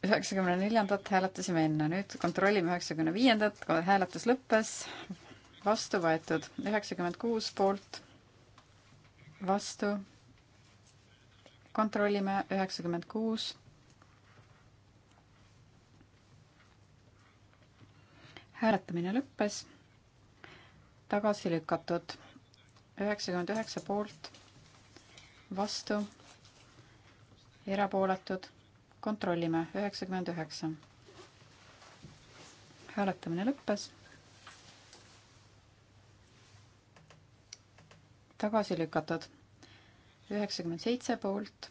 üheksakümne neljandat hääletasime enne, nüüd kontrollime üheksakümne viiendat, hääletus lõppes vastu võetud üheksakümmend kuus poolt, vastu. kontrollime üheksakümmend kuus. hääletamine lõppes. tagasi lükatud üheksakümmend üheksa poolt, vastu, erapooletud. kontrollime üheksakümmend üheksa. hääletamine lõppes tagasi lükatud. üheksakümmend seitse poolt,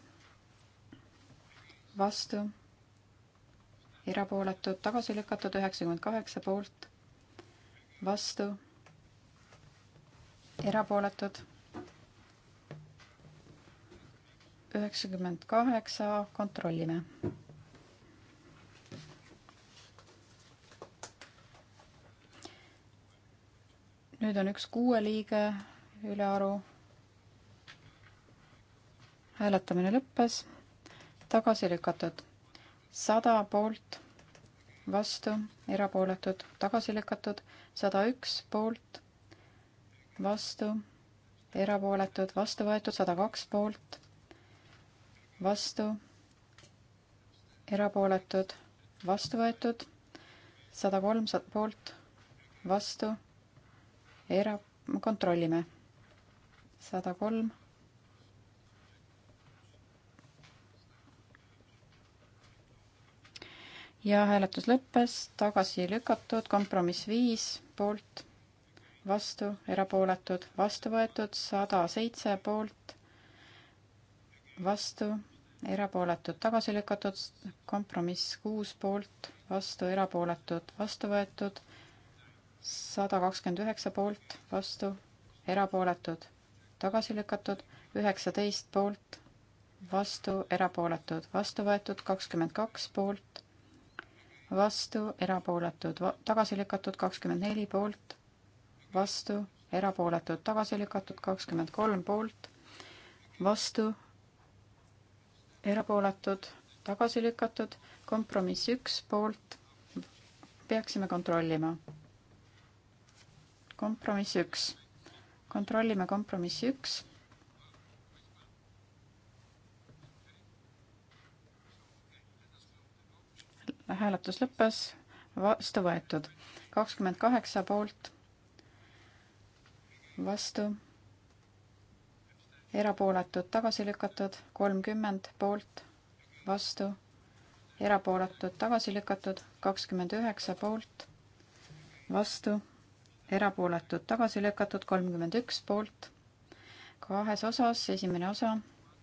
vastu, erapooletud, tagasi lükatud, üheksakümmend kaheksa poolt, vastu, erapooletud, üheksakümmend kaheksa, kontrollime nüüd on üks kuue liige ülearu. hääletamine lõppes, tagasi lükatud, sada poolt, vastu, erapooletud, tagasi lükatud, sada üks poolt, vastu, erapooletud, vastu võetud, sada kaks poolt, vastu, erapooletud, vastu võetud, sada kolm poolt, vastu, era-, kontrollime sada kolm. ja hääletus lõppes, tagasi lükatud, kompromiss viis, poolt, vastu, erapooletud, vastu võetud, sada seitse poolt, vastu, erapooletud, tagasi lükatud, kompromiss kuus poolt, vastu, erapooletud, vastu võetud, sada kakskümmend üheksa poolt, vastu, erapooletud tagasi lükatud, üheksateist poolt, vastu, erapooletud, vastu võetud, kakskümmend kaks poolt, vastu, erapooletud, tagasi lükatud, kakskümmend neli poolt, vastu, erapooletud, tagasi lükatud, kakskümmend kolm poolt, vastu, erapooletud, tagasi lükatud, kompromiss üks poolt, peaksime kontrollima. kompromiss üks kontrollime kompromissi üks. hääletus lõppes, vastu võetud kakskümmend kaheksa poolt, vastu, erapooletud tagasi lükatud, kolmkümmend poolt, vastu, erapooletud tagasi lükatud, kakskümmend üheksa poolt, vastu erapooletud tagasi lükatud, kolmkümmend üks poolt kahes osas, esimene osa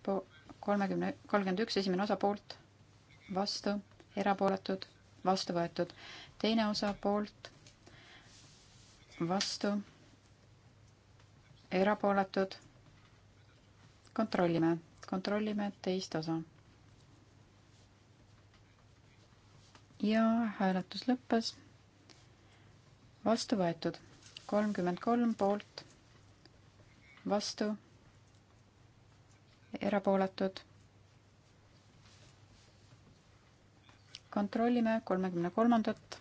po-, kolmekümne, kolmkümmend üks, esimene osa poolt, vastu, erapooletud, vastu võetud. teine osa poolt, vastu, erapooletud, kontrollime, kontrollime teist osa. ja hääletus lõppes, vastu võetud kolmkümmend kolm poolt, vastu, erapooletud. kontrollime kolmekümne kolmandat.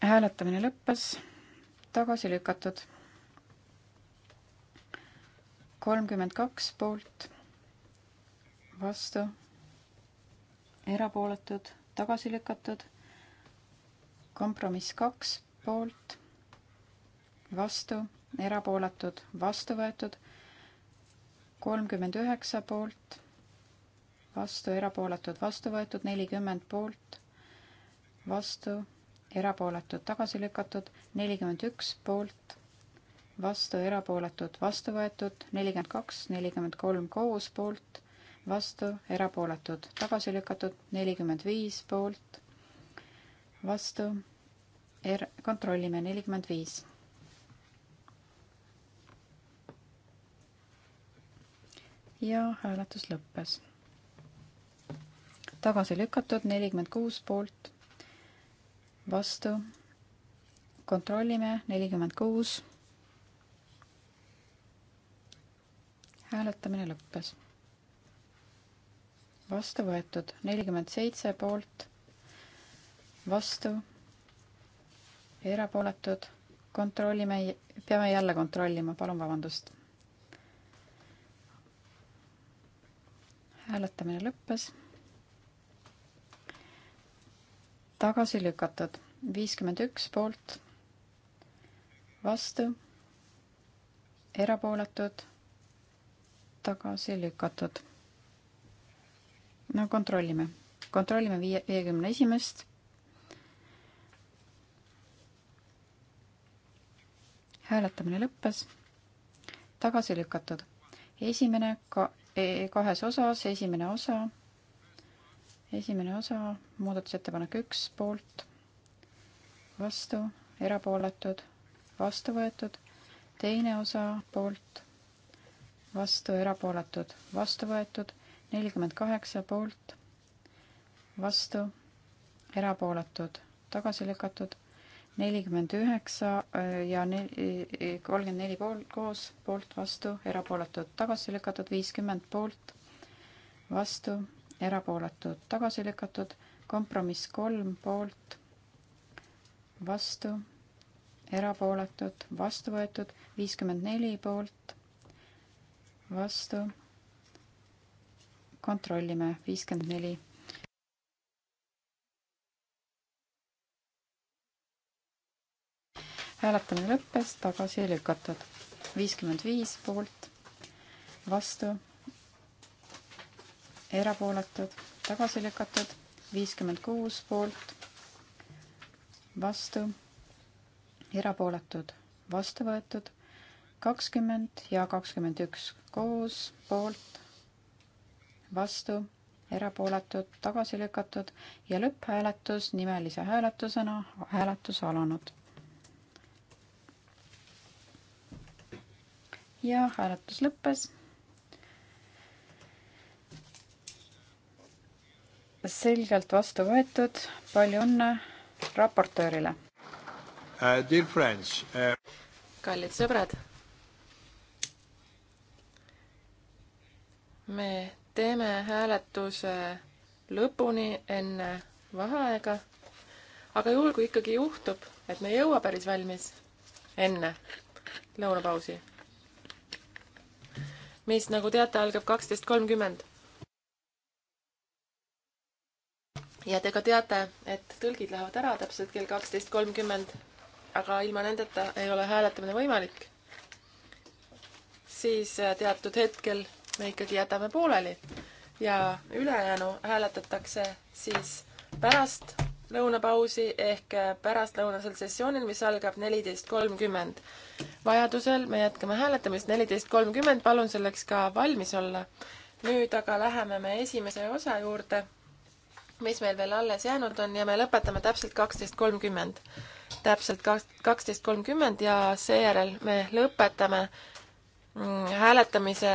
hääletamine lõppes, tagasi lükatud. kolmkümmend kaks poolt vastu, erapooletud, tagasi lükatud. kompromiss kaks poolt, vastu, erapooletud, vastu võetud. kolmkümmend üheksa poolt, vastu, erapooletud, vastu võetud, nelikümmend poolt, vastu, erapooletud, tagasi lükatud, nelikümmend üks poolt vastu, erapooletud, vastu võetud, nelikümmend kaks, nelikümmend kolm koos poolt, vastu, erapooletud, tagasi lükatud, nelikümmend viis poolt, vastu, er-, kontrollime, nelikümmend viis. ja hääletus lõppes. tagasi lükatud, nelikümmend kuus poolt, vastu, kontrollime, nelikümmend kuus. hääletamine lõppes vastu võetud, nelikümmend seitse poolt, vastu, erapooletud, kontrollime, peame jälle kontrollima, palun vabandust. hääletamine lõppes. tagasi lükatud, viiskümmend üks poolt, vastu, erapooletud, tagasi lükatud no kontrollime, kontrollime viie, viiekümne esimest. hääletamine lõppes, tagasi lükatud. esimene ka e kahes osas, esimene osa, esimene osa, muudatusettepanek üks, poolt, vastu, erapooletud, vastu võetud, teine osa, poolt, vastu, erapooletud, vastu võetud nelikümmend kaheksa poolt, vastu, erapooletud, tagasi lükatud, nelikümmend üheksa äh, ja äh, kolmkümmend neli poolt koos, poolt, vastu, erapooletud, tagasi lükatud, viiskümmend poolt, vastu, erapooletud, tagasi lükatud, kompromiss kolm poolt, vastu, erapooletud, vastu võetud, viiskümmend neli poolt, vastu kontrollime, viiskümmend neli. hääletamine lõppes, tagasi lükatud. viiskümmend viis poolt, vastu, erapooletud, tagasi lükatud, viiskümmend kuus poolt, vastu, erapooletud, vastu võetud, kakskümmend ja kakskümmend üks koos, poolt vastu, erapooletud, tagasi lükatud ja lõpphääletus nimelise hääletusena, hääletus alanud. ja hääletus lõppes selgelt vastu võetud, palju õnne raportöörile uh,! Dear friends uh...! kallid sõbrad! me teeme hääletuse lõpuni enne vaheaega. aga juhul, kui ikkagi juhtub, et me ei jõua päris valmis enne lõunapausi, mis, nagu teate, algab kaksteist kolmkümmend. ja te ka teate, et tõlgid lähevad ära täpselt kell kaksteist kolmkümmend, aga ilma nendeta ei ole hääletamine võimalik. siis teatud hetkel me ikkagi jätame pooleli ja ülejäänu hääletatakse siis pärast lõunapausi ehk pärastlõunasel sessioonil, mis algab neliteist kolmkümmend. vajadusel me jätkame hääletamist neliteist kolmkümmend, palun selleks ka valmis olla. nüüd aga läheme me esimese osa juurde, mis meil veel alles jäänud on ja me lõpetame täpselt kaksteist kolmkümmend. täpselt kaksteist kolmkümmend ja seejärel me lõpetame mm, hääletamise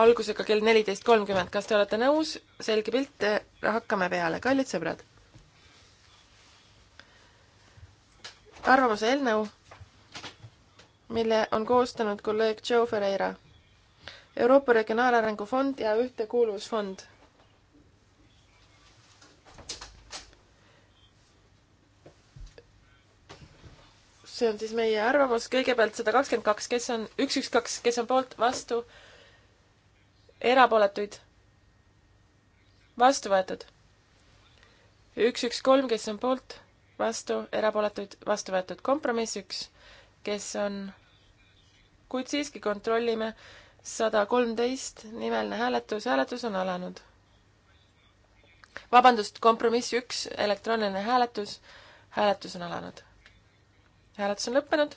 algusega kell neliteist kolmkümmend, kas te olete nõus? selge pilt, hakkame peale, kallid sõbrad. arvamuse eelnõu, mille on koostanud kolleeg Joe Ferreira. Euroopa Regionaalarengu Fond ja Ühtekuuluvusfond. see on siis meie arvamus, kõigepealt sada kakskümmend kaks, kes on, üks, üks, kaks, kes on poolt, vastu erapooletuid, vastu võetud. üks, üks, kolm, kes on poolt, vastu, erapooletuid, vastu võetud. kompromiss üks, kes on, kuid siiski kontrollime, sada kolmteist, nimeline hääletus, hääletus on alanud. vabandust, kompromiss üks, elektrooniline hääletus, hääletus on alanud. hääletus on lõppenud,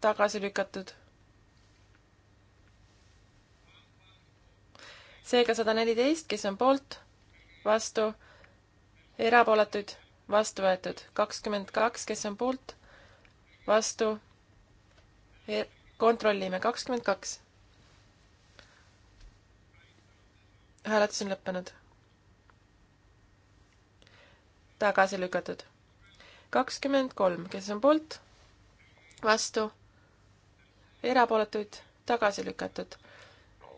tagasi lükatud seega sada neliteist, kes on poolt, vastu, erapooletuid, vastu võetud. kakskümmend kaks, kes on poolt, vastu, e-, kontrollime, kakskümmend kaks. hääletus on lõppenud. tagasi lükatud. kakskümmend kolm, kes on poolt, vastu, erapooletuid, tagasi lükatud.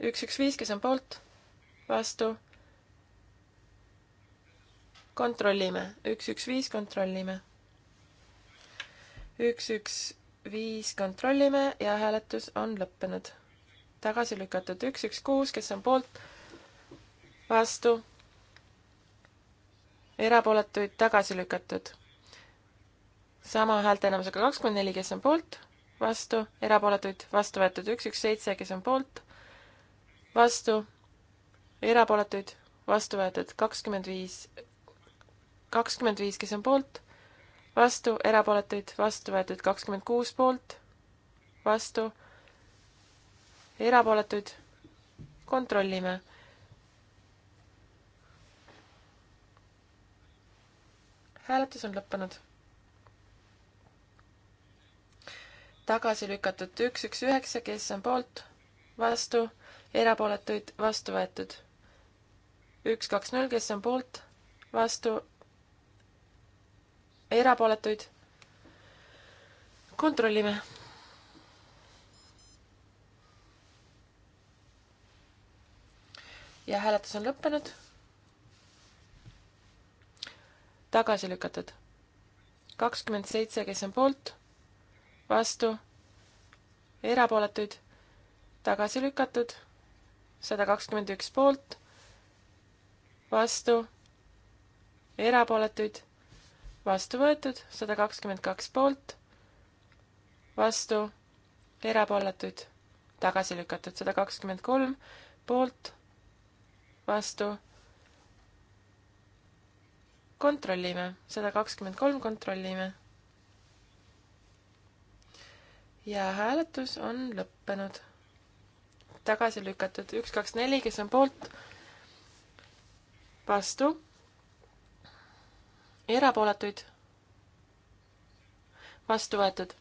üks, üks, viis, kes on poolt vastu. kontrollime, üks, üks, viis, kontrollime. üks, üks, viis, kontrollime ja hääletus on lõppenud. tagasi lükatud üks, üks, kuus, kes on poolt, vastu, erapooletuid tagasi lükatud. sama häälteenamusega kakskümmend neli, kes on poolt, vastu, erapooletuid vastu võetud üks, üks, seitse, kes on poolt, vastu erapooletuid, vastu võetud kakskümmend viis, kakskümmend viis, kes on poolt, vastu, erapooletuid, vastu võetud kakskümmend kuus poolt, vastu, erapooletuid, kontrollime. hääletus on lõppenud tagasi lükatud üks, üks, üheksa, kes on poolt, vastu, erapooletuid, vastu võetud üks, kaks, null, kes on poolt, vastu, erapooletuid. kontrollime. ja hääletus on lõppenud. tagasi lükatud. kakskümmend seitse, kes on poolt, vastu, erapooletuid, tagasi lükatud, sada kakskümmend üks poolt vastu, erapooletuid, vastu võetud, sada kakskümmend kaks poolt, vastu, erapooletuid, tagasi lükatud, sada kakskümmend kolm poolt, vastu. kontrollime, sada kakskümmend kolm kontrollime. ja hääletus on lõppenud. tagasi lükatud üks, kaks, neli, kes on poolt vastu, erapooletuid, vastu võetud,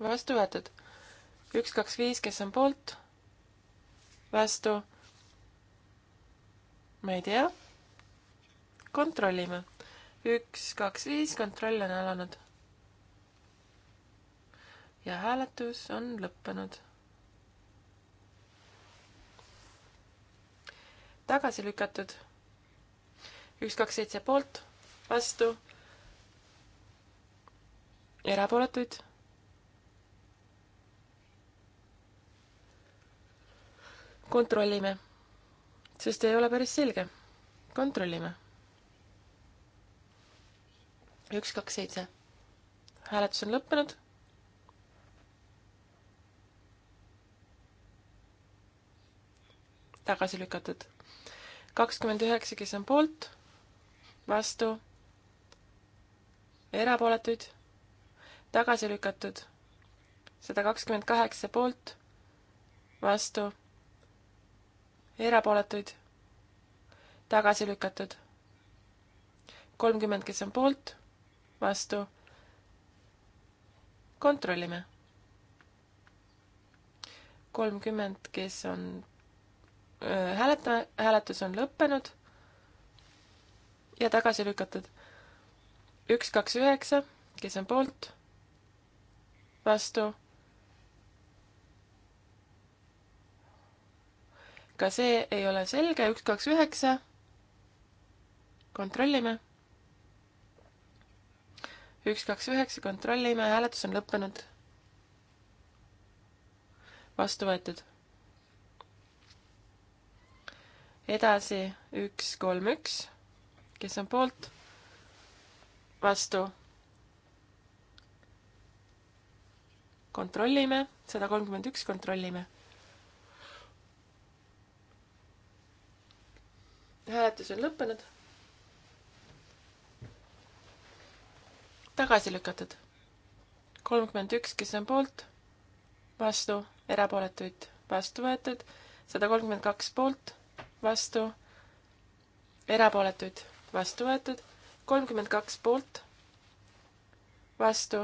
vastu võetud, üks, kaks, viis, kes on poolt, vastu, ma ei tea, kontrollime, üks, kaks, viis, kontroll on alanud. ja hääletus on lõppenud tagasi lükatud üks, kaks, seitse poolt, vastu, erapooletuid. kontrollime, sest ei ole päris selge. kontrollime. üks, kaks, seitse. hääletus on lõppenud tagasi lükatud. kakskümmend üheksa, kes on poolt, vastu, erapooletuid, tagasi lükatud, sada kakskümmend kaheksa poolt, vastu, erapooletuid, tagasi lükatud, kolmkümmend, kes on poolt, vastu, kontrollime. kolmkümmend, kes on, äh, hääletame, hääletus on lõppenud ja tagasi lükatud. üks, kaks, üheksa, kes on poolt, vastu. ka see ei ole selge, üks, kaks, üheksa. kontrollime. üks, kaks, üheksa, kontrollime, hääletus on lõppenud. vastu võetud. edasi üks, kolm, üks kes on poolt, vastu. kontrollime, sada kolmkümmend üks, kontrollime. hääletus on lõppenud. tagasi lükatud. kolmkümmend üks, kes on poolt, vastu, erapooletuid vastu võetud, sada kolmkümmend kaks poolt, vastu, erapooletuid vastu võetud, kolmkümmend kaks poolt, vastu,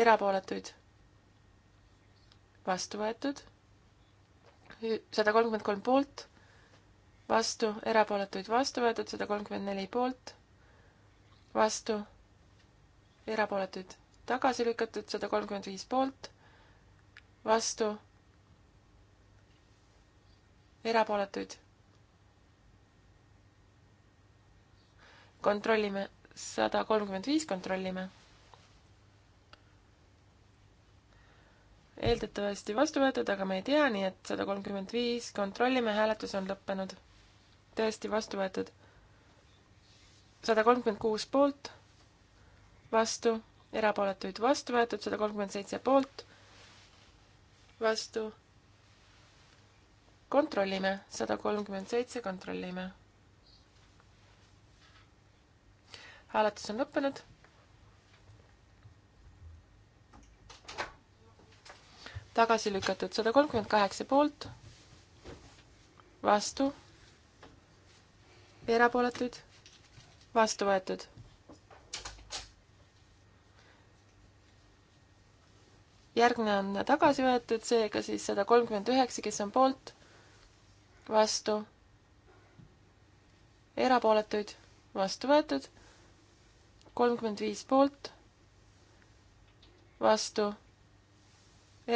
erapooletuid, vastu võetud, sada kolmkümmend kolm poolt, vastu, erapooletuid vastu võetud, sada kolmkümmend neli poolt, vastu, erapooletuid tagasi lükatud, sada kolmkümmend viis poolt, vastu, erapooletuid kontrollime, sada kolmkümmend viis kontrollime. eeldatavasti vastu võetud, aga me ei tea, nii et sada kolmkümmend viis, kontrollime, hääletus on lõppenud. tõesti vastu võetud. sada kolmkümmend kuus poolt, vastu, erapooletuid vastu võetud, sada kolmkümmend seitse poolt, vastu. kontrollime, sada kolmkümmend seitse, kontrollime hääletus on lõppenud. tagasi lükatud sada kolmkümmend kaheksa poolt, vastu, erapooletuid, vastu võetud. järgmine on tagasi võetud, seega siis sada kolmkümmend üheksa, kes on poolt, vastu, erapooletuid, vastu võetud kolmkümmend viis poolt, vastu,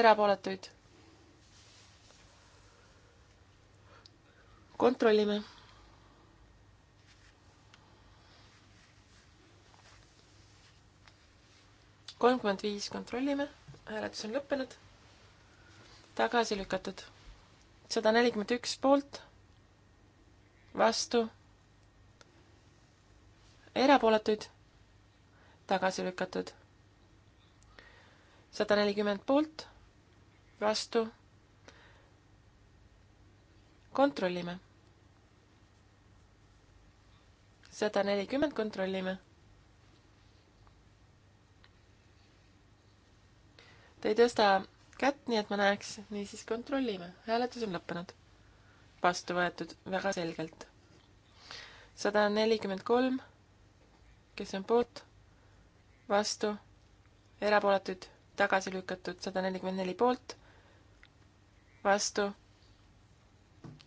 erapooletuid. kontrollime. kolmkümmend viis kontrollime, hääletus on lõppenud. tagasi lükatud. sada nelikümmend üks poolt, vastu, erapooletuid tagasi lükatud. sada nelikümmend poolt, vastu. kontrollime. sada nelikümmend kontrollime. Te ei tõsta kätt, nii et ma näeks, niisiis kontrollime. hääletus on lõppenud. vastu võetud väga selgelt. sada nelikümmend kolm, kes on poolt vastu, erapooletuid tagasi lükatud sada nelikümmend neli poolt, vastu,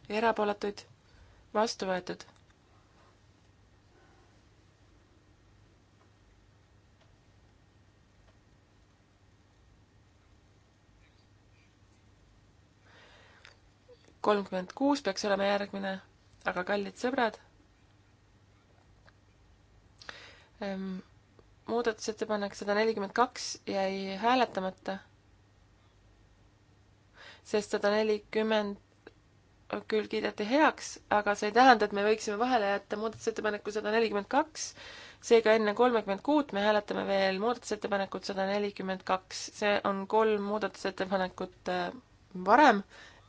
erapooletuid vastu võetud. kolmkümmend kuus peaks olema järgmine, aga kallid sõbrad ähm,, muudatusettepanek sada nelikümmend kaks jäi hääletamata, sest sada nelikümmend küll kiideti heaks, aga see ei tähenda, et me võiksime vahele jätta muudatusettepaneku sada nelikümmend kaks, seega enne kolmekümmend kuut me hääletame veel muudatusettepanekut sada nelikümmend kaks, see on kolm muudatusettepanekut äh, varem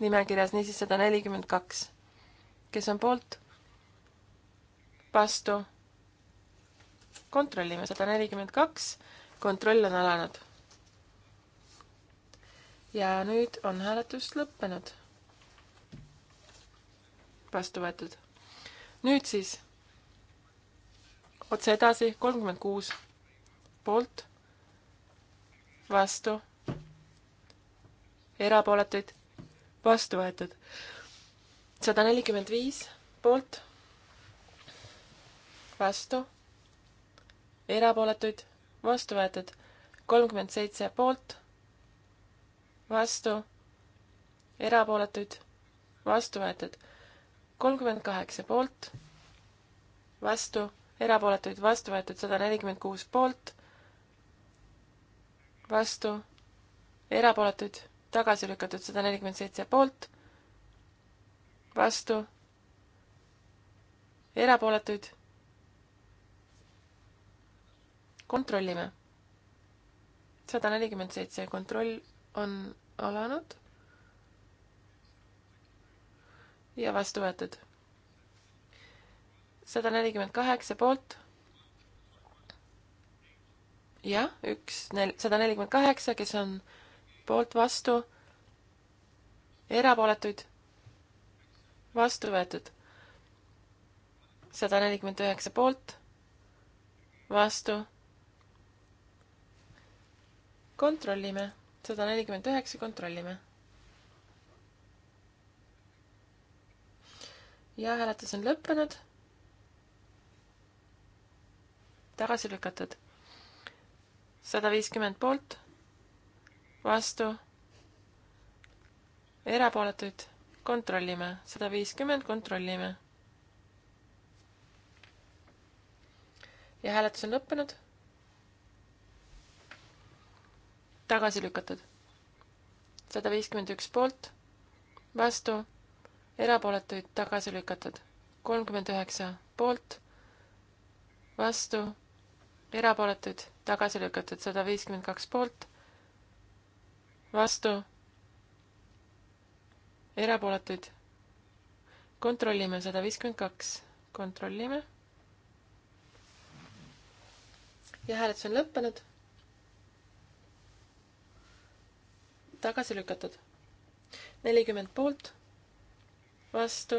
nimekirjas, niisiis sada nelikümmend kaks. kes on poolt? vastu kontrollime, sada nelikümmend kaks, kontroll on alanud. ja nüüd on hääletus lõppenud. vastu võetud. nüüd siis otse edasi, kolmkümmend kuus poolt, vastu, erapooletuid, vastu võetud. sada nelikümmend viis poolt, vastu erapooletuid, vastu võetud kolmkümmend seitse poolt, vastu, erapooletuid, vastu võetud kolmkümmend kaheksa poolt, vastu, erapooletuid, vastu võetud sada nelikümmend kuus poolt, vastu, erapooletuid, tagasi lükatud sada nelikümmend seitse poolt, vastu, erapooletuid kontrollime. sada nelikümmend seitse, kontroll on alanud. ja vastu võetud. sada nelikümmend kaheksa poolt. jah, üks, nel-, sada nelikümmend kaheksa, kes on poolt, vastu, erapooletuid, vastu võetud. sada nelikümmend üheksa poolt, vastu kontrollime, sada nelikümmend üheksa, kontrollime. ja hääletus on lõppenud. tagasi lükatud. sada viiskümmend poolt, vastu, erapooletuid, kontrollime, sada viiskümmend, kontrollime. ja hääletus on lõppenud tagasi lükatud. sada viiskümmend üks poolt, vastu, erapooletuid tagasi lükatud. kolmkümmend üheksa poolt, vastu, erapooletuid tagasi lükatud. sada viiskümmend kaks poolt, vastu, erapooletuid. kontrollime sada viiskümmend kaks, kontrollime. ja hääletus on lõppenud tagasi lükatud. nelikümmend poolt, vastu.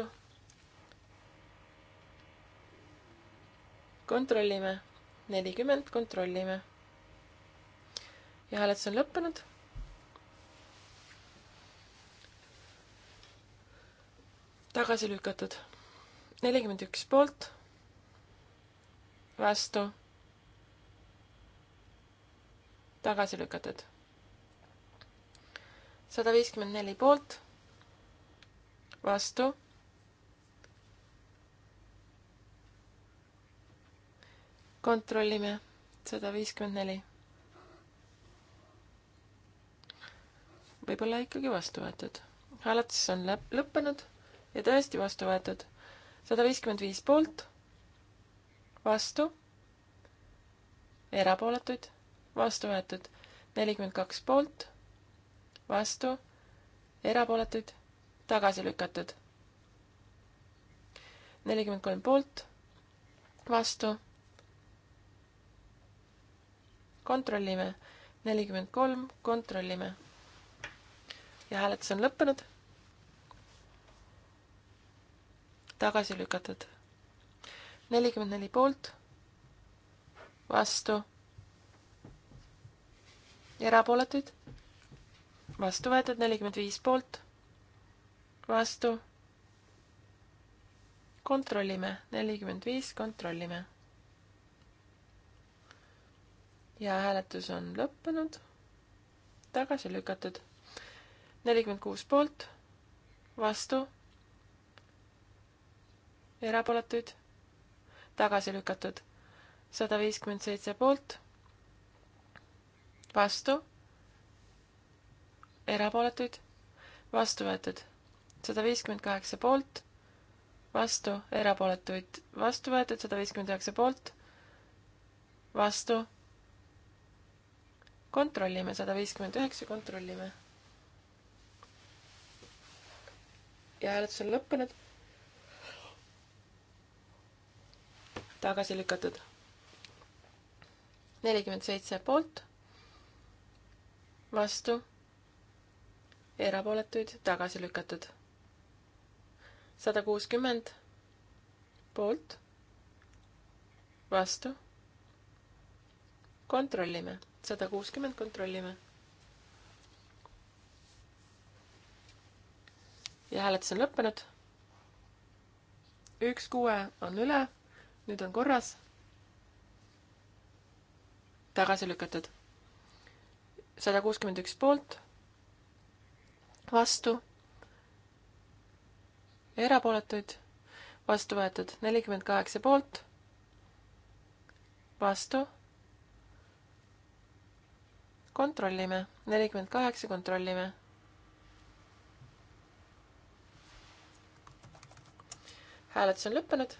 kontrollime, nelikümmend, kontrollime. ja hääletus on lõppenud. tagasi lükatud. nelikümmend üks poolt, vastu tagasi lükatud sada viiskümmend neli poolt, vastu. kontrollime, sada viiskümmend neli. võib-olla ikkagi vastu võetud. hääletus on läp-, lõppenud ja tõesti vastu võetud. sada viiskümmend viis poolt, vastu, erapooletuid, vastu võetud, nelikümmend kaks poolt vastu, erapooletuid, tagasi lükatud. nelikümmend kolm poolt, vastu. kontrollime, nelikümmend kolm, kontrollime. ja hääletus on lõppenud. tagasi lükatud. nelikümmend neli poolt, vastu erapooletuid vastu võetud nelikümmend viis poolt, vastu. kontrollime, nelikümmend viis, kontrollime. ja hääletus on lõppenud, tagasi lükatud. nelikümmend kuus poolt, vastu, erapooletuid, tagasi lükatud. sada viiskümmend seitse poolt, vastu erapooletuid, vastu võetud. sada viiskümmend kaheksa poolt, vastu, erapooletuid, vastu võetud, sada viiskümmend üheksa poolt, vastu. kontrollime, sada viiskümmend üheksa, kontrollime. ja hääletus on lõppenud. tagasi lükatud. nelikümmend seitse poolt, vastu erapooletuid tagasi lükatud. sada kuuskümmend poolt, vastu. kontrollime, sada kuuskümmend kontrollime. ja hääletus on lõppenud. üks kuue on üle, nüüd on korras. tagasi lükatud. sada kuuskümmend üks poolt vastu, erapooletuid, vastu võetud nelikümmend kaheksa poolt, vastu, kontrollime, nelikümmend kaheksa, kontrollime. hääletus on lõppenud,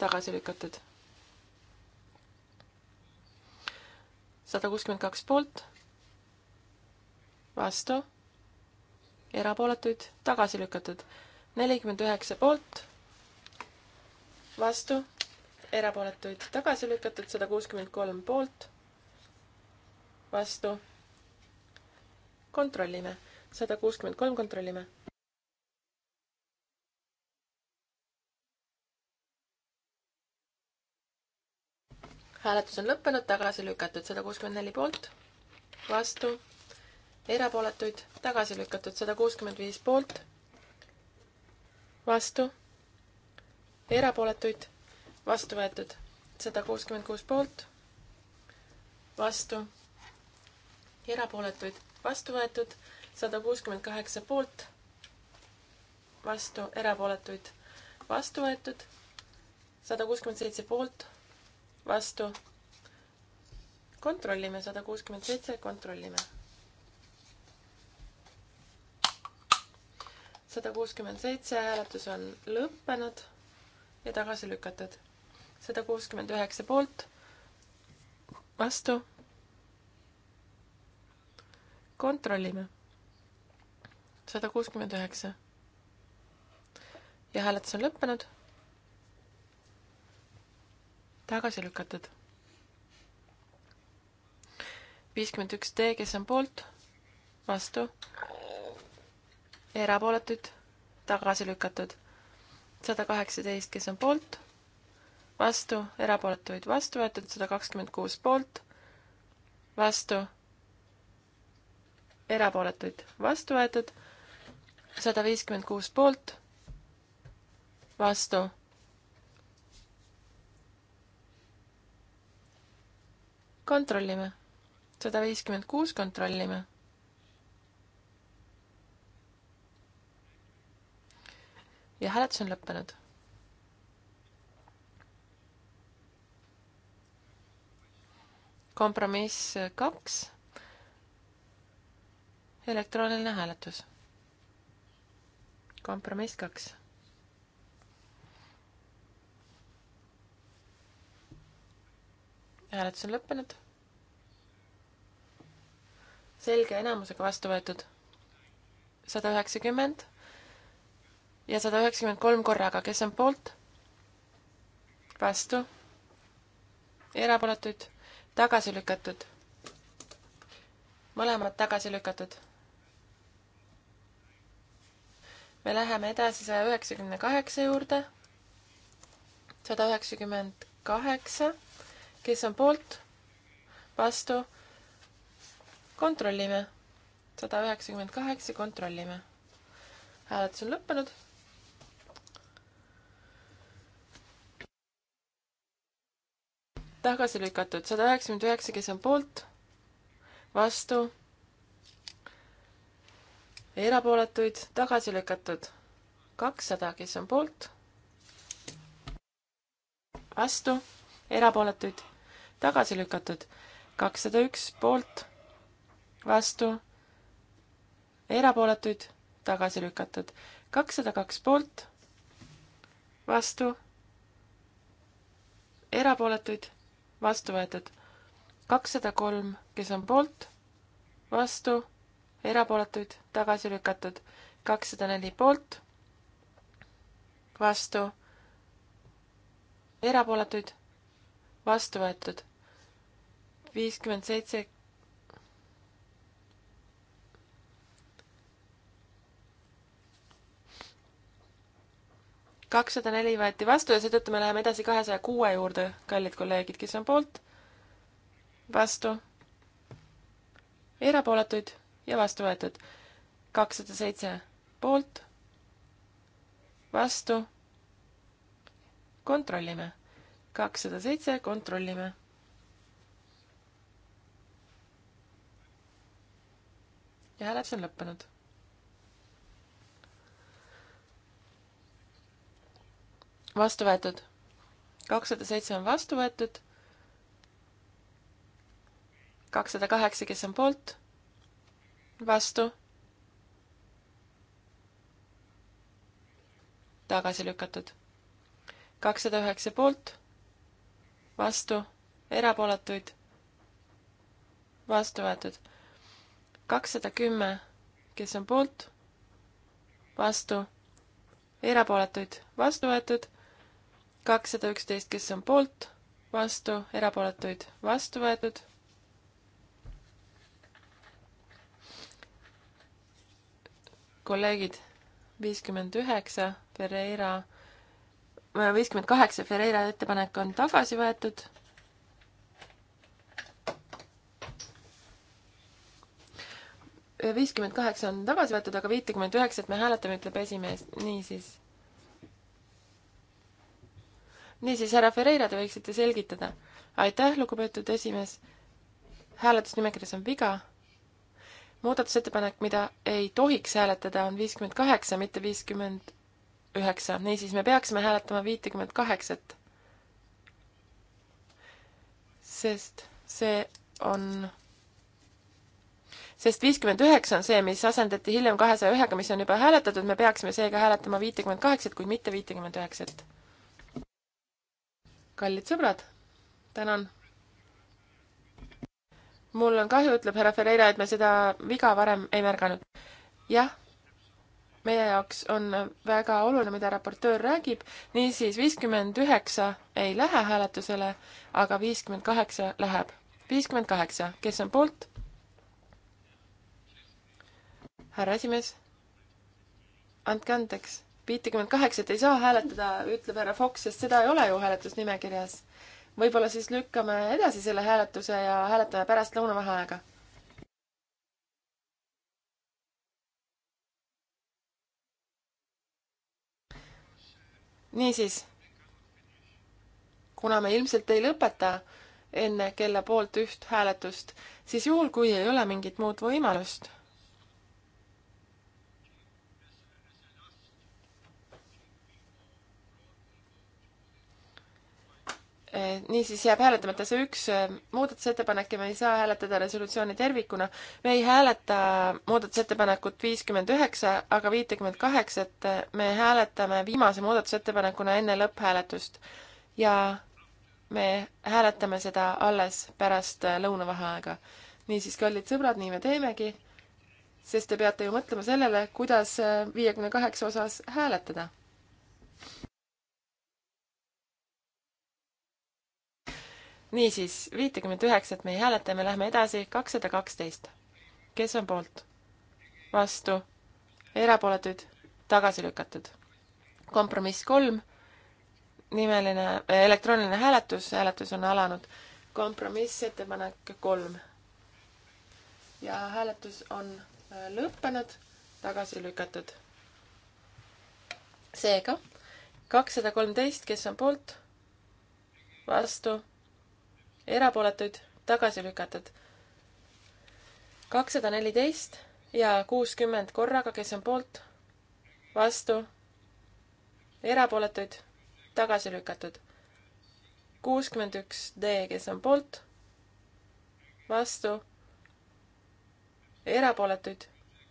tagasi lükatud sada kuuskümmend kaks poolt vastu, erapooletuid tagasi lükatud. nelikümmend üheksa poolt, vastu, erapooletuid tagasi lükatud, sada kuuskümmend kolm poolt, vastu. kontrollime, sada kuuskümmend kolm kontrollime. hääletus on lõppenud, tagasi lükatud sada kuuskümmend neli poolt, vastu erapooletuid tagasi lükatud, sada kuuskümmend viis poolt, vastu, erapooletuid vastu võetud, sada kuuskümmend kuus poolt, vastu, erapooletuid vastu võetud, sada kuuskümmend kaheksa poolt, vastu, erapooletuid vastu võetud, sada kuuskümmend seitse poolt, vastu. kontrollime, sada kuuskümmend seitse, kontrollime sada kuuskümmend seitse hääletus on lõppenud ja tagasi lükatud. sada kuuskümmend üheksa poolt, vastu. kontrollime. sada kuuskümmend üheksa. ja hääletus on lõppenud. tagasi lükatud. viiskümmend üks D, kes on poolt, vastu erapooletuid, tagasi lükatud. sada kaheksateist, kes on poolt, vastu, erapooletuid vastu võetud, sada kakskümmend kuus poolt, vastu, erapooletuid vastu võetud, sada viiskümmend kuus poolt, vastu kontrollime. sada viiskümmend kuus kontrollime. ja hääletus on lõppenud. kompromiss kaks, elektrooniline hääletus. kompromiss kaks hääletus on lõppenud. selge enamusega vastu võetud. sada üheksakümmend ja sada üheksakümmend kolm korraga, kes on poolt? vastu? erapooletuid? tagasi lükatud? mõlemad tagasi lükatud. me läheme edasi saja üheksakümne kaheksa juurde. sada üheksakümmend kaheksa, kes on poolt? vastu? kontrollime. sada üheksakümmend kaheksa, kontrollime hääletus on lõppenud tagasi lükatud, sada üheksakümmend üheksa, kes on poolt, vastu, erapooletuid, tagasi lükatud, kakssada, kes on poolt, vastu, erapooletuid, tagasi lükatud, kakssada üks poolt, vastu, erapooletuid, tagasi lükatud, kakssada kaks poolt, vastu, erapooletuid vastu võetud. kakssada kolm, kes on poolt, vastu, erapooletuid, tagasi lükatud. kakssada neli poolt, vastu, erapooletuid, vastu võetud. viiskümmend seitse kakssada neli võeti vastu ja seetõttu me läheme edasi kahesaja kuue juurde, kallid kolleegid, kes on poolt, vastu, erapooletuid ja vastu võetud. kakssada seitse poolt, vastu, kontrollime. kakssada seitse, kontrollime. ja hääletus on lõppenud vastu võetud. kakssada seitse on vastu võetud. kakssada kaheksa, kes on poolt, vastu. tagasi lükatud. kakssada üheksa poolt, vastu, erapooletuid, vastu võetud. kakssada kümme, kes on poolt, vastu erapooletuid vastu võetud kakssada üksteist, kes on poolt, vastu, erapooletuid vastu võetud. kolleegid, viiskümmend üheksa, Ferreira, viiskümmend kaheksa, Ferreira ettepanek on tagasi võetud viiskümmend kaheksa on tagasi võetud, aga viitekümmet üheksat me hääletame, ütleb esimees. niisiis, niisiis, härra Ferreira, te võiksite selgitada. aitäh, lugupeetud esimees. hääletusnimekirjas on viga. muudatusettepanek, mida ei tohiks hääletada, on viiskümmend kaheksa, mitte viiskümmend üheksa. niisiis, me peaksime hääletama viitekümmet kaheksat. sest see on sest viiskümmend üheksa on see, mis asendati hiljem kahesaja ühega, mis on juba hääletatud, me peaksime seega hääletama viitekümmet kaheksat, kuid mitte viitekümmet üheksat kallid sõbrad, tänan. mul on kahju, ütleb härra Ferreira, et me seda viga varem ei märganud. jah, meie jaoks on väga oluline, mida raportöör räägib, niisiis viiskümmend üheksa ei lähe hääletusele, aga viiskümmend kaheksa läheb. viiskümmend kaheksa, kes on poolt? härra esimees, andke andeks viitekümmet kaheksat ei saa hääletada, ütleb härra Fox, sest seda ei ole ju hääletusnimekirjas. võib-olla siis lükkame edasi selle hääletuse ja hääletame pärast lõunavaheaega niisiis, kuna me ilmselt ei lõpeta enne kella poolt üht hääletust, siis juhul, kui ei ole mingit muud võimalust Eh, niisiis jääb hääletamata see üks eh, muudatusettepanek ja me ei saa hääletada resolutsiooni tervikuna. me ei hääleta muudatusettepanekut viiskümmend üheksa, aga viitekümmet kaheksat eh, me hääletame viimase muudatusettepanekuna enne lõpphääletust. ja me hääletame seda alles pärast lõunavaheaega. niisiis, kallid sõbrad, nii me teemegi, sest te peate ju mõtlema sellele, kuidas viiekümne kaheksa osas hääletada niisiis, viitekümmet üheksat me ei hääleta ja me läheme edasi, kakssada kaksteist. kes on poolt? vastu? erapooletuid? tagasi lükatud. kompromiss kolm, nimeline, äh, elektrooniline hääletus, hääletus on alanud. kompromissettepanek kolm. ja hääletus on äh, lõppenud, tagasi lükatud. seega kakssada kolmteist, kes on poolt? vastu erapooletuid tagasi lükatud. kakssada neliteist ja kuuskümmend korraga, kes on poolt, vastu, erapooletuid tagasi lükatud. kuuskümmend üks D, kes on poolt, vastu, erapooletuid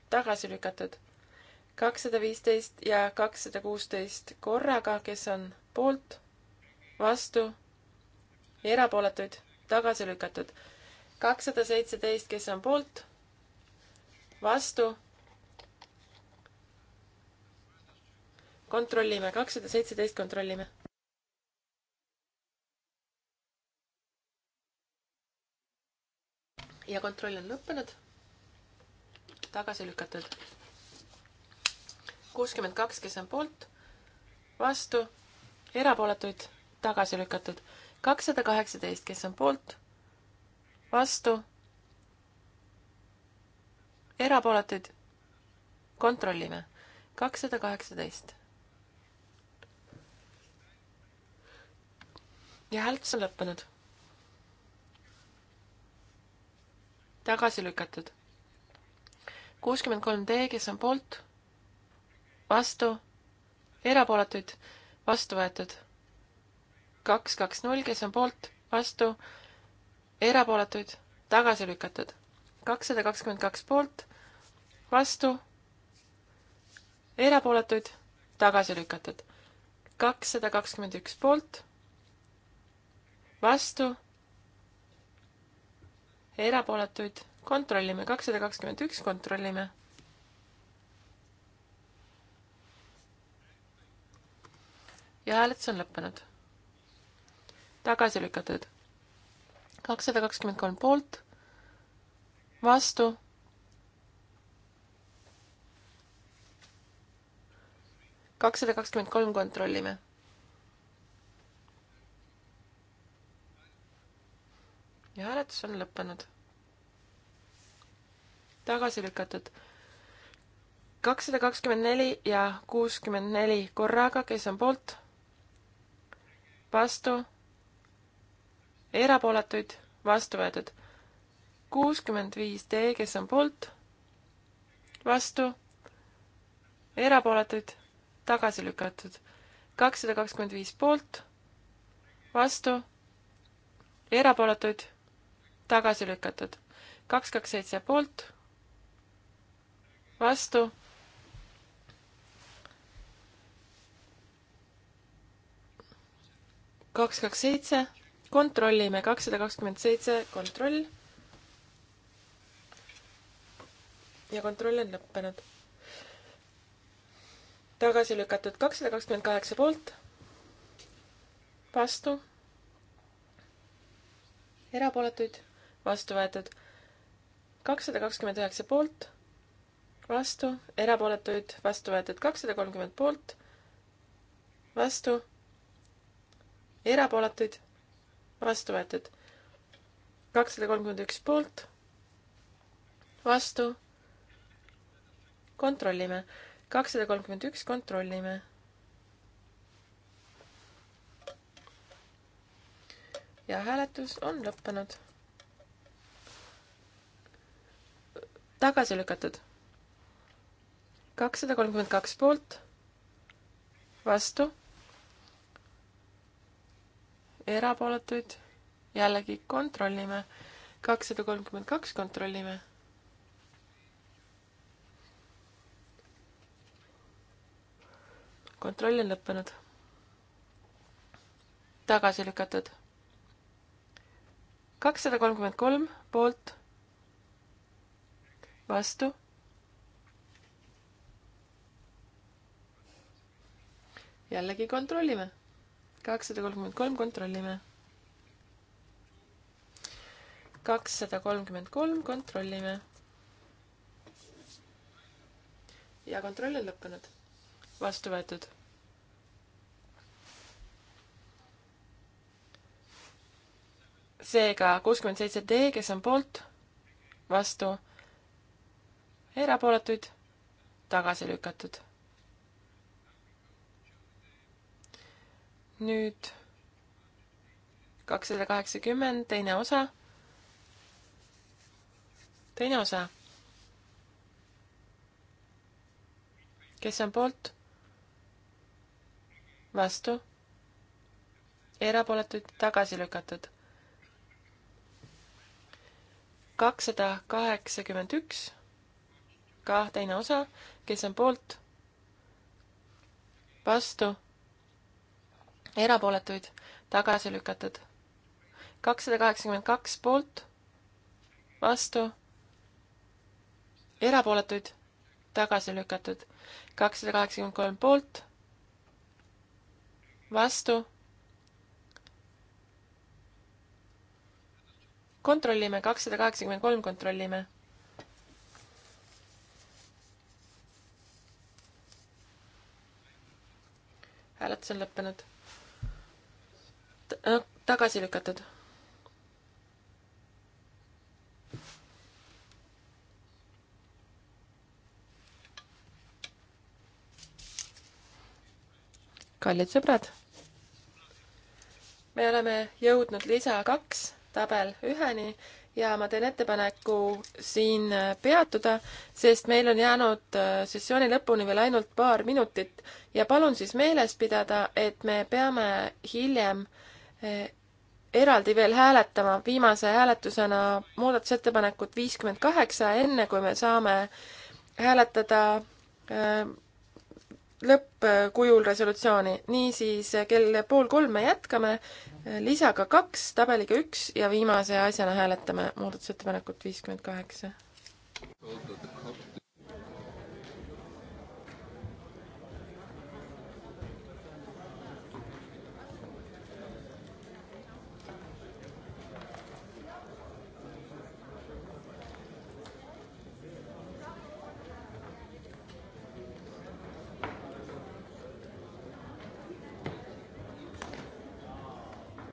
tagasi lükatud. kakssada viisteist ja kakssada kuusteist korraga, kes on poolt, vastu, erapooletuid tagasi lükatud. kakssada seitseteist, kes on poolt, vastu. kontrollime, kakssada seitseteist kontrollime. ja kontroll on lõppenud. tagasi lükatud. kuuskümmend kaks, kes on poolt, vastu, erapooletuid, tagasi lükatud kakssada kaheksateist, kes on poolt, vastu, erapooletuid, kontrollime, kakssada kaheksateist. ja hääletus on lõppenud. tagasi lükatud. kuuskümmend kolm D, kes on poolt, vastu, erapooletuid, vastu võetud kaks, kaks, null, kes on poolt, vastu, erapooletuid, tagasi lükatud. kakssada kakskümmend kaks poolt, vastu, erapooletuid, tagasi lükatud. kakssada kakskümmend üks poolt, vastu, erapooletuid, kontrollime, kakssada kakskümmend üks, kontrollime ja hääletus on lõppenud tagasi lükatud. kakssada kakskümmend kolm poolt, vastu. kakssada kakskümmend kolm kontrollime ja hääletus on lõppenud. tagasi lükatud kakssada kakskümmend neli ja kuuskümmend neli korraga, kes on poolt, vastu erapooletuid, vastu võetud. kuuskümmend viis D, kes on poolt, vastu, erapooletuid, tagasi lükatud. kakssada kakskümmend viis poolt, vastu, erapooletuid, tagasi lükatud. kaks, kaks, seitse poolt, vastu kaks, kaks, seitse kontrollime, kakssada kakskümmend seitse, kontroll. ja kontroll on lõppenud. tagasi lükatud kakssada kakskümmend kaheksa poolt, vastu, erapooletuid, vastu võetud kakssada kakskümmend üheksa poolt, vastu, erapooletuid, vastu võetud kakssada kolmkümmend poolt, vastu, erapooletuid vastu võetud. kakssada kolmkümmend üks poolt, vastu. kontrollime. kakssada kolmkümmend üks, kontrollime. ja hääletus on lõppenud. tagasi lükatud. kakssada kolmkümmend kaks poolt, vastu erapooletuid, jällegi kontrollime. kakssada kolmkümmend kaks kontrollime. kontroll on lõppenud. tagasi lükatud. kakssada kolmkümmend kolm poolt, vastu jällegi kontrollime kakssada kolmkümmend kolm, kontrollime. kakssada kolmkümmend kolm, kontrollime. ja kontroll on lõppenud. vastu võetud. seega kuuskümmend seitse D, kes on poolt, vastu, erapooletuid, tagasi lükatud nüüd kakssada kaheksakümmend, teine osa. teine osa. kes on poolt? vastu? erapooletuid tagasi lükatud. kakssada kaheksakümmend üks, ka teine osa, kes on poolt? vastu erapooletuid tagasi lükatud. kakssada kaheksakümmend kaks poolt, vastu, erapooletuid tagasi lükatud. kakssada kaheksakümmend kolm poolt, vastu. kontrollime, kakssada kaheksakümmend kolm kontrollime hääletus on lõppenud. Äh, tagasi lükatud. kallid sõbrad, me oleme jõudnud lisa kaks, tabel üheni ja ma teen ettepaneku siin peatuda, sest meil on jäänud äh, sessiooni lõpuni veel ainult paar minutit ja palun siis meeles pidada, et me peame hiljem äh, eraldi veel hääletama viimase hääletusena muudatusettepanekut viiskümmend kaheksa, enne kui me saame hääletada äh, lõppkujul resolutsiooni. niisiis kell pool kolm me jätkame lisaga kaks, tabeliga üks ja viimase asjana hääletame muudatusettepanekut viiskümmend kaheksa.